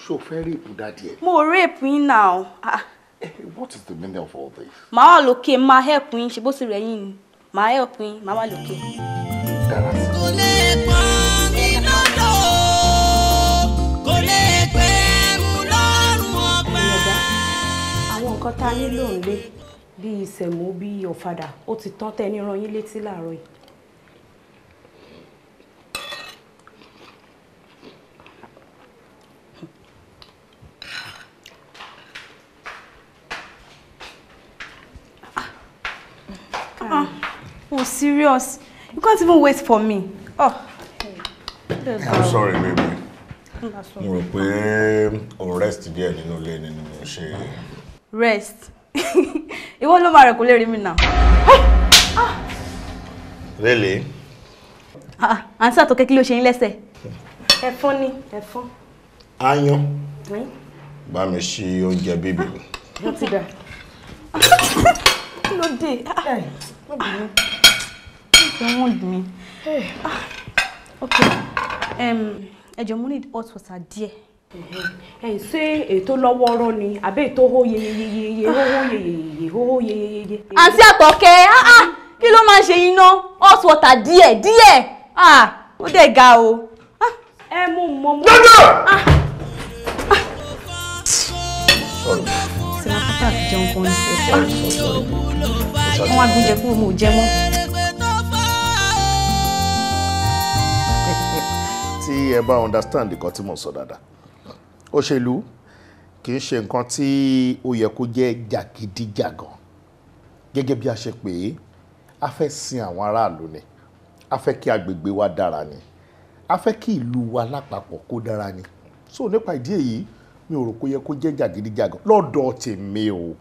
Ṣo fẹ́ rèpù dáadé ẹ? Mo rèpù yín náà. Ah, ah. eh, what is the meaning of all this? Màá wà lókè, máa help yín ṣe bó ṣe rẹ̀ yín ni. Màá help yín, màá wà lókè. Dára sí mi. nǹkan tá a nílò ńlé bíi ìsẹ̀mú bíi ọ̀fadà ó ti tán tẹ́ ní rán yín létí láàárọ̀ yìí. Ah, ah, oh, serious. You can't even wait for me. Oh. I'm sorry, baby. Mo rò pé um, o rest díẹ̀ nínú ilé nínú ṣe rest ìwọ ló máa rẹ̀ kó lè rí mi nà. Ah! really. àǹtí ah, àtọkẹ́ kí ló ṣe yín lẹ́sẹ̀. ẹ̀fọn ni ẹ̀fọn. aáyán bá mi ṣí oúnjẹ bíbí. mo ah, ti dà. kí ló dé? wọ́n dùn mí. ok ẹ jọ̀ọ́ mo need hot water díẹ̀ ẹ ṣe ètò lọ́wọ́rọ́ ni àbẹ́ ètò hó yeyeyeye hó yeyeyeye hó yeyeyeye. àǹtí àtọ̀kẹ́ ah, ah, kí ló máa ń ṣe iná hot water díẹ̀ díẹ̀ ah, ó dẹ̀ ga o. ẹ mú mọ mọ. lọ́jọ́. tí wọ́n fún tàbí jẹun kan ní ẹ̀fọ́ wọ́n wá gbé jẹ kúrò mọ́ ò jẹ mọ́. tí ẹ bá understand nǹkan tí mo sọ dáadáa òṣèlú kì í ṣe nǹkan tí ó yẹ kó jẹ́ jàgídíjàgan gẹ́gẹ́ bí a ṣe pè é a fẹ́ sin àwọn aráàlú ni a fẹ́ kí agbègbè wa dára ni a fẹ́ kí ìlú wa lápapọ̀ kó dára ni so nípa ìdí èyí mi ò rò kó yẹ kó jẹ́ jàgídíjàgan lọ́dọ̀ tèmi o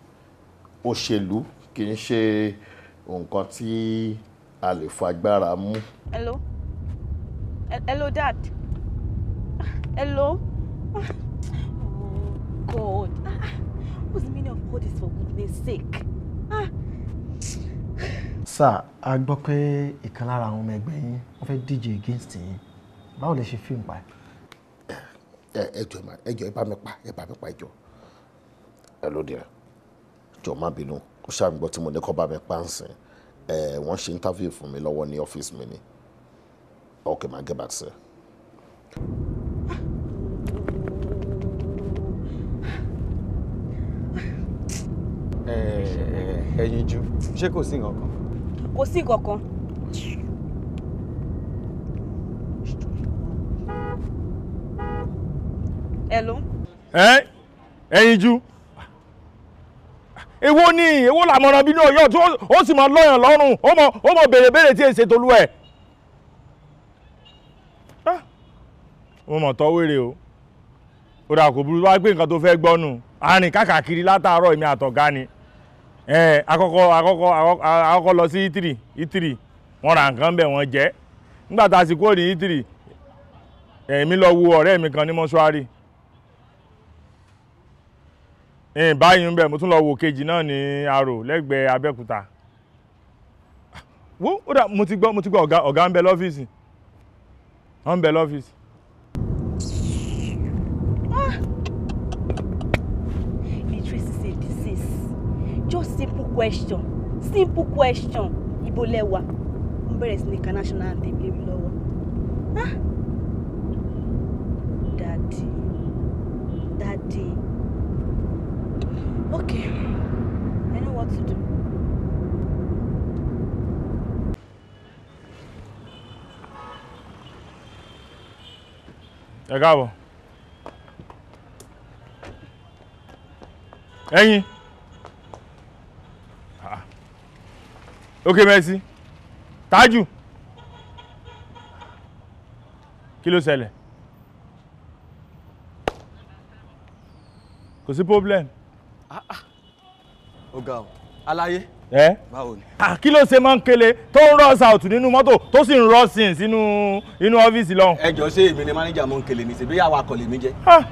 òṣèlú kì í ṣe nǹkan tí a lè fagbára mú. hello hello dad hello. God. Ah, what's the meaning of all this for goodness sake? Ah. Sir, a gbọ́ pé ìkan lára àwọn ọmọ ẹgbẹ́ yín wọ́n fẹ́ díje against yín. Báwo lẹ ṣe fi ń pa ẹ? Ẹjọ́ ẹjọ́ ẹ bá mi pa ẹ bá mi pa ẹjọ́. Ẹ ló dira. Jọ má bínú. Ó ṣáà ń gbọ́ tí mo ní kọ́ bá mi pa ń sìn. Ẹ wọ́n interview fún mi lọ́wọ́ ní ọ́fíìsì mi ni. Okay, ma get back sir. Ah. Eh, ẹyinjú ṣé kò sí nǹkan kan. kò sí nǹkan kan. hello. ẹ ẹyinjú ni èwo làmọ̀ràn bínú ọ̀yọ́ tí ó sì máa lọ́yàn lọ́rùn ó mọ ó mọ béèrè béèrè tí èsè mo o ó dà kò burú wá pé nǹkan tó fẹ́ gbọ́ nù àárín káàkiri látàárọ̀ èmi àtọ̀gá ẹ akọkọ akọkọ lọ sí itiri e itiri e wọn ra nǹkan bẹ̀ wọn jẹ nígbà tá a sì kúrò itiri e lọ wo ọ̀rẹ́ mi kan ní mọ́ṣúárì eh, báyìí ń bẹ̀ mo tún lọ wo kejì náà ní aro lẹ́gbẹ̀ẹ́ wo ó dà mo ti question simple question ibo lẹ́wà ń bẹ̀rẹ̀ sí ní ka national anthem lé mi lọ́wọ́ dadi ah! dadi okay I know what to do. ẹ káàbọ̀ ẹ̀yin. ok merci tájù kí ló ṣẹlẹ̀ kò sí problem. Ah, ah. ọ̀gá o aláyé. ẹ báwo ni. Ah, ló ṣe máa ń kele tó ń rush out nínú mọ́tò tó sì ń rush in sínú inú ọ́fíìsì lọ́hùn. ẹ jọ ṣé èmi ni máníjà mo ń kele ní ṣe bí àwa kọ̀ lèmi jẹ. Ah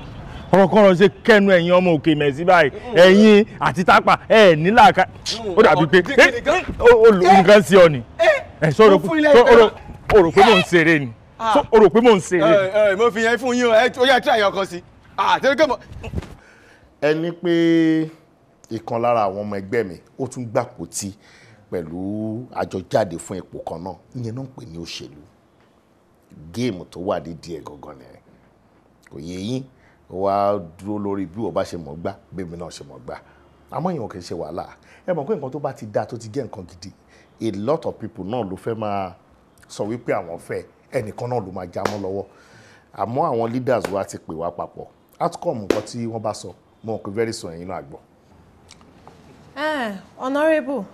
ọ̀rọ̀kọ̀rọ̀ ṣe kẹnu ẹ̀yin ọmọ òkè mẹ̀sí báyìí ẹ̀yin àti tápà ẹ̀ nílà ká ó dàbí pé nǹkan sí ọ ni eh, ẹ̀ sọ̀rọ̀ pé mò ń ṣeré ni sọ̀rọ̀ ah. pé mò ń ṣeré. ẹ ẹ eh, eh, mo fi yẹn fún yín o ẹ ó yẹ kí àyàn kan sí I ah, mọ́. ẹ ní pé ìkan lára àwọn ọmọ ẹgbẹ́ mi ó tún gbàpò tí pẹ̀lú àjọjáde fún ipò kan náà ìyẹn náà ń pè ní òṣèlú géèmù tó wà nídìí ẹ̀ gangan nìyẹn kò yẹ yín wá dúró lórí bí o bá ṣe mọ̀ gbá bí èmi náà ṣe mọ̀ gbá àmọ́ ìyẹn kì í ṣe wàhálà ẹ mọ̀ pé nǹkan tó bá ti dáa tó ti jẹ́ nǹkan gidi a lot of people náà ló fẹ́ máa sọ wípé àwọn fẹ́ ẹnìkan náà ló máa já mọ́ lọ́wọ́ àmọ́ àwọn leaders wa ti pè wá papọ̀ outcome nǹkan tí wọ́n bá sọ mo rò very soon ẹ̀yin náà gbọ́. Eh, honourable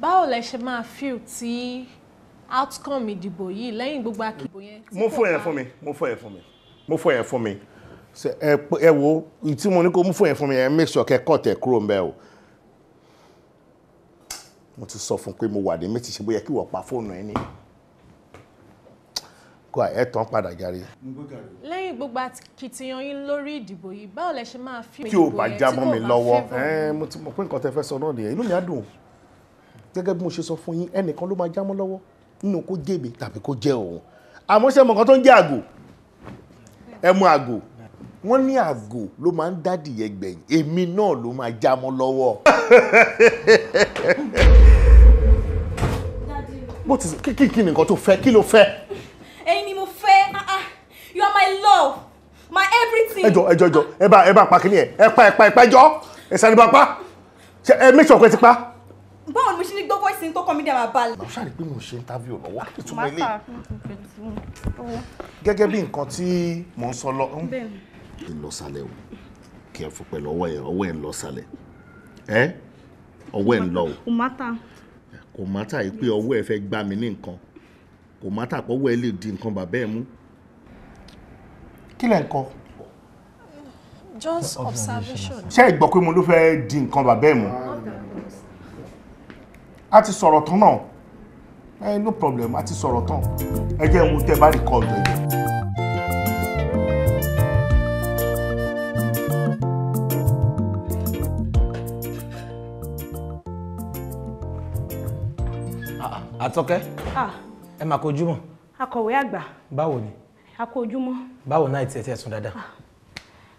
báwo lẹ ṣe máa feel tí outcome ìdìbò yìí lẹ́yìn gbogbo akìbò yẹn. mo fọ ẹ̀ fún mi mo fọ ẹ̀ fún mi mo fọ ẹ̀ fún mi ẹ wo tí mo ní kó mú fún yẹn fún mi yẹn make sure kẹ́ kọ́ tẹ̀ kúrò ń bẹ̀ o mo ti sọ fún pé mo wà ní méjì ṣe bóyá kí wọ́n pa fóònù ẹ nìyẹn kó ẹ tán padà járe. lẹ́yìn gbogbo akitiyan yín lórí ìdìbò yìí báwo lẹ ṣe máa fi ìdìbò yẹn tí kò bá jábọ́ mi lọ́wọ́ mo ti mọ̀ pé nǹkan tẹ fẹ́ sọ náà nìyẹn inú mi á dùn gẹ́gẹ́ bí mo ṣe sọ fún yín ẹnìkan ló máa jámọ́ lọ́wọ́ nínú kó jèbè tàbí kó jẹ́ òun àmọ́ ṣe mọ̀ nǹkan tó ń jẹ́ àgò ẹ mú àgò wọ́n ní àgò ló máa ń dádìyẹ gbẹ̀yìn èmi náà ló máa já mọ́ lọ́wọ́. bó ti kí kí nìkan tó fẹ́ kí ló fẹ́. ẹ̀yin ni mo fẹ́ ah, ah. you are my love my everything. ẹjọ ẹjọ ẹjọ ẹ bá ẹ bá pa kíní ẹ ẹ pa ẹ pa ẹ pa ẹjọ ẹ sáré bá pa ẹ make sure pé ti pa. báwo ni mo ṣe ní gbọ́ voice tó kọ́ mi dẹ̀ máa balẹ̀. mo ṣàrí pé mo ṣe interview lọ́wọ́ kí tó mọ ilé. gẹ́gẹ́ bí nǹkan tí mò ń sọ lọ. bẹ́ẹ̀ ni ti o kí ẹ fọpẹ́ lọ ọwọ́ ẹ ọwọ́ ẹ ń ẹ ọwọ́ ẹ ń o. kò má kò má yìí pé ọwọ́ ẹ fẹ́ gbá mi ní nǹkan kò má pé ọwọ́ ẹ lè di nǹkan bàbá ẹ mú. kí lẹ̀ ń kọ. just observation. ṣé ẹ gbọ́ pé mo ló fẹ́ di nǹkan bàbá ẹ mú. a ti sọ̀rọ̀ tán náà no problem a ti sọ̀rọ̀ tán ẹ jẹ́ ń wo tẹ́ bá rí kọ́ọ̀lù ẹ àtọ́kẹ́ ẹ máa kojúmọ́. akọ̀wé àgbà. báwo ni. a kó ojúmọ́. báwo náà ti ẹ̀tẹ̀ sùn dáadáa.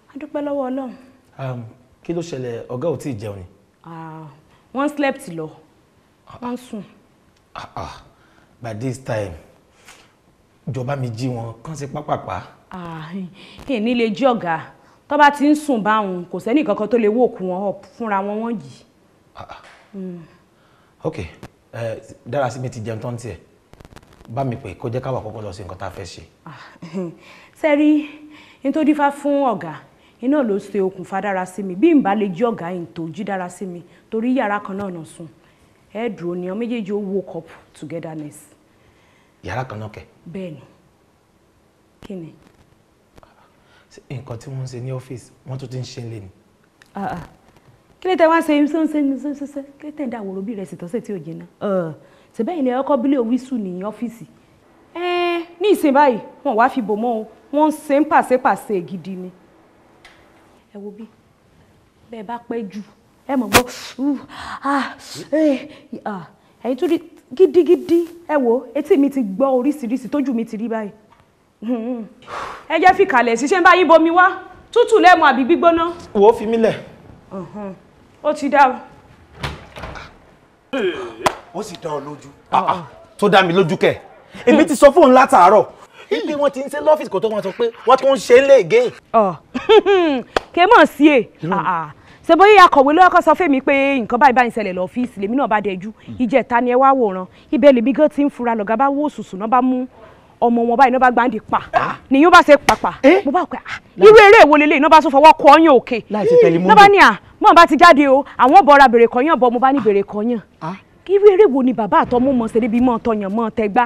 a dúpẹ́ lọ́wọ́ ọlọ́run. kí ló ṣẹlẹ̀ ọ̀gá ò tí ì jẹun ni. wọ́n slept lọ wọ́n sùn. by this time ìjọba mi jí wọn kàn sí pápápá. ẹ ní lè jí ọ̀gá tó bá ti ń sùn báwọn kò sẹ́nì kankan tó lè wò kú wọn fúnra wọn yìí. Hmm. ok ẹ Dárasími ti jẹun tán tiẹ̀ bá mi pè kó jẹ́ káwa kọ́kọ́ lọ sí nǹkan tá a fẹ́ ṣe. Ah, sẹ́rí nítorí fá fún ọ̀gá iná ló ṣe okùnfà Dárasími bí n bá lè jí ọ̀gá yìí tó jí Dárasími torí yàrá kan náà nà sùn ẹ dúró ni ọ méjèèjì ó woke up togetherness. yàrá kan náà kẹ. bẹ́ẹ̀ni kí ni. nǹkan tí wọ́n ń ṣe ní ọ́fíìsì wọ́n tún ti ń ṣe lé ni. Ah, ah kí ló tẹ wá ṣe ṣe ṣe ṣe ṣe kí ló tẹ ń da àwòrán bí ìrẹsì tọ́sẹ̀ tí ò jìnnà ṣẹbẹ́ yìí ni ọkọ bílẹ̀ wíṣù ní ọ́fíìsì ní ìsìn báyìí wọn wá fi bò mọ́ o wọ́n ń ṣe ń pàṣẹpàṣẹ gidi ni. ẹ wo bí bẹ́ẹ̀ bá pẹ́ jù ẹ mọ̀ gbọ́ ẹ̀yin tó rí gidigidi ẹ wo etí mi ti gbọ́ oríṣiríṣi tójú mi ti rí báyìí ẹ jẹ́ fi kalẹ̀ ṣiṣẹ́ báyìí bomi wá tútù lẹ́mu àbí gbígbóná. wo fi mí huh ó ti dá o. ó sì dá ọ lójú. Ah, ah, tó dá mi lójú kẹ èmi ti sọ fóun látàárọ̀ ilé wọn ti ń ṣe lọ́fíìsì kó tó wọn sọ pé wọ́n tún ń ṣe é léègé. kè mọ̀ sí è e. ah, ṣe bóyá akọ̀wé ló kọ́ sọ fún mi pé nǹkan báyìí báyìí ṣẹlẹ̀ lọ́fíìsì lèmi náà bá dẹjú hmm. ìjẹta ni ẹ wá wòran ibẹ̀ lèmi gan ti ń fura lọ̀gá bá náà bá mú ọmọ wọn báyìí ní wọn bá gbáǹdì pa ah. nìyí wọn bá ṣe pàpà eh? mo bá kọ ah, irú eré èwo lélẹ̀ ní wọn bá tún fọwọ́ kọ ọyàn òkè ní wọn bá ní à ah, mọ̀ bá ti jáde o àwọn bọ̀ra bèrè kọyàn bọ̀ mo bá ní bèrè kọyàn irú eré wo ni bàbá àtọmọ mọ̀ ṣeré bí mọ̀ tọyàn mọ̀ tẹgbá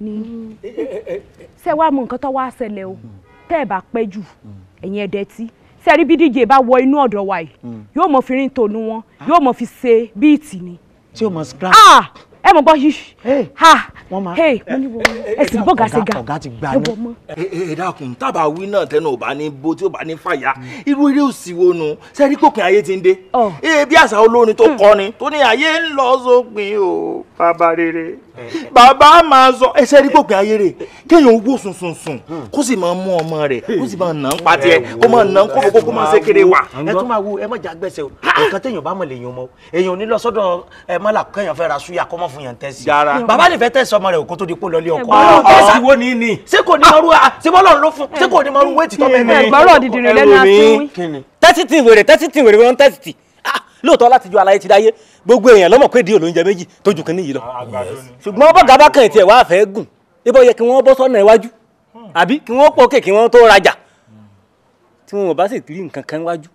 ni mm. eh, eh, ṣé wàá mọ nǹkan tó wàá ṣẹlẹ̀ o mm. tẹ́ ẹ̀ bá pẹ́ jù mm. ẹ̀yin ẹ̀dẹ̀ tí sẹ́rí bí díje bá wọ inú ọ̀dọ̀ wa yìí yóò mọ̀ fi rin tònú wọn yóò mọ̀ fi ṣe bíìtì ni. tí o mọ̀ scratch ẹ mọ̀ bọ́ yìí ha hey mo ní wo ẹsìn bọ́gà sí ga ọ̀gá ti gbà ní. ẹ dákun tábà wí náà tẹnu ò bá ní bo tí ò bá ní fàyà hmm. irú eré òsì wo nu sẹ́rí kòkìn ayé ti ń dé ee oh. bí àṣà olórin tó hmm. kọ́ ni tó ní ayé ń lọ sópin o bàbá rere eh, eh. bàbá máa sọ ẹ sẹ́rí kòkìn ayé rè kéèyàn owó sunsun sùn hmm. kó sì máa mú ọmọ rẹ̀ kó sì máa nà ń pa tiẹ̀ eh, kó máa nà ń kó kó kó máa ṣe kéré wà. ẹ tún máa wo ẹ má jà gbèsè o nǹkan téèyàn bá mọ̀ lèèyàn mọ̀ èèyàn ò ní lọ sọ́dọ̀ ẹ má là kéèyàn fẹ́ ra súyà kọ́mọ́ fún yàn tẹ́sí. yàrá bàbá lè fẹ́ tẹ́sí ọmọ rẹ̀ òkú tó di pò lọ́lé ọkọ. ọ̀rọ̀ tẹ́sí wo ni ni. ṣé kò ní mọ̀rú ṣé bọ́lọ̀ ló fún ṣé kò ní mọ̀rú wéètì tọ́ bẹ́ẹ̀ mẹ́rin. ẹgbọ́rọ̀ dìdìrì lẹ́nu àfihàn. tẹ́sí ti wèrè tẹ́sí ti wèrè wọn tẹ́sí ti ah, lóòótọ́ láti ju aláyé ti dáyé gbogbo èèyàn lọ́mọ̀ pé di olóúnjẹ méjì tó ju kínní yìí lọ ah, ṣùgbọ́n bọ́gà bá kàn tiẹ̀ wá fẹ́ gùn ibò yẹ kí wọ́n bọ́ sọ́nà iwájú hmm. àbí kí wọ́n pọ̀ kéèké wọ́n tó rajà tí wọn ò bá sì rí nǹkan kan iwájú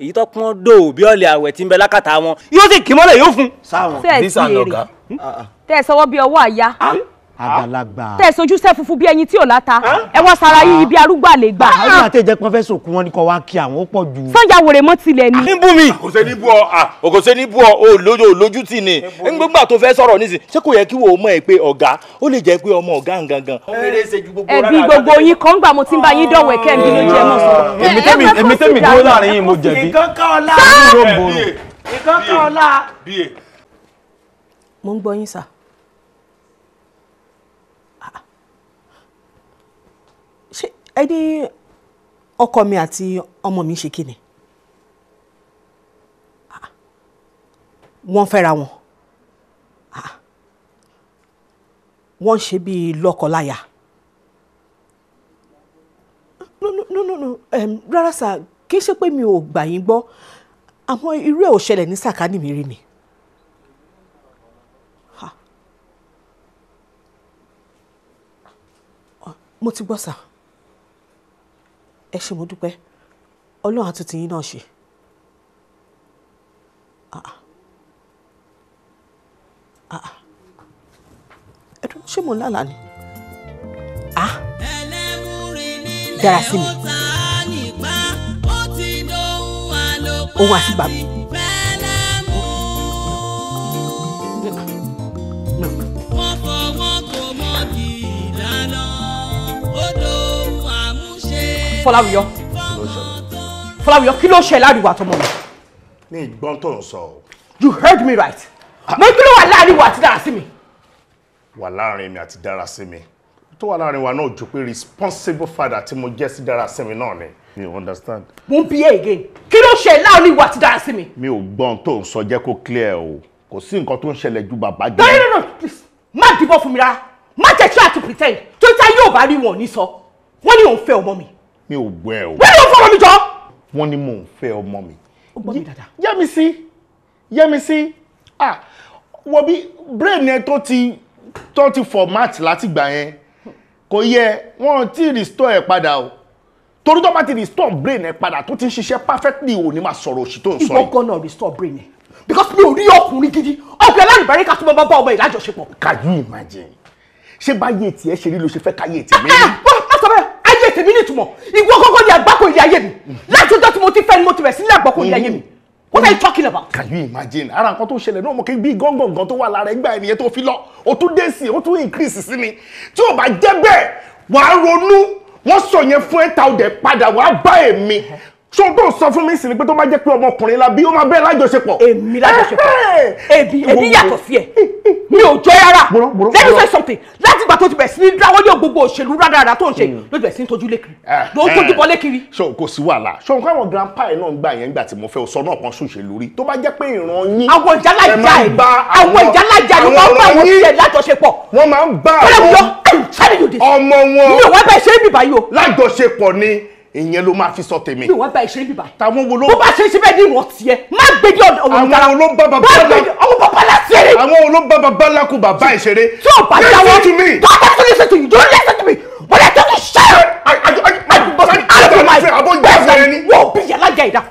èyí tó pọ́n dò bí ọ̀lẹ̀ àwẹ̀ tí ń bẹ lákàtà wọn yóò sì kí mọ́lẹ̀ yóò fún. sáwọn dísà lọ̀gá. Ah, ah. tẹ́ ẹ sọwọ́ bí ọwọ́ àyà. Ah àgbàlagbà. tẹ sojú sẹ funfun bí ẹyin tí ò láta ẹ wá sara yìí bí arúgbó àlè gbà. àwọn àti ìjẹ pọn sòkun wọn ni kò wá kí àwọn ó pọ̀ jù. sanja wèrè mọ tilẹ ni. níbú mi kò sẹ́ni bú ọ kò sẹ́ni bú ọ olójú olójú tì ní nígbà tó fẹ́ sọ̀rọ̀ nísìn ṣé kò yẹ kí wo mọ̀ ẹ́ pé ọ̀gá ó lè jẹ́ pé ọmọ ọ̀gá gangan. ẹbí gbogbo yín kan gbà mo ti ń bá yín dọ̀wẹ́ kẹ́ mi ló jẹ́ mọ̀ sọ̀rọ̀. ẹ ní ọkọ mi àti ọmọ mi ṣe kíni wọ́n fẹ́ra wọn wọ́n ṣe bíi lọ́kọláya no no no no um, rárá sà kì í ṣe pé mi ò gbà yín gbọ́ àmọ́ irú ẹ̀ ò ṣẹlẹ̀ ní sàkánì mi rí ni. mo ti gbọ́ sà ẹ ṣé mo dúpẹ́ ọlọ́run àtúntì yín náà ṣe ẹdùn ṣé mo lálàá ni dára ah. sí mi ó wá sí bàbá. Fọláwíyọ Fọláwíyọ kí ló ṣe láàrin ìwà àtọmọ mi. ní ìgbọ́n tó ń sọ. you heard me right. mo kí ló wà láàrin ìwà àti dára sí mi. wà láàrin mi àti dára sí mi tó wà láàrin wa náà jù pé responsible father tí mo jẹ́ sí dára sí mi náà ni. you understand. mo ń bí ẹ again kí ló ṣe láàrin ìwà àti dára sí mi. mi ò gbọ́n tó ń sọ jẹ́ kó clear o kò sí nǹkan tó ń ṣẹlẹ̀ ju bàbá jẹ́. no no no please má dìbò fún mi rárá má tẹ̀ try to pretend tó ń ta yóò bá rí wọn ní sọ wọ́n ní òun fẹ́ ọmọ mi mi ò gbọ́ ẹ o. wẹ́n ló fọwọ́ mi jọ. wọ́n ní mò ń fẹ́ ọmọ mi. ó gbọ́ mi dáadáa. yẹ́mi sí yẹ́mi sí ah wo bí brain yẹn tó ti tó ti format látìgbà yẹn kò yẹ wọn ti restore ẹ padà o torí tó bá ti restore brain ẹ padà tó ti ń ṣiṣẹ́ perfectly ò ní máa sọ̀rọ̀ òṣì tó ń sọ yìí. ìwọ gan-an restore brain ẹ because mi ò rí ọkùnrin gidi ọkùnrin alárìnbárí ká tó máa bá ọmọ ìlàjọṣepọ̀. can you imagine ṣé báyé tiẹ̀ ṣe rí ló ṣe fẹ́ káyé tiẹ̀ ah, mẹ́rin tèmi nítumọ̀ ìwọ kọ́kọ́ ni àgbákò ilé ayé mi mm. láti ọjọ́ tí mo ti fẹ́ ni mo ti rẹ̀ sílẹ̀ àgbákò ilé ayé mi mm. what are you talking about. can you imagine ara nǹkan tó ṣẹlẹ̀ náà mo kì í bí gángan gan tó wà lára ẹgbà ẹnìyẹn tó fi lọ o tún dé sí i o tún increase sí mi tí o bá jẹ́ bẹ́ẹ̀ wàá ronú wọ́n sọ yẹn fún ẹ̀ ta ọ̀dẹ̀ padà wàá bá èmi ṣó tó sọ fún mi sì ni pé tó bá jẹ́ pé ọmọkùnrin la bí ó máa bẹ́ẹ̀ lájọṣepọ̀. èmi lájọṣepọ̀ èmi èmi yàtọ̀ sí ẹ mi ò jọ rárá let me say something láti ìgbà tó ti bẹ̀ sí ní dáwọ́ yóò gbogbo òṣèlú rádaràda tó ń ṣe hmm. ló bẹ̀ sí ní tójú lékiri eh, ló ń tójú eh. bọ́ lékiri. ṣó kò sí wàhálà ṣó nǹkan àwọn grandpa ẹ náà gbà yẹn gbà tí mo fẹ́ sọ náà kan ṣùṣe lórí tó bá jẹ́ pé ìran yín. àwọn ìjàlájà ẹ àwọn ìjàlájà ni wọ́n bá wọn ṣe lájọṣepọ̀. wọ́n máa ń bá àwọn ọmọ wọn lájọṣepọ̀ ni ìyẹn ló máa fi sọ tèmi. mi wá bá ìṣeré bíbá. tàwọn wo ló. bó bá ṣe ṣe bẹ́ẹ̀ ní ìwọ̀n tiẹ̀ má gbèdé ọ̀wọ̀ nǹkan. àwọn olóńgbà bàbá la ọmọ bàbá la ṣeré. àwọn olóńgbà bàbá la kò bàbá ìṣeré. tí o bá dáwọ́ tó o bá tó lè ṣètò yìí don't listen to me wọ́n lè tó ti ṣe é. àbọ̀ ìgbà fún wọ́n bí yàrá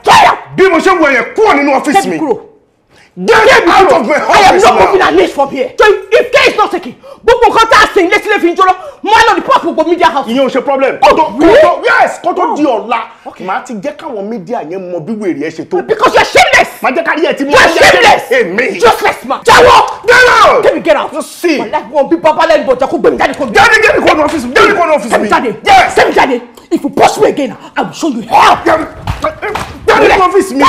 jà bí mo ṣe wọ Get out of my office I am not moving an inch from here. So if care is not taken, but we tá a sìn létí lè fi ń jọlọ, mo á lọ report media house. You know ṣe problem. Oh, really? Yes, kó tó di oh. ọ̀la. Màá ti jẹ́ káwọn media yẹn mọ bí wèrè ẹ ṣe tó. Because you're shameless. Màá jẹ́ kárí ẹ ti mú ẹ ṣe shameless. Èmi. Useless man. Jáwọ́. Get out. Kébì get out. Just see. My life won't be bọ̀ jà kó gbẹ̀mí jáde kó mi. Jáde jáde kó ní ọ́fíìsì office. Jáde kó ní ọ́fíìsì mi. Sẹ́mi jáde. Yes. Sẹ́mi jáde. If you push me again, I will show you how. Jáde kó ní ọ́fíìsì mi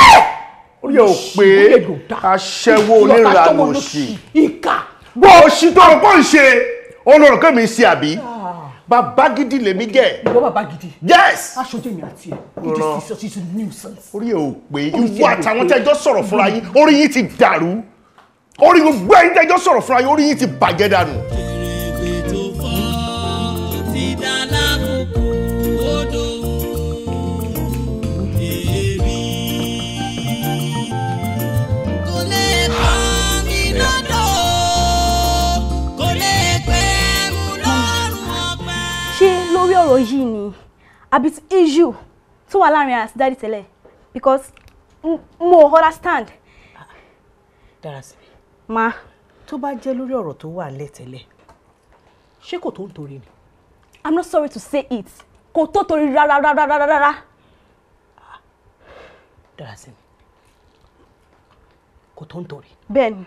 ó yẹ ò pé aṣẹ́wó onírànà òṣì ìkà bó o ṣì tó ọ̀pọ̀ ń ṣe olórùn kẹ́mi ń ṣe àbí bàbá gidi lèmi jẹ́. ìwọ bàbá gidi. yes. aṣojú èmi àti ẹ it is such a nuisance. orí ẹ ò pé ìwọ àtàwọn tẹjọ sọ̀rọ̀ fúnra yín orí yín ti dàrú orí gbogbo ẹ̀yin tẹjọ sọ̀rọ̀ fúnra yín orí yín ti bàjẹ́ dànù. àbí issue tó wà láàrin àti dáàdì tẹ́lẹ̀ because mo understand. Darasimi. ma. tó bá jẹ́ lórí ọ̀rọ̀ tó wà lẹ́tẹ̀lẹ̀ ṣé kò tó ń torí ni. I'm not sorry to say it kò tó torí rárá rárá rárá rárá. Darasimi kò tó ń torí. bẹ́ẹ̀ni.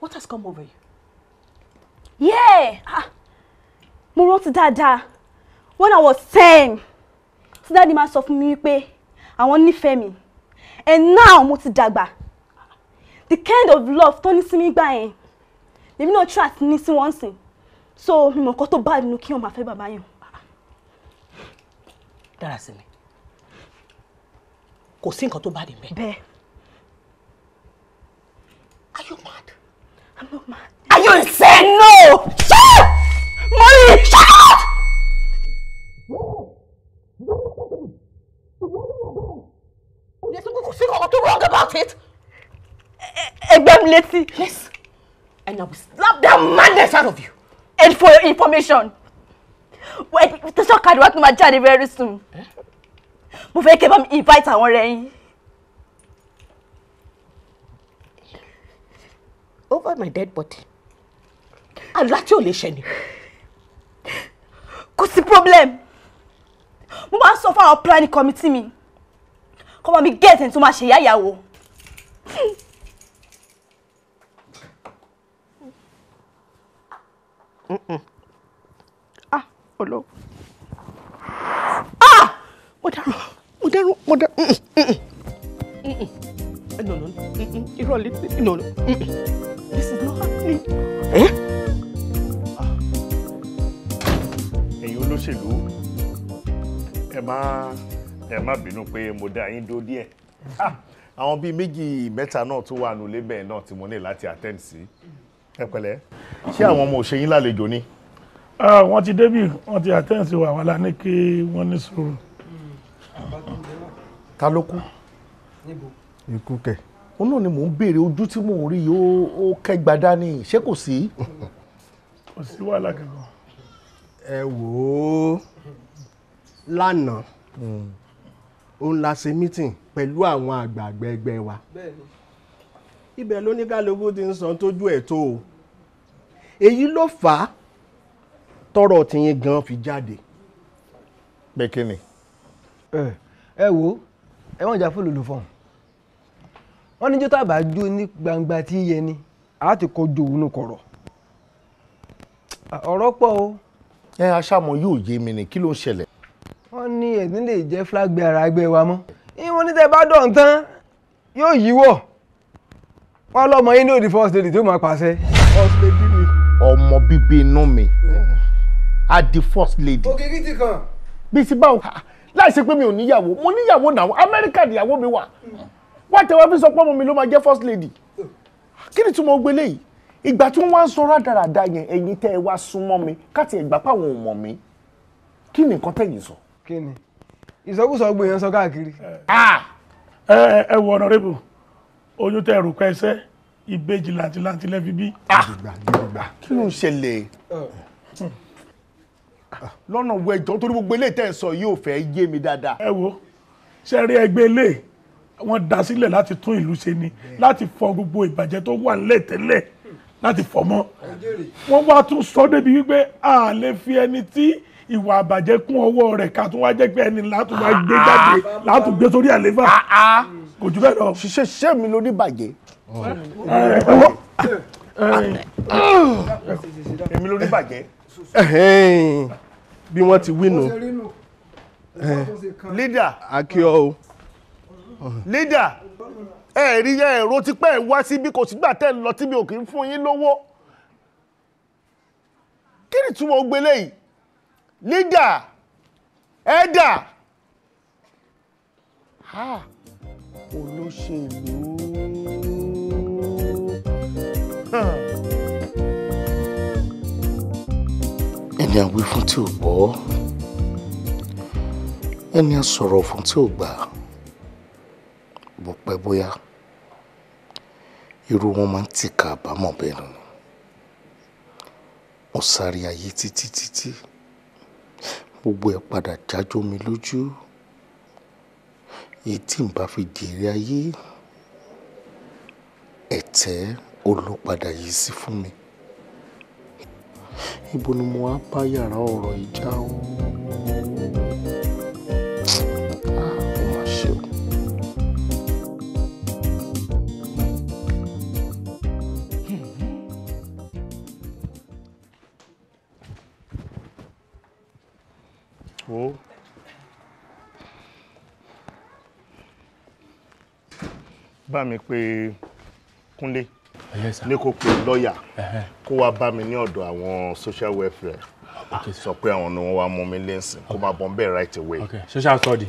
What has come over you? Yeah! Ah mo rántí dáadáa when i was ten tí dáàdi máa sọ fún mi wípé àwọn nífẹ̀ẹ́ mi and now mo ti dàgbà the kind of love tó ní sí mi gbà yẹn èmi náà try àti ní sí wọn sìn so mi mọ̀ nǹkan tó bá nínú kí wọn máa fẹ́ bàbá yẹn. dára sí mi kò sí nǹkan tó bá dé bẹ́ẹ̀. bẹ́ẹ̀. are you mad. i'm not mad. are you insane? no. Yeah! Molly, shut up! There's nothing wrong about it. Ẹgbẹ́ mi Yes. And I will slap that madness out of you. And for your information, wait, the shock card wa tún my journey very soon. Mo fẹ́ kẹ́ bá mi invite àwọn ọ̀rẹ́ yín. Over my dead body. Àlá tí ò lè ṣẹ ni kò the problem mo máa ń sọ fún àwọn planning committee mi kọ́ máa mi get ẹni tó máa ṣe ah hello. ah mo dárò mo dárò mo dárò eh, no no irọ́ lè no no this is not happening. Eh? ẹ̀yin olóṣèlú ẹ má ẹ má bínú pé mo dá yín dó díẹ̀ ah, àwọn bíi méjì mẹ́ta náà tó wà nù lébẹ̀ náà tí mo ní láti attend sí ẹ pẹ̀lẹ́ ṣé àwọn ọmọ òṣèyìn lálejò ni. wọ́n ti débì wọ́n ti attend sí wa wà lá ní kí wọ́n ní sùúrù. ta ló kú ikú kẹ òun náà ni mò ń béèrè ojú tí mò ń rí yìí ó kẹgbàdá ni ṣé kò sí. kò sí wàhálà kankan ẹ wò ó lánàá hmm. òun la ṣe meeting pẹ̀lú àwọn àgbààgbà ẹgbẹ́ wa ibẹ̀ lóníkàlùkù ti ń san tójú ẹ̀ tó o èyí ló fà á tọrọ tìyín gan fi jáde. pé kí ni. ẹ wo ẹ wọ́n jà fún lulu fún un wọ́n ní jọ́tà bá jó ní gbangba tí yẹ ni a ti kọjú òun kọ̀rọ̀ ọ̀rọ̀ pọ̀ o ẹ aṣáàmọ yóò yé mi ni kí ló ń ṣẹlẹ̀. wọ́n ní ẹ̀dín lè jẹ́ flag bearer ẹgbẹ́ wa mọ́ ìwọ́n ní tẹ́ bá dọ̀n tán yóò yíwọ́ wọ́n lọ́mọ yín ní òdì first lady tó máa pàṣẹ. ọmọ bíbí inú mi a di first lady. òkìkí ti kàn. bí ti báwo láìsí pé mi ò níyàwó mo níyàwó náà amẹ́ríkà níyàwó mi wà wá tẹ wá fi sọ pé ọmọ mi ló máa jẹ́ first lady oh. kí ni tí mo gbélé yìí ìgbà tí wọ́n wá ń sọ rádaràda yẹn ẹ̀yin tẹ́ ẹ wá súnmọ́ mi káti ẹ̀gbà páwọn ò mọ̀ mí kí ni nǹkan tẹ̀yìn sọ. kí ni ìsọkúsọ gbé yẹn sọ káàkiri. ẹ ẹ wọ ọ̀nàrẹ́bù oyún tẹ ẹrù pẹ́sẹ́ ìbejì làǹtìlàǹtì lẹ́fi bí. kí ló ń ṣẹlẹ̀ lọ́nà wo ẹjọ́ torí gbogbo eléyìí tẹ̀ sọ yóò fẹ́ yé mi dáadáa. ẹ wo ṣe rí ẹgbẹ́ eléyìí wọ́n dá sílẹ̀ láti tún ìlú ṣe ni láti fọ gbogbo ìbàjẹ́ tó wà nílẹ̀ tẹ́lẹ̀ láti fọ̀ mọ́ wọ́n wá tún sọ débi wípé a lè fi ẹni tí ìwà àbàjẹ́ kún ọwọ́ rẹ̀ ká tún wá jẹ́ pé ẹni látún wá gbé jáde látún gbé sórí àlééfà kò jù bẹ́ẹ̀ lọ. ṣiṣẹ́ ṣẹ́ mi ló ní bàjẹ́. èmi ló ní bàjẹ́. bí wọ́n ti wí nù lídà akíọ́ o lídà ẹ rí ẹ̀rọ tí pẹ́ ẹ̀ wá síbi kò sígbà tẹ́ ń lọ tíbi òkè ń fún yín lówó kí ni túmọ̀ ó gbélé yìí lídà ẹ̀dà olóṣèlú ẹni àwí fún tí ò gbọ́ ẹni àsọ̀rọ̀ fún tí ò gbà bó pẹ́ bóyá irú wọn máa ń tìka àbámọ̀ bẹ́ẹ̀ nù. mo sáré ayé títí títí gbogbo ẹ̀ padà jájọ́ mi lójú èyí tí n bá fi jèrè ayé ẹ̀tẹ́ olópadà yìí sí fún mi ibo ni mo wá bá yàrá ọ̀rọ̀ ìjà o. Whoa. Bá mi pé Kúnlé. Yes, sir. Ní kó pe lọ́ọ̀yà. Kó wá bá mi ní ọ̀dọ̀ àwọn social welfare. Sọ pé àwọn ni wọ́n wá mú mi lẹ́sìn. Kó máa bọ̀ ń right away. Okay. Social study.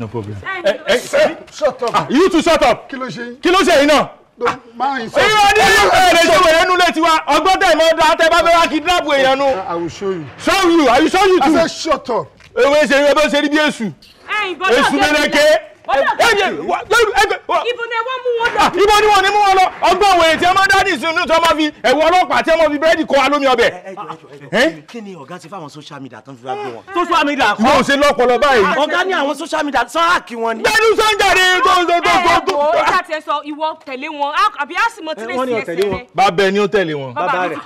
No problem. Hey, hey, hey. Shut up. Ah, you two shut up. Kí ló ṣe yín? Kí ló ṣe yín náà? Ìyá ọdún yóò fẹ́ ẹ̀rẹ̀ ṣe wẹ̀rẹ̀ nú létí wa. Ọgbọ́n tẹ̀ mọ́ da tẹ bá fẹ́ wá kidnap èèyàn nu. I will show you. Show you. I will show you too. I said shut up ewé ṣe ewé ṣe rí bí èṣù èṣù mẹ́lẹ́kẹ́ ibo ni wọ́n mú wọn lọ. Ah, ibo ni wọ́n ní mú wọn lọ ọgbọ́n wèrè tí a máa dá nìsín ní tí wọ́n máa fi ẹ̀wọ̀ ọlọ́pàá tí a máa fi búrẹ́dì kọ́ alómi ọbẹ̀. Eh, eh, eh, kí Kini ọ̀gá ti fáwọn social media tó ń fi wá gbé wọn. social media kọ́ yóò ṣe lọ́pọ̀lọ́ báyìí. ọ̀gá ní àwọn social media sọ àkì wọn ni. bẹ́ẹ̀ni sanjare ah, tó ń tó tó tó. ó ṣáà tiẹ̀ sọ ìwọ tẹ̀lé wọn ah, àbí àsìmọ́ tí lè ṣe ẹsẹ̀ rẹ. bàbá ẹ ni ó tẹ̀lé wọn. bàbá rẹ̀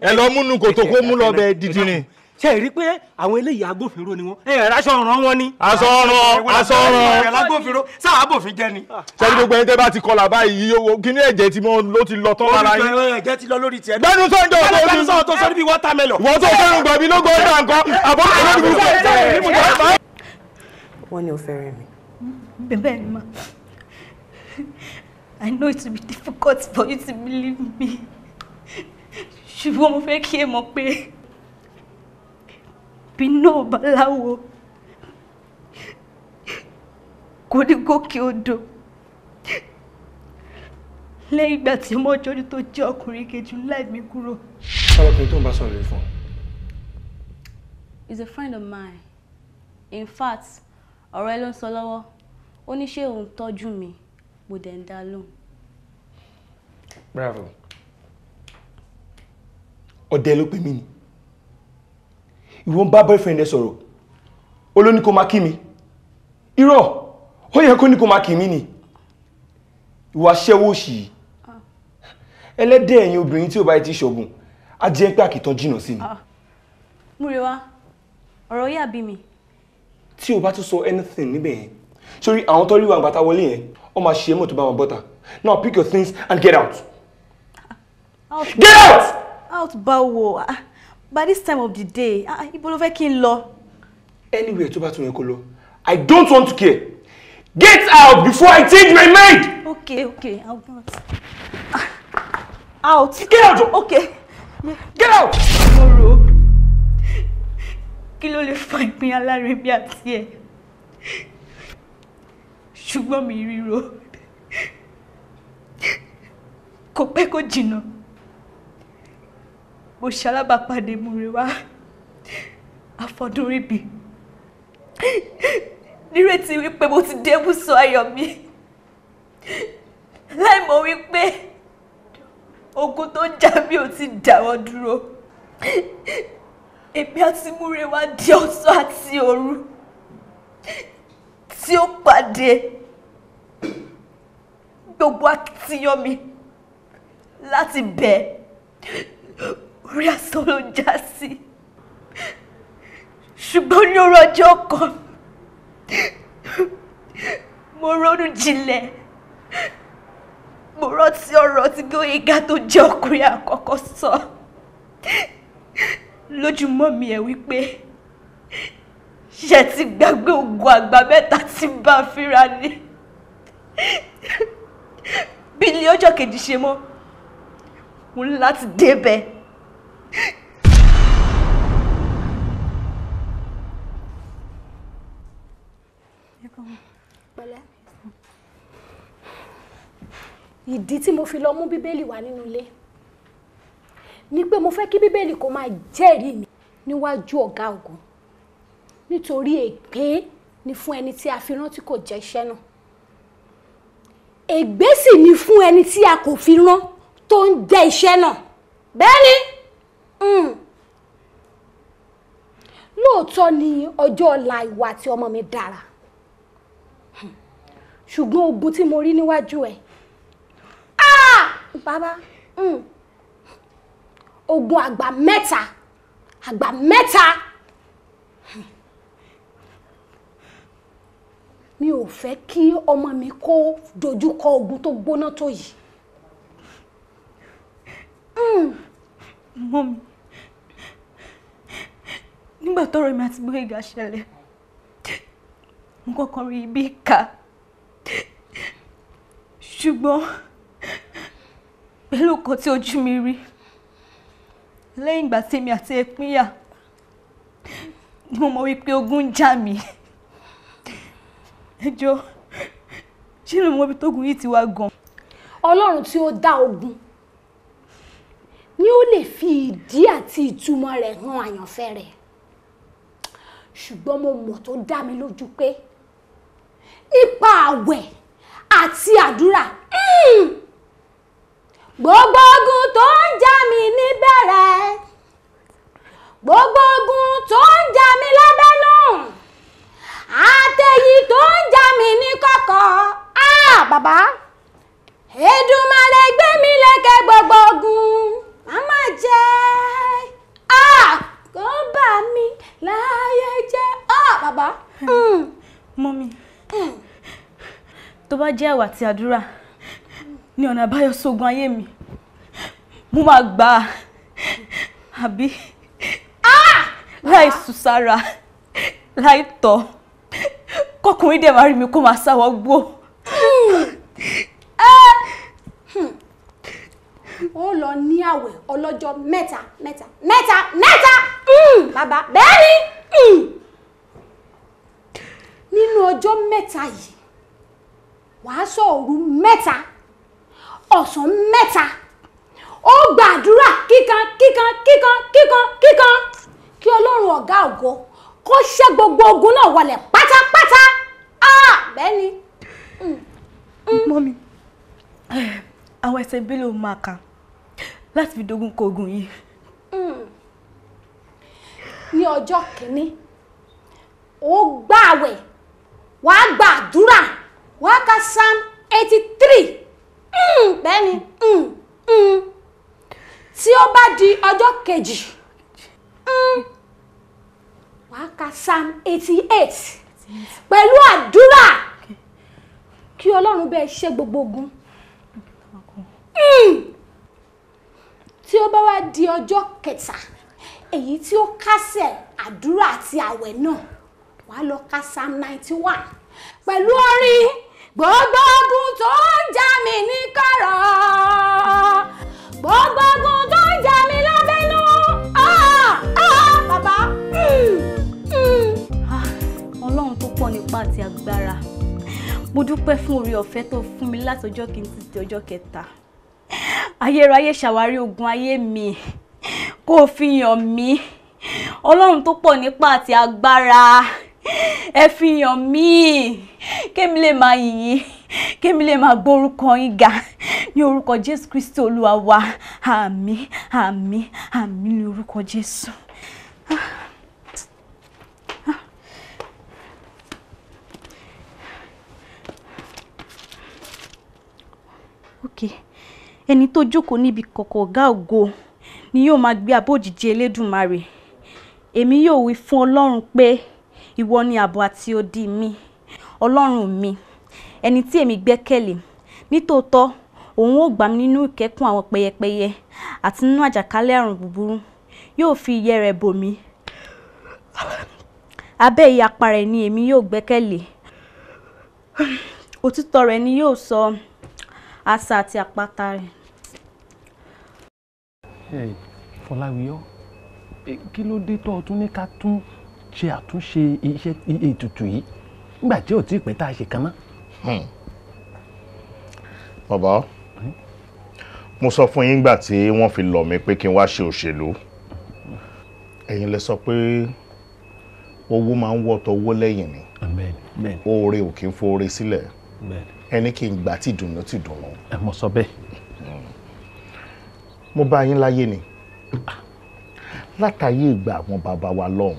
ẹ lọ múnú kòtò kó mú lọ bẹ dídín ni ṣe rí pé àwọn eléyìí agbófinró ni wọn ẹ aṣọ ọ̀ràn wọn ni. aṣọ ọ̀ràn aṣọ ọ̀ràn alágbófinró sáà abófin jẹ ni. sẹ́ni gbogbo ẹni tẹ́ bá ti kọlà báyìí yóò kí ni ẹ̀jẹ̀ tí mo ló ti lọ tán lára yín. ẹ̀jẹ̀ ti lọ lórí tiẹ̀. gbẹ́nu sọ́njọ́ olú gbẹ́nu sọ́njọ́ tó sọ́ni bíi wọ́tàmẹ́lọ̀. wọ́n tó fẹ́ràn gbàbí ló gbọ́ ọ̀dà nǹkan àbọ̀ I know it will be difficult for you to believe me ṣùgbọ́n mo fẹ́ kí ẹ mọ̀ pé iná ọba láwo kò ní gòkè odò lẹ́yìn ìgbà tí mọ́jọ́rí tó jẹ́ ọkùnrin kejì láì kúrò. sábà kí n tó ń bá sọ̀rọ̀ yìí fún ọ. is a friend of mine in fact ọ̀rọ̀ ẹ ló ń sọ lọ́wọ́ ó ní ṣé òun tọ́jú mi mo dẹ̀ ń dá lóhùn. bravo ọdẹ ló pè mí ni ìwọ ń bá boyfriend ẹ sọ̀rọ̀ olóní kò máa kí mi irọ́ ó yẹ kó ní kò máa kí mi ni ìwọ aṣẹ́wó òṣì yìí ẹlẹ́dẹ̀ ẹ̀yin obìnrin tí ó bá ti ṣọ̀gùn á jẹ́ pé àkìtàn jìnnà sí mi. Ah, múrewa ọ̀rọ̀ yà bí mi. tí o bá tún sọ anything níbẹ̀ yẹn sórí àwọn tó rí wa àgbàtà wọlé yẹn ó máa ṣe é mọ̀ tó bá wọn bọ́ta now pick your things and get out. Ah, out get out. out báwo. Ah by this time of the day ah, ah, ibo ló fẹ́ kí n lọ. anywhere tó bá tún yẹ kó i don't want to care get out before i change my mind. okay okay i go out. Ah, out. get out. okay. Yeah. get out. ọ̀rọ̀ kí ló lè fa ìpín alárinbí àti ẹ̀ ṣùgbọ́n mi ríro kò pẹ́ kó jìnnà mo ṣe alábàápàdé Múrewá Àfọ̀dúnríbì nírètí wípé mo ti dé bùsọ ayọ̀ mi láìmọ̀ wípé ogun tó jà mí ò ti dáwọ́ dúró èmi àti Múrewá di ọ̀sán àti òru tí ó pàdé gbogbo akitiyan mi láti bẹ̀ orí asán ló já sí ṣùgbọ́n ní òru ọjọ́ kan mo ronú jinlẹ̀ mo rántí ọ̀rọ̀ tí Gbóyèga tó jẹ́ ọkùnrin àkọ́kọ́ sọ lójúmọ́ mi ẹ̀ wípé ṣe ti gbàgbé oògùn àgbà mẹ́ta tí bá a fínra ni bí ilé ọjọ́ kejì ṣe mọ́ mo ní láti débẹ̀ ìdí tí mo fi lọ mú bíbélì wá nínú ilé ni pé mo fẹ́ kí bíbélì kó máa jẹ́rìí mi níwájú ọ̀gá ogun nítorí ègbé ni fún ẹni tí a fi rán tí kò jẹ́ iṣẹ́ náà ègbé sì ni fún ẹni tí a kò fi rán tó ń jẹ́ iṣẹ́ náà bẹ́ẹ̀ ni. Hmm. lóòótọ́ ni ọjọ́ ọ̀la ìwà àti ọmọ mi dára hmm. ṣùgbọ́n ogun tí mo rí níwájú ẹ̀ ah! bàbá hmm. ogun àgbà mẹ́ta àgbà mẹ́ta mi ò fẹ́ kí ọmọ mi kó dojúkọ ogun tó gbóná tó yìí. mọ́mi nígbà tọrọ mi àti Gbóyèga ṣẹlẹ̀ nǹkan kan rí ibi kà ṣùgbọ́n pẹ̀lú nǹkan tí ojú mi rí lẹ́yìn ìgbà tí èmi àti ẹ pínyà ni mo mọ̀ wípé ogun ń jà mí ẹjọ́ ṣé ló mọ̀ ibi tógun yìí ti wá gan. ọlọ́run tí ó dá ogun ni ó lè fi ìdí àti ìtumọ̀ rẹ̀ hàn àyànfẹ́ rẹ̀ ṣùgbọ́n mo mọ̀ tó dá mi lójú pé ipa àwẹ̀ àti àdúrà hmm, gbogbo ogun tó ń jà mí níbẹ̀rẹ̀ gbogbo ogun tó ń jà mí lábẹ́nú àtẹ̀yí tó ń jà mí ní kọ̀kọ̀ ah, bàbá Èdùmàrè gbé mi lékè gbogbo ogun màmá jẹ́ bá mi láyé jẹ́ ọ́ ah, bàbá. mọ́mí hmm. tó bá jẹ́ àwà àti àdúrà ní ọ̀nà àbáyọ sógun ayé mi mo máa gbà á àbí ah! láì sùn sára láì tọ̀ kọkùnrin dẹ̀ máa rí mi kó máa sáwọ́ gbó. Hmm. ó lọ ní àwẹ̀ ọlọ́jọ́ mẹ́ta mẹ́ta mẹ́ta mẹ́ta hmm, bàbá bẹ́ẹ̀ ni hmm. nínú ọjọ́ mẹ́ta yìí wàá sọ òru mẹ́ta ọ̀sán mẹ́ta ó gbàdúrà kíkan kíkan kíkan kíkan kíkan kí ọlọ́run ọ̀gá ògo kó ṣẹ́ gbogbo ogun náà wọlẹ̀ pátápátá ah, bẹ́ẹ̀ ni. Hmm, mọ́mi eh, àwọn ẹsẹ̀ bí ló máa kà láti fi dogun kogun yìí. Hmm. ní ọjọ́ kìíní ó gbààwẹ̀ wàá gbàdúrà wàá ka psalm eighty three hmm, bẹ́ẹ̀ni hmm, tí ó bá di ọjọ́ kejì wàá ka psalm eighty eight pẹ̀lú àdúrà kí ọlọ́run bẹ́ẹ̀ ṣe gbogbo ogun tí ó bá wá di ọjọ́ kẹta èyí tí ó kásẹ̀ àdúrà àti àwẹ̀ náà wàá lọ ka psalm ninety one pẹ̀lú orin gbogbo ogun tó ń jà mí ní kọ̀rọ̀ gbogbo ogun tó ń jà mí lábẹ́nú ah, ah, bàbá hmm, hmm. Ah, ọlọ́run tó pọ̀ nípa àti agbára mo dúpẹ́ fún oore ọ̀fẹ́ tó fún mi látọjọ́ kìíní títí ọjọ́ kẹta ayérayé ṣàwárí ogun ayé mi kó o fi yàn mí ọlọ́run tó pọ̀ nípa àti agbára ẹ fi yàn mí kémi lè máa yìnyín kémi lè máa gbórúkọ yín ga ní orúkọ jésù kristi olúwa wa àmín àmín àmín ní orúkọ jésù. Ah. ẹni tó jókòó níbi kọ̀kọ̀ ọ̀gá ògo ni yóò máa gbé abójìji elédùnmarè èmi yóò wí fún ọlọ́run pé ìwọ ni ààbò àti odi mi ọlọ́run mi ẹni tí èmi gbẹ́kẹ̀lé nítòótọ́ òun ó gbà mí nínú ìkẹ́kùn àwọn pẹyẹpẹyẹ àti nínú àjàkálẹ̀ àrùn búburú yóò fi ìyẹ́ rẹ̀ bò mí abẹ́ ìyapa rẹ̀ ni èmi yóò gbẹ́kẹ̀lé òtítọ́ rẹ̀ ni yóò sọ. So, àṣà àti àpáta rẹ̀. Fọláwíyọ́ eh, kí ló dé tó o tún ní ká tún ṣe àtúnṣe iṣẹ́ ètùtù yìí nígbà tí ò tí ì pẹ́ tá a ṣe kan náà. Hmm. bàbá mo sọ fún yín gbà tí wọ́n fi lọ̀ mí pé kí n wá ṣe òṣèlú ẹ̀yin lẹ sọ pé owó máa ń wọ́ tọwọ́ lẹ́yìn ni oore ò kí ń fowóre sílẹ̀. Bẹ́ẹ̀ni ẹni kí n gbà tí ìdùnnú ti dùnnú. ẹ mọ̀ sọ bẹ́ẹ̀. mo bá yín láyé ni látàyè ìgbà àwọn bàbá wa lọ́hùn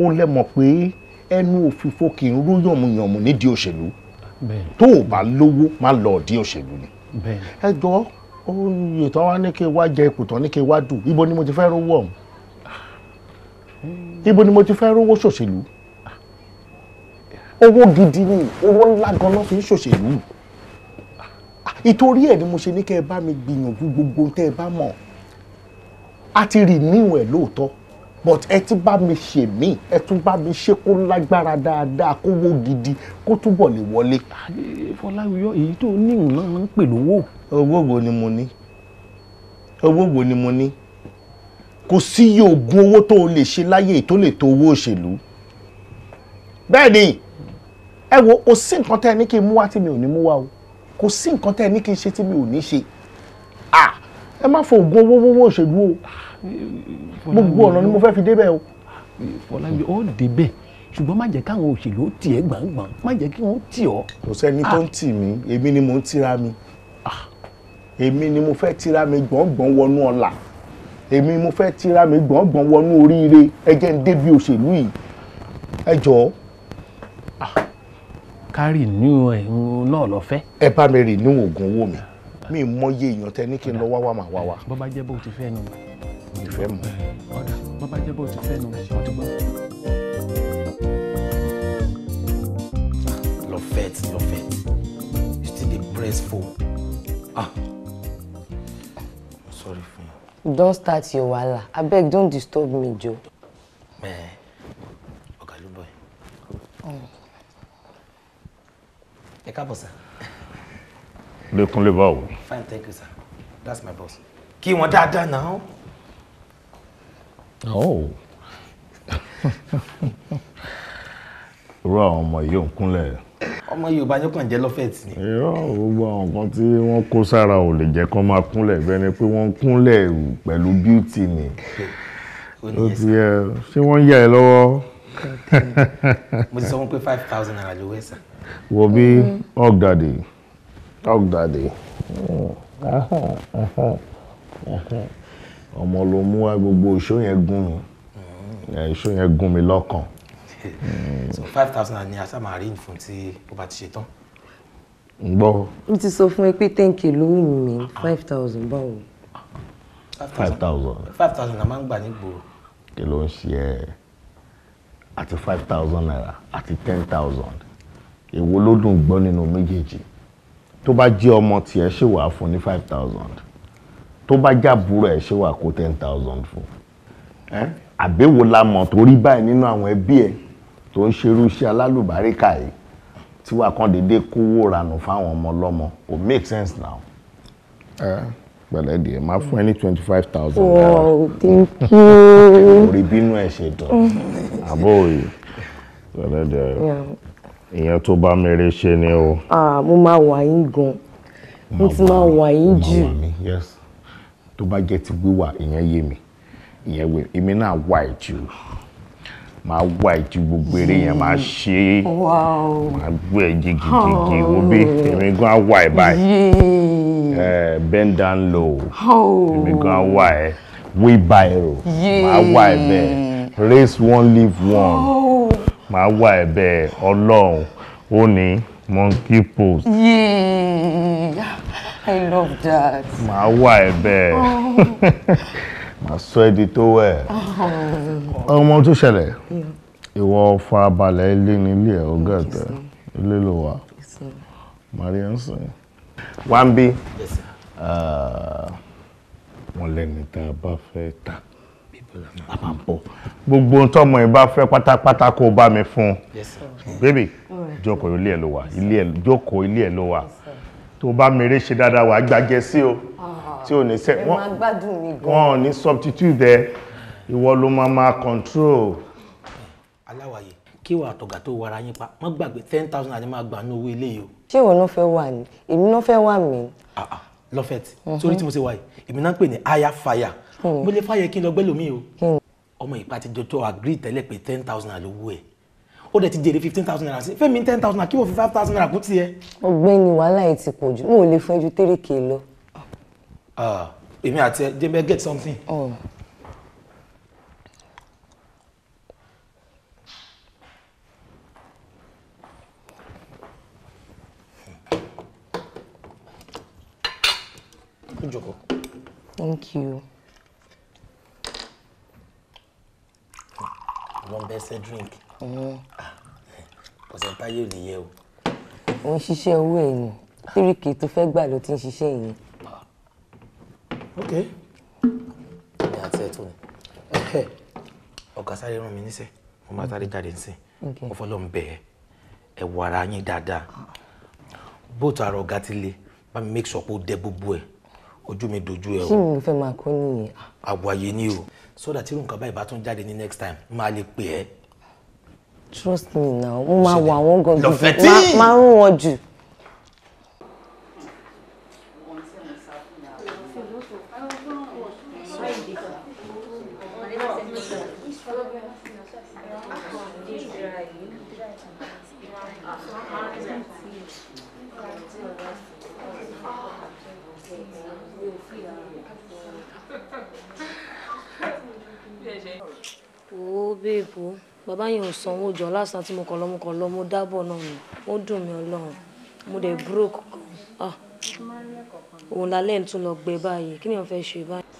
ó lẹ́mọ̀ pé ẹnu òfìfo kì í rú yànmùyànmù nídìí òṣèlú tó o bá lówó má lọ ọ̀dí òṣèlú ni. ẹ jọ oyè tán wá ní kí n wá jẹ ipò tán ní kí n wá dù ibo ni mo ti fẹ́ rówó ọ̀hún ibo ni mo ti fẹ́ rówó ṣòṣèlú owó gidi ni owó ńlá gan ló fi ń ṣòṣèlú ìtorí ẹ̀ ni mo ṣe ní kẹ́ ẹ bá mi gbìyànjú gbogbo tẹ́ ẹ bá mọ̀ a ti rì níwọ̀n ẹ̀ lóòótọ́ but ẹ ti bá mi ṣe mí ẹ tún bá mi ṣe kó lágbára dáadáa kó wó gidi kó túbọ̀ lè wọlé. Fọláwiyọ èyí tó níhùn náà ń pè lówó. owó wo ni mo ní owó wo ni mo ní kò sí yóò gun owó tó o lè ṣe láyé tó lè tó owó òṣèlú bẹ́ẹ̀ ni ẹ wo kò sí nǹkan tẹ́ ẹ ní kí n mú wá tí mi ò ní mú wá o kò sí nǹkan tẹ́ ẹ ní kí n ṣe tí mi ò ní ṣe ẹ má fọ oògùn owó wọ́wọ́ òṣèlú o gbogbo ọ̀nà ni mo fẹ́ fi débẹ̀ o. Fọlábí ó débẹ̀ ṣùgbọ́n má jẹ́ káwọn òṣèlú ó tì ẹ́ gbàngbàn má jẹ́ kí wọ́n tì ọ́. kò sẹ́ni tó ń tì mí èmi ni mò ń tira mi èmi ni mo fẹ́ tira mi gbọ̀ngbọ̀n wọnú ọ̀la èmi mo fẹ́ tira mi gbọ̀ngbọ̀n wọnú oríire ẹ jẹ́ ń débi òṣèlú yìí ẹ jọ̀ọ́ ká renew ẹ̀ náà lọ́fẹ́. ẹ bá mi renew oògùn owó mi mi mọyé èèyàn tẹ ní kí n lọ wá wà máa wá wa. bọ́bá jẹ́ bó ti fẹ́ nu. mi fẹ́ mọ̀. ọ̀dà bọ́bá jẹ́ bó ti fẹ́ nu ọtí gbọ́. lọ́fẹ̀t lọ́fẹ̀t you still dey press phone. ah sorry for you. don start your wahala abeg don disturb me joe. Eh. ẹ káàbọ̀ sir. live out. fine thank you sir that's my boss. kí that done now? oh irú àwọn ọmọ yìí ò ń kúnlẹ̀. ọmọ yorùbá yóò kàn jẹ́ Yeah, ni. irọ́ gbogbo àwọn nǹkan tí wọ́n kó sára ò lè jẹ́ kó máa kúnlẹ̀ bẹ́ẹ̀ ni pé wọ́n ń kúnlẹ̀ pẹ̀lú bíútì ni. ó ti yẹ ṣé wọ́n ń yà ẹ́ lọ́wọ́. mo ti sọ wọn pé five thousand wo bí ọ̀gdàdì mm. ọ̀gdàdì ọmọ ló mú wá gbogbo ìṣó yẹn gún mi mm, eh, ìṣó yẹn gún mi lọ́kàn. Mm. so five thousand naira sábà arrange fún tí ó bá ti ṣe tán. ń n ti sọ fún ẹ pé ten k ló wù mí five thousand báwo. five thousand. five thousand na máa ń gbà nígboro. kí ló ń ṣe ẹ àti five thousand naira àti ten thousand èwo ló dùn gbọ́ nínú méjèèjì tó bá jẹ́ ọmọ tiẹ̀ ṣe wà fún ní five thousand tó bá jábúrò ẹ̀ ṣe wà kó ten thousand fún àbẹ̀wò la mọ̀ tó rí báyìí nínú àwọn ẹbí ẹ̀ tó ń ṣerú iṣẹ́ alálùbáríkà yìí tí wàá kàn déédéé kówó ranù fáwọn ọmọ ọlọ́mọ kò make sense now. pẹ̀lẹ́ díẹ̀ máa fún ẹ ní twenty five thousand naira. thank you. orí bínú ẹ̀ ṣe dán mm-hmm. àbó òye pẹ̀lẹ́ díẹ̀ ìyẹn tó bá mèrè ṣe ni o. mo máa wà yín gan mo ti máa wà yín jù. tó bá jẹ́ ti wíwà ìyẹn yé mi ìyẹn wẹ̀ èmi náà wà ẹ̀ jù máa wà ẹ̀ jù gbogbo eré yẹn máa ṣe é máa gbé ẹ̀ jigijigi wo bí èmi gan wà ẹ̀ báyìí bend down low oh. èmi gan wà ẹ̀ wí báyìí o máa wà ẹ̀ bẹ́ẹ̀ raise one leave one. Oh màá wà ẹ̀bẹ̀ ọlọ́run ó ní monkey post. yéé i love that. màá wà ẹ̀bẹ̀ oh. màá sọ ẹ́ di tó wẹ̀. Oh. ọmọ tó ṣẹlẹ̀ ìwọ farabalẹ̀ ilé nílé ẹ̀ ọgá ẹ̀tẹ̀ ilé ló wà marianson wambi ah, wọ́n lẹ́ni tá a bá fẹ́ ta a máa bọ̀ gbogbo tọmọ ẹ bá fẹ́ pátápátá kó o bá mi fún un bébì jókòó ilé ẹ ló wà jókòó ilé ẹ ló wà tó bá mèrè ṣe dáadáa wà gbàgẹ sí o ah. tí ò ní sẹ wọn ò ní substitute ẹ ìwọ ló máa máa control. aláwàyè kí wàá tọ̀gà tó wara yín pa wọ́n gbàgbé ten thousand àti máa gbà ní owó ilé yìí o. ṣé ìwọ náà fẹ́ wà ní èmi náà fẹ́ wà mí. Ah, ah, lọ́fẹ̀ẹ́ tí torí mhm. tí mo ṣe wà yìí èmi náà ń pè ní aya fire Hmm. mo lè fàyè kí n lọ gbẹ́ lómi o hmm. ọmọ ìpa ti jọjọ agree tẹ́lẹ̀ pé ten thousand naira lówó ẹ̀ ó dẹ̀ ti jèrè fifteen thousand naira sí fẹ́mi ten thousand naira kí wọ́n fi five thousand naira kú tiẹ̀. ọ̀gbẹ́ni wàhálà yìí ti pọ̀ jù mo lè fún ẹjú tẹ́rẹ̀ kè lọ. èmi àti ẹ jẹ́ bẹ́ẹ̀ get something. Oh. Thank you. wọn bẹ ṣe drink. Ah, ọ̀sẹ̀ táyé ò nìyẹn o. ò ń ṣiṣẹ́ owó ẹ̀ ni tíríkì tó fẹ́ gbà ló ti ń ṣiṣẹ́ yìí. ok. ẹ àti ẹ tó ni ọ̀gá sáré rán mi níṣẹ́ mo máa sáré jáde nísìn mo fọlọ́ ń bẹ̀ ẹ́ ẹ wọ ara yín dáadáa bóòtù ara ọ̀gá ti le bá mi make sure pé ó dẹ gbogbo ẹ̀ ojú mi dojú ẹ o. ṣé mi fẹ́ máa kọ́ nìyẹn. àwọ̀ àyè ni o so that irú nǹkan báyìí bá tún jáde ní next time máa lè pè é. trust me now mo máa wọ àwọn gangan máa rún wọn jù. bẹ́ẹ̀bù bàbá yẹn ò sanwó jọ lásán tí mo kàn lọ kàn lọ dábọ̀ náà ni ó dùn mí ọlọ́run mo dẹ̀ broke gan ah. òun lálẹ́ ń tún lọ gbé báyìí kí ni wọ́n fẹ́ ṣe báyìí.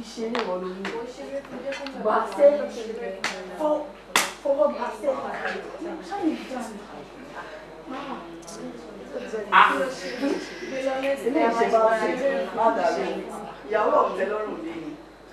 ìṣeré wọn ló ní gbàṣẹ fọwọ́ gbàṣẹ ṣáà ní ìjà mi. ilé ìyàwó ọ̀tẹ̀ lọ́rùn lé ni.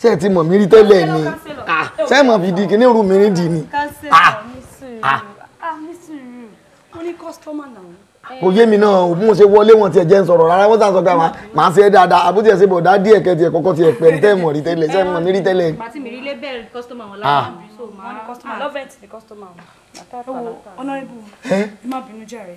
ṣe ti mọ̀ mí rí tẹ́lẹ̀ ni ah, ṣe mọ̀ fi di kíní òru mi rí di ni. Ah, ah. kò yé mi náà bí mo ṣe wọlé wọn tiẹ̀ jẹ́ ń sọ̀rọ̀ rárá wọ́n sàn sọ pé màá ṣe é dáadáa àbújá ṣe bọ̀ dá díẹ̀ kẹ́ tiẹ̀ kọ́kọ́ tiẹ̀ pẹ̀ tẹ́ mọ̀ rí tẹ́lẹ̀ ṣe mọ̀ mí rí tẹ́lẹ̀. màtí mi rí lébẹ̀rẹ̀ kọ́sítọ́mà wọn lára mi so màá ní kọ́sítọ́mà lọ́vẹ̀tì ní kọ́sítọ́mà wọn. ọ̀nà ibù ẹ má bínú jàre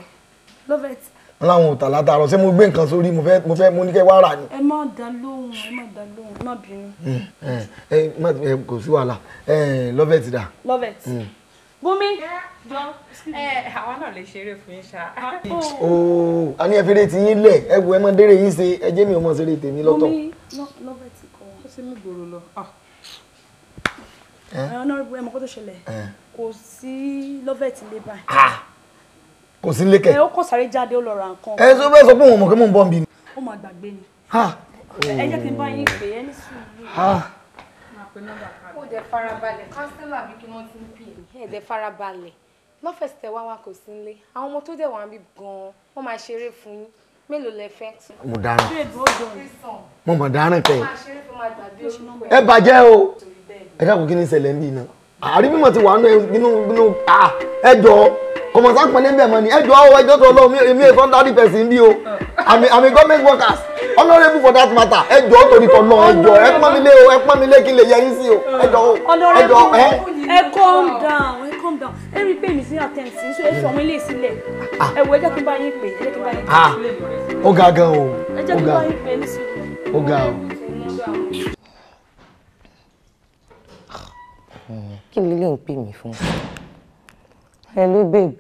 lọ́vẹ̀tì wọn láwọn ò tà látàárọ̀ ṣé mo gbé nǹkan sórí mo fẹ́ mo fẹ́ mo ní kẹ́ wá rà ni. ẹ má dá lóhùn ẹ má dá lóhùn ẹ má bínú. ẹ ẹ kò sí wàhálà ẹ lọ́vẹ̀ ti dà. lọ́vẹ̀ ti bumi àwa náà lè ṣeré fún yín ṣá. Ah, ooo oh. a ní ẹ fèrè tí yín lẹ ẹ wo ẹ mọ dérè yín ṣe ẹ jẹ́ mi ò mọ̀ ṣeré tèmi lọ́tọ̀. bumi lọ́vẹ̀ ti kọ́ ó ṣe mí gbòòrò lọ. Ah. ẹ ọ̀nà ẹ mọ̀ ṣẹlẹ̀ kò sí lọ́vẹ̀ ti lé báyìí. Ah kò sí lékẹ̀. ẹ ó kò sáré jáde o lọ ra nǹkan. ẹ sọ fẹ́ sọ pé òun mọ̀ pé mò ń bọ̀ ń ó máa gbàgbé ni. ẹ jẹ́ kí n bá yín pè é ní sùúrù. ó dẹ̀ farabalẹ̀ kánsílà bí kí wọ́n ti ń pè é. ẹ dẹ̀ farabalẹ̀ lọ́fẹ̀sì tẹ wá wa kò sí nílé àwọn ọmọ tó dẹ̀ wá ń bí gan-an wọ́n máa ṣeré fún yín mélòó lẹ fẹ́. mo dáràn mo mọ̀ dáràn tẹ̀. ẹ bàjẹ́ o ẹ káàkó kí ni ìṣẹ̀lẹ̀ ń bì náà àrí mímọ̀ ti wà nínú nínú ẹjọ́ kọmọsán pẹ̀lẹ́ bẹ́ẹ̀ mọ́ ni ẹjọ́ ọ ẹjọ́ tó lọ mi èso ń darí pẹ̀sì ń bí o àmì àmì government workers for that matter ẹjọ́ torí kan náà ẹjọ́ ẹ pọ́n mi lé o ẹ pọ́n mi lé kí lè yẹ yín sí o ẹjọ́ ẹjọ́ ẹ. ẹ calm down ẹ calm down ẹ rí i pé mi sí attempt sí so ẹ fi ọmọ ilé sílẹ̀ ah. ẹ wọ ẹ jẹ́ kí n bá yín pè é ẹ jẹ́ kí n bá yín pè é ah. sílẹ̀. ó ga gan o ó ga kí lílé ń pè mí fún. hello babe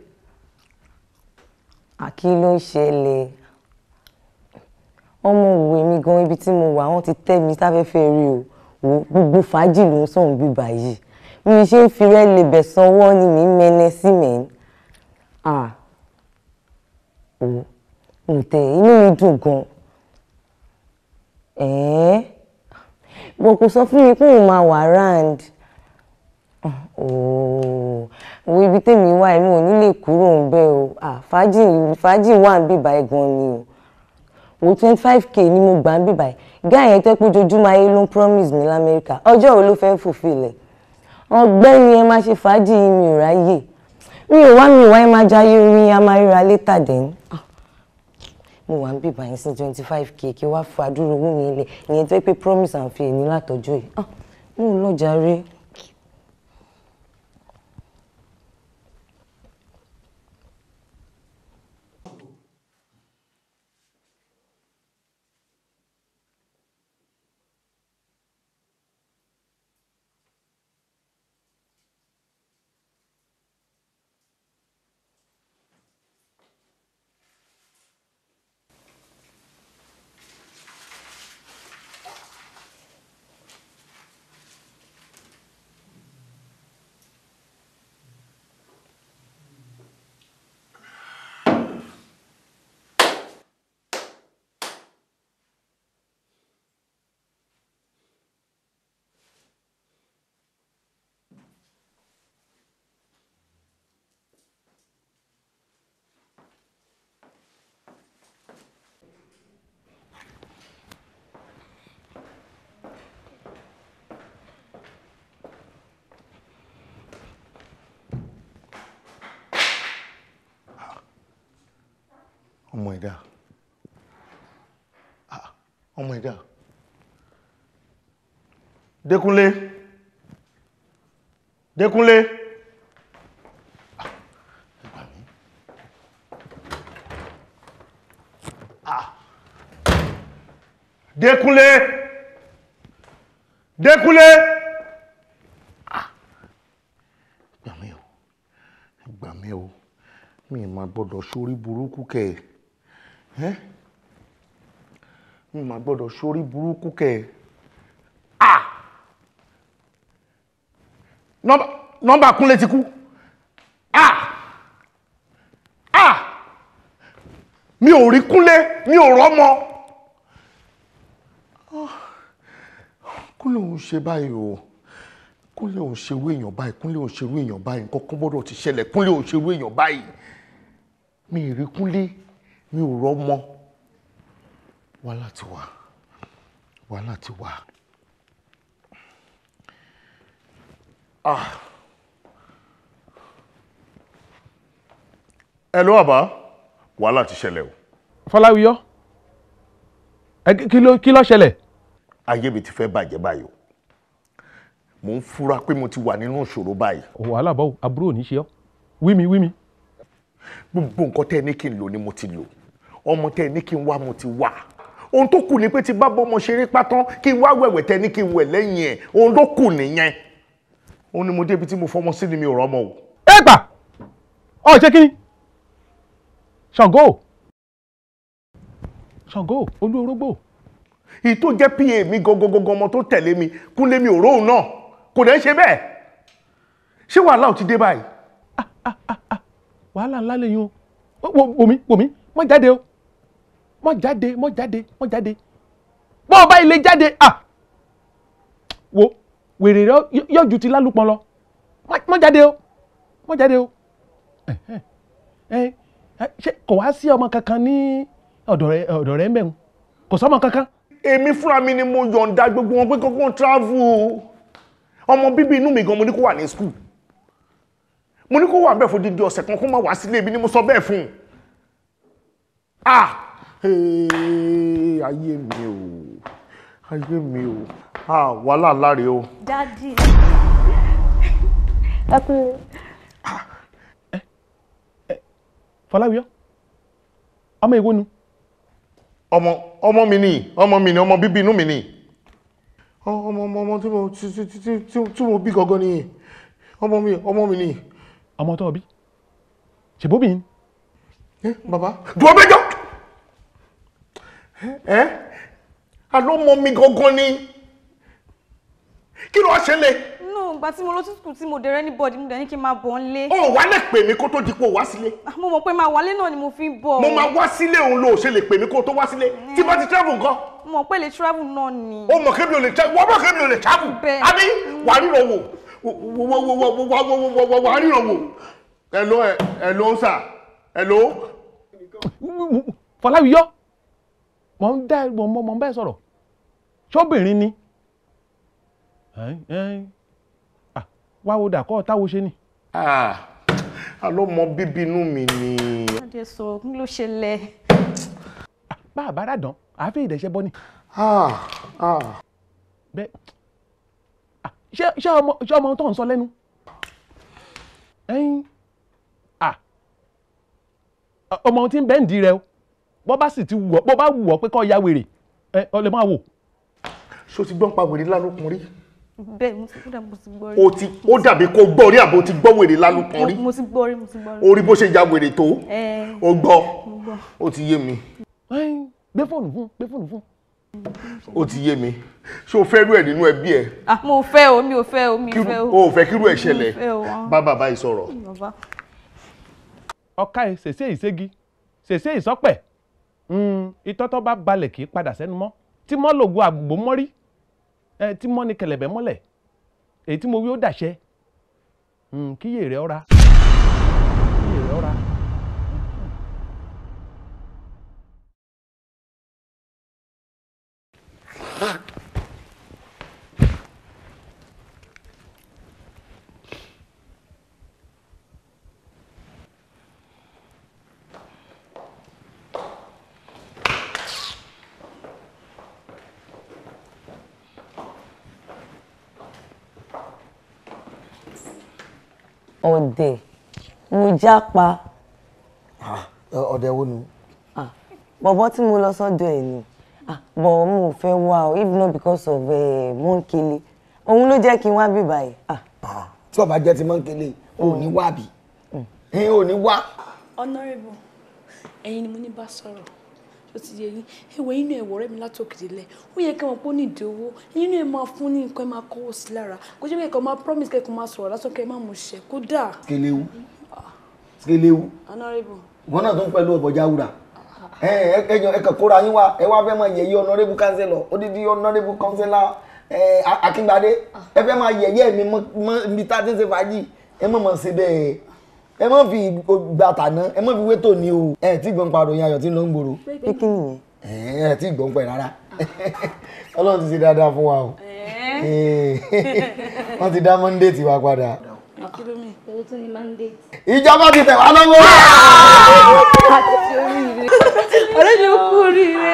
àkí ló ń ṣẹlẹ̀ ọmọ òwe mi gan ibi tí mo wà wọ́n ti tẹ́ mi sáfẹ́fẹ́ rí o wò gbogbo fàájì ló ń sọ̀rọ̀ bíbà yìí mi ṣe ń fi rẹ́ lè bẹ̀ sanwó ni mi ń mẹ́nẹ́ sí mẹ́ni. ah òun ǹtẹ̀ inú mi dùn gan ẹ̀ẹ́n bọ̀ kò sọ fún mi pé òun máa wà round wo ibi tèmi wá èmi ò ní lè kúrò ń bẹ́ o fàájì fàájì wà ń bíbá ẹ̀gbọ́n ni o wo twenty five k ni mo gbà ń bíbá ẹ̀ gáà yẹn tẹ́ pé ojoojúmọ́ ayé ló ń promise mi lamẹ́ríkà ọjọ́ wo ló fẹ́ẹ́ fulfill ẹ̀ ọgbẹ́ni ẹ máa ṣe fàájì mi ò ráyè mi ò wá mi ò wá ẹ máa jayé orin a máa ríra létà dẹ́n mo wà ń bíbá yẹn sí twenty five k kí wá fàdúró owó mi lẹ̀ ìyẹn tẹ́ pé promise and fail ní látọ̀jọ́ yìí mo ò lọ jàre. ọmọ ẹ̀dá ọmọ ẹ̀dá Dékúnlé Dékúnlé ẹgbà mí Dékúnlé Dékúnlé gbà mí o gbà mí o mi ma gbọ́dọ̀ sórí burúkú kẹ́ẹ̀ mo mà gbọ́dọ̀ sórí burúkú kẹ̀ ah nọ́mbà kúnlé ti kú ah ah mi ò rí kúnlé mi ò rọ́mọ ah! kúnlé òun ṣe báyìí o kúnlé òun ṣerú èèyàn báyìí kúnlé òun ṣerú èèyàn báyìí nǹkan kan gbọ́dọ̀ ti ṣẹlẹ̀ kúnlé òun ṣerú èèyàn báyìí mi ì rí kúnlé mi ò rọ́mọ wàhálà ti wà wàhálà ti wà. ah hello àbá wàhálà ti ṣẹlẹ̀ o. fọláwíyọ kí ló ṣẹlẹ̀. ayé mi ti fẹ́ bàjẹ́ báyìí o mo ń fura pé mo ti wà nínú ìṣòro báyìí. wàhálà báwo àbúrò ò ní ṣe ọ́ wí mi wí mi. gbogbo nǹkan tẹ́ ẹ ní kí n lò ni mo ti lò ọmọ tẹ ní kí n wá mo ti wà ohun tó kù ni pé ti bá bọ́mọ ṣeré pátán kí n wá wẹ̀wẹ̀ tẹ ní kí n wẹ̀ lẹ́yìn ẹ̀ ohun tó kù nìyẹn òun ni mo débi tí mo fọmọ sí ni mi ò rọmọ o. ẹ gbà ọ ṣe kí ṣàngó ṣàngó olú èyí tó jẹ́ pa mi gangan ọmọ tó tẹ̀lé mi kúnlé mi ò róhùn náà kò dẹ́ ṣe bẹ́ẹ̀ ṣé wàhálà ò ti dé báyìí. Ah, ah, ah, wàhálà ńlá lè yun o wò mí wò mí má jáde o mọ́ jáde mọ́ jáde mọ́ jáde bọ́ ọba ilé jáde ah wo wèrè rẹ yóò ju ti lálùpọ̀ lọ mọ́ jáde o mọ́ jáde o ṣé kò wá sí ọmọ kankan ní ọ̀dọ̀ rẹ ọ̀dọ̀ rẹ ń bẹ̀ ń kò sọ́mọ kankan. èmi fúnra mi ni mo yọ̀ǹda gbogbo wọn pé kankan travel o ọmọ bíbí inú mi gan mo ní kó wà ní school mo ní kó wà bẹ́ẹ̀ fún dídí ọ̀sẹ̀ kan kó má wá sílé ibi ni mo sọ bẹ́ẹ̀ fún un. Hey, ayé mi o ayé mi o wàhálà láre o. dádì ah, ẹ pé. fọláwíyọ ọmọ èwo nu. ọmọ ọmọ mi ni ọmọ mi ni ọmọ bíbí inú mi ni ọmọ ọmọ ọmọ tí mo tí mo bí gangan ni ọmọ mi ọmọ mi ni. ọmọ tó o bí ṣèbóbìnrin. ẹ bàbá dùn ọbẹ jọ ẹ́ àló mọ mi gangan ni kí ló wá ṣẹlẹ̀. no ìgbà tí mo lọ sí sùkúl tí mo dẹrẹ ní bọ́ọ̀dì mo dẹ̀ ní kí n máa bọ̀ ńlé. o wà lè pè mí kó tó di pé o wá sílé. Ah, mo mọ̀ pé máa wálé náà ni mo fi ń bọ̀. mo máa wá sílé òun ló ṣe lè pè mí kó tó wá sílé mm. tí bá ti travel nǹkan. mo mọ̀ pé lè travel náà ni. o mọ̀ kébi o lè travel wọ́n mọ̀ kébi o lè travel. bẹ́ẹ̀ àbí mm. wà á ríran wò wà á ríran wò. hello hello sir hello. Fọláwíyọ́ mò ń dá mò ń mò ń bẹ́ẹ̀ sọ̀rọ̀ ṣóbìnrin ni wá wo dàkọ́ táwo ṣe ni. àlọ́ mọ bíbí inú mi ni. adé sọ kí ló ṣe lẹ. bá a bá rà dán àáfi ìdẹ̀ṣẹ́ bọ́ ni. bẹ́ẹ̀ ṣé ọmọ ṣé ọmọ tó ń sọ lẹ́nu. ọmọ tí ń bẹ́ẹ̀ ń di rẹ o bọ́ bá sì ti wù ọ́ bọ́ bá wù ọ́ pé kọ́ ya wèrè ẹ ọ lè máa wò. ṣó ti gbọ́n pa wèrè lálùkùn rí. bẹ́ẹ̀ mo ti kúndà mo ti gbọ́ rí. o ti ó dàbí kó gbọ́ rí àbò ti gbọ́ wèrè lálùkùn rí. mo ti gbọ́ rí mo ti gbọ́ rí. orí bó ṣe ya wèrè tó o gbọ́ o ti yé mi. gbé fóònù fún gbé fóònù fún. o ti yé mi ṣé o fẹ́ rú ẹ̀ nínú ẹbí ẹ. Ah, mo fẹ́ o mi ò fẹ́ o mi ò fẹ́ o. o ò fẹ́ kírú ẹ̀ ṣẹlẹ̀ ah. bá bàbá yìí sọ̀rọ̀. ọ̀ka ẹ̀ ṣèṣe ìṣègi ṣèṣe ìsọ́pẹ̀ Hmm, itọ́ tó bá balẹ̀ kì í padà sẹ́nu mọ́ tí mọ́ lògo àgbò mọ́rí tí mọ́ ni kẹlẹ̀bẹ̀ mọ́lẹ̀ èyí tí mo wí ó dàṣẹ hmm, kíyè rẹ ọ́ra kíyè rẹ ọ́ra. Fuck. ọ̀dẹ̀ mo jápa. Ah, ọ̀dẹ̀ wo ni. Ah, bọ̀bọ̀ tí mo lọ sọ́dọ̀ ẹ̀ ni ah, bọ̀ mo fẹ́ wá o if not because of eh, mọ́ńkele òun ló jẹ́ kí n wá bí báyìí. tí ọba jẹ́ ti mọ́ńkele ò ní wá bí mm. ò ní wá. honourable ẹ̀yin ni mo ní bá sọ̀rọ̀ tó ti yẹ yín ẹwẹ inú ẹwọ rẹ mi látòkèdè lẹ ó yẹ kí wọn pọ ní ìdíwọ inú ẹ máa fún ní nǹkan ẹ máa kọwọ sí lára kó jẹ́ kẹ́kọ̀ọ́ máa promise kẹ́kọ̀ọ́ máa sọ̀rọ̀ lásán kẹ́ ẹ má mú ṣẹ kó dà. kelewu ah. kelewu wọn náà tó ń pẹ̀lú ọ̀bọ̀já wúrà ẹ̀yàn ẹ̀kàn kóra yín wá ẹ wá fẹ́ máa yẹ̀yẹ́ honorable councillor odidi honorable councillor Akíngbadé ah. ẹ fẹ́ máa yẹ̀yẹ́ mi mọ́ mi tá a ti ń ṣe fàájì ẹ mọ̀ mọ̀ ṣe bẹ́ẹ̀ ẹ mọ fi gbàtà náà ẹ mọ fi wé tòní o ẹ tí gbọ́n pa ròyìn ayọ̀ tí ń lọ ń gbòòrò. pé kí nìyẹn ẹ tí gbọ́n pẹ̀ rárá ọlọ́run ti ṣe dáadáa fún wa o wọ́n ti dá monday tiwa padà. ìjọba ti tẹ̀ wá lọ́wọ́. ọ̀rẹ́ mi ò kú oríire.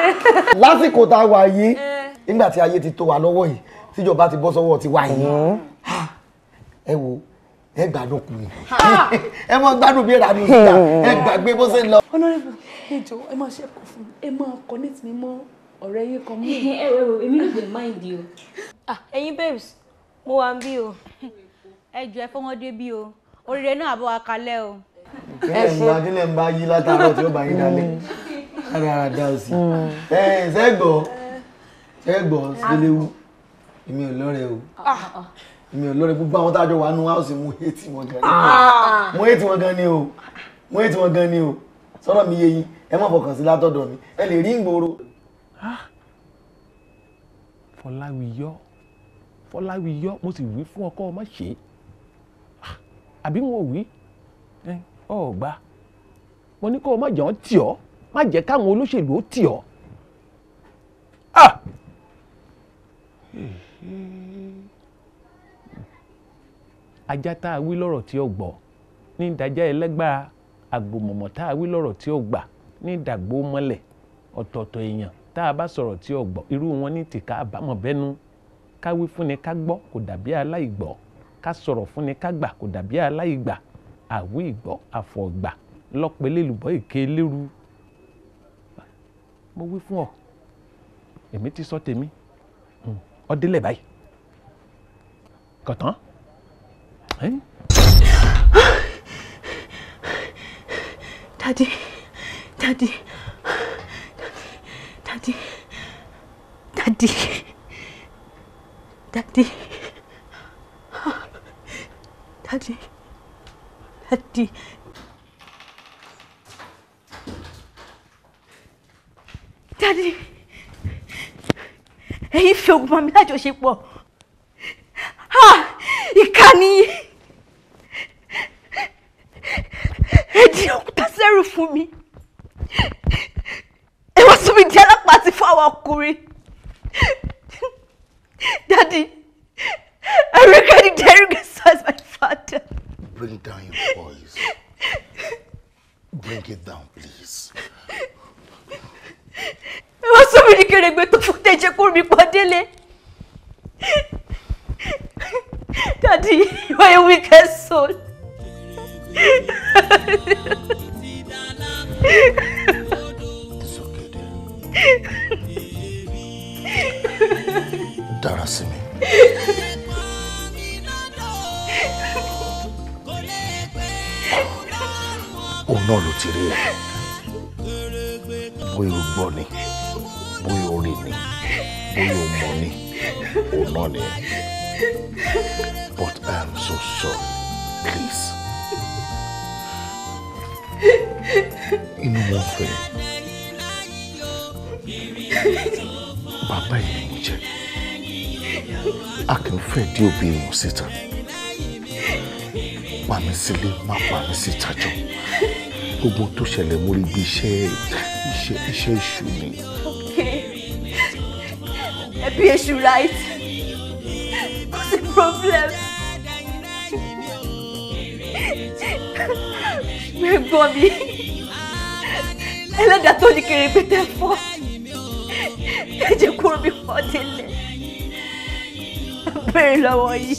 lásìkò tá a wà yìí nígbà tí ayé ti tó wa lọ́wọ́ yìí tíjọba ti bọ́ sọ́wọ́ ti wá yìí ẹ wo ẹ gbádùn kù ni ẹ mọ gbádùn bí ìrànú síta ẹ gbàgbé bó ṣe ń lọ. honorable ejò ẹ máa ṣe ẹ̀kọ́ fún mi ẹ máa connect mi mọ́ ọ̀rẹ́ yín kan mú. ẹ ẹ èmi ò gbé mind o. ẹ̀yin babes mo wà ń bí o ẹ jọ ẹ fọmọdé bí o oríire náà àbọ̀ akalẹ̀ o. kílẹ̀ ń bá kílẹ̀ ń bá yí látàárọ̀ tí ó bá yín dalẹ̀ rárá dá o sí. ẹ ṣẹ́gbọ̀ọ́ ṣẹ́gbọ̀ọ́ sílẹ̀ wù èmi ò lọ́rẹ̀ẹ́ mi ò lórí gbogbo àwọn tájọ wà nù house mo hate wọn gan ni ah. mo hate wọn gan ni o mo hate wọn gan ni o sọ̀rọ̀ mi yé yín ẹ má fọkàn sí látọ̀dọ̀ mi ẹ lè rí ìgboro. Fọláwíyọ ah. Fọláwíyọ mo sì wí fún ọkọ ọmọ ṣe ah. àbí wọn ò wí ọ gbà mo ní kó o má jẹ́ ọ́n tì ọ́ má jẹ́ káwọn olóṣèlú ó tì ọ́. Ah! Hey, ajá tá a wí lọ́rọ̀ tí ó gbọ́ ní ìdájá ẹlẹ́gbàá àgbòmọ̀mọ̀ tá a wí lọ́rọ̀ tí ó gbà ní ìdàgbò mọ́lẹ̀ ọ̀tọ̀ọ̀tọ̀ èèyàn tá a bá sọ̀rọ̀ tí ó gbọ́ irú wọn ní tìka àbámọ̀ bẹ́nu ká wí fúnni ká gbọ́ kò dàbí aláìgbọ́ ká sọ̀rọ̀ fúnni ká gbà kò dàbí aláìgbà àwí ìgbọ́ àfọ̀gbà lọ́pẹ́lẹ́lùbọ́ ìké lérú mo wí fún ọ èmi ti sọ tèmi ọdẹ lẹ báyìí kọ̀tán. 에이? 다디, 다디, 다디, 다디, 다디, 다디, 다디. 다디. 에이, 쇼구만 해줘, 싶어. 하! 이 칸이! fún mi ẹ wá sọ mi di alápàtì fún àwọn ọkùnrin gbogbo tó ṣẹlẹ̀ mo rí bí iṣẹ́ iṣẹ́ iṣẹ́ èṣù ni. okay ẹbí èṣù right kò sí problem. gbẹ̀gbọ́n mi ẹlẹ́dàá tó ní kiri pété fọ́ ẹ̀jẹ̀ kúrò bí wọ́n délé bẹ̀rẹ̀ lọ́wọ́ yìí.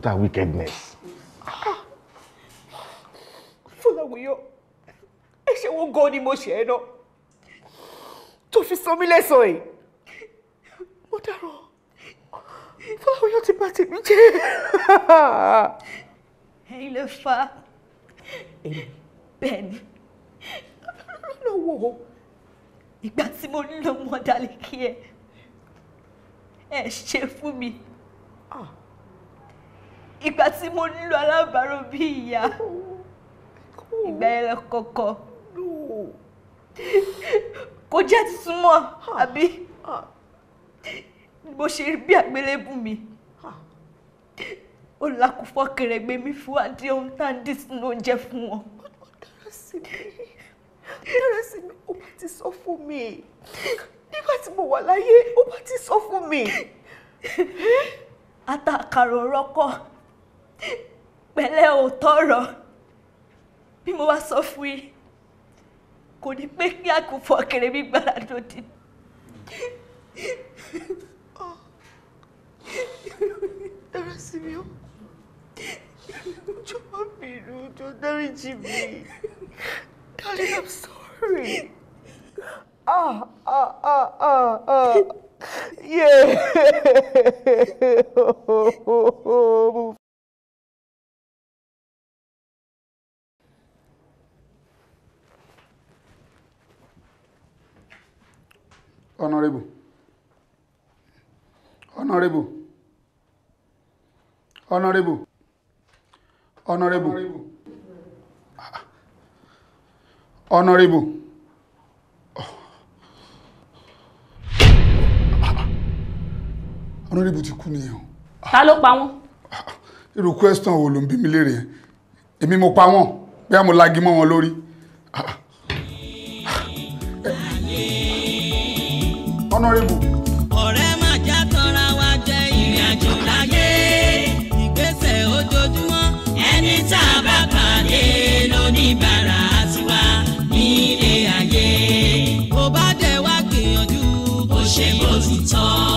total wickedness. Fọláwíyọ, ẹ̀ṣẹ̀ wo gan ni mo ṣe ẹ́ náà? Tó fi sọ mí lẹ́sàn-án yìí. Mo dárò, Fọláwíyọ ti bà tèmi jẹ́. Ẹ̀yin lè fa Ben. ni. Lọ́wọ́ ìgbà tí mo nílò mọ́dálẹ́kí ẹ̀, ẹ̀ ṣe fún mi. Ah ìgbà tí mo nílò alábàárò bí ìyá ìgbà yẹn lọ kọ̀kọ̀ kò jẹ́ tuntun mọ́ àbí bó ṣe rí bí àgbélébù mi ó lakùfọ́ kèrègbè mi fún àdé ohun tá à ń dì sínú oúnjẹ fún wọn. dára sí mi ó bá ti sọ fún mi nígbà tí mo wà láyé ó bá ti sọ fún mi. ata àkàrà pẹ̀lẹ́ ò tọrọ bí mo bá sọ fún yìí kò ní pé kí àkùfọ̀ kéré mi gbára lòdì. dára sí mi ó jọ̀wọ́ bínú jọ dáríjì mi darling i'm sorry. ah ah ah ah ah yeah. honorable honorable honorable honorable honorable honorable ti kú nìyẹn o. ta ló pa wọn. irú question wo ló ń bí mi léèrè yẹn èmi mo pa wọn bí a mo lagi mọ́ wọn lórí. honourable. ọ̀rẹ́ máa já tọ́ra wa jẹ ìrìn àjò láyé ìgbésẹ̀ ojoojúmọ́ ẹni tá a bá pàdé lóníbàárà tiwa nílé ayé. bó bá dẹ̀ wá gbìyànjú bó ṣe bó ti tọ́.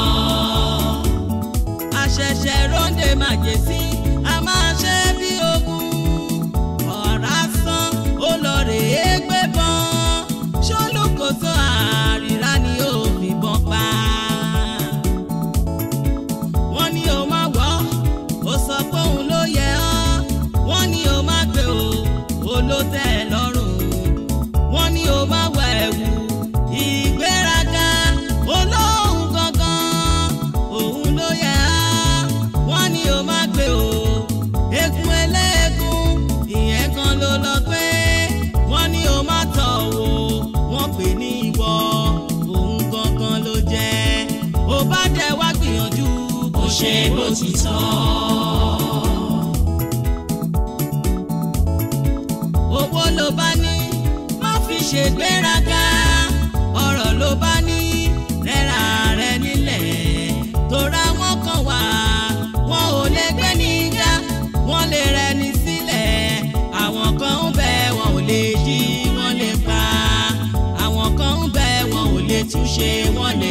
ṣe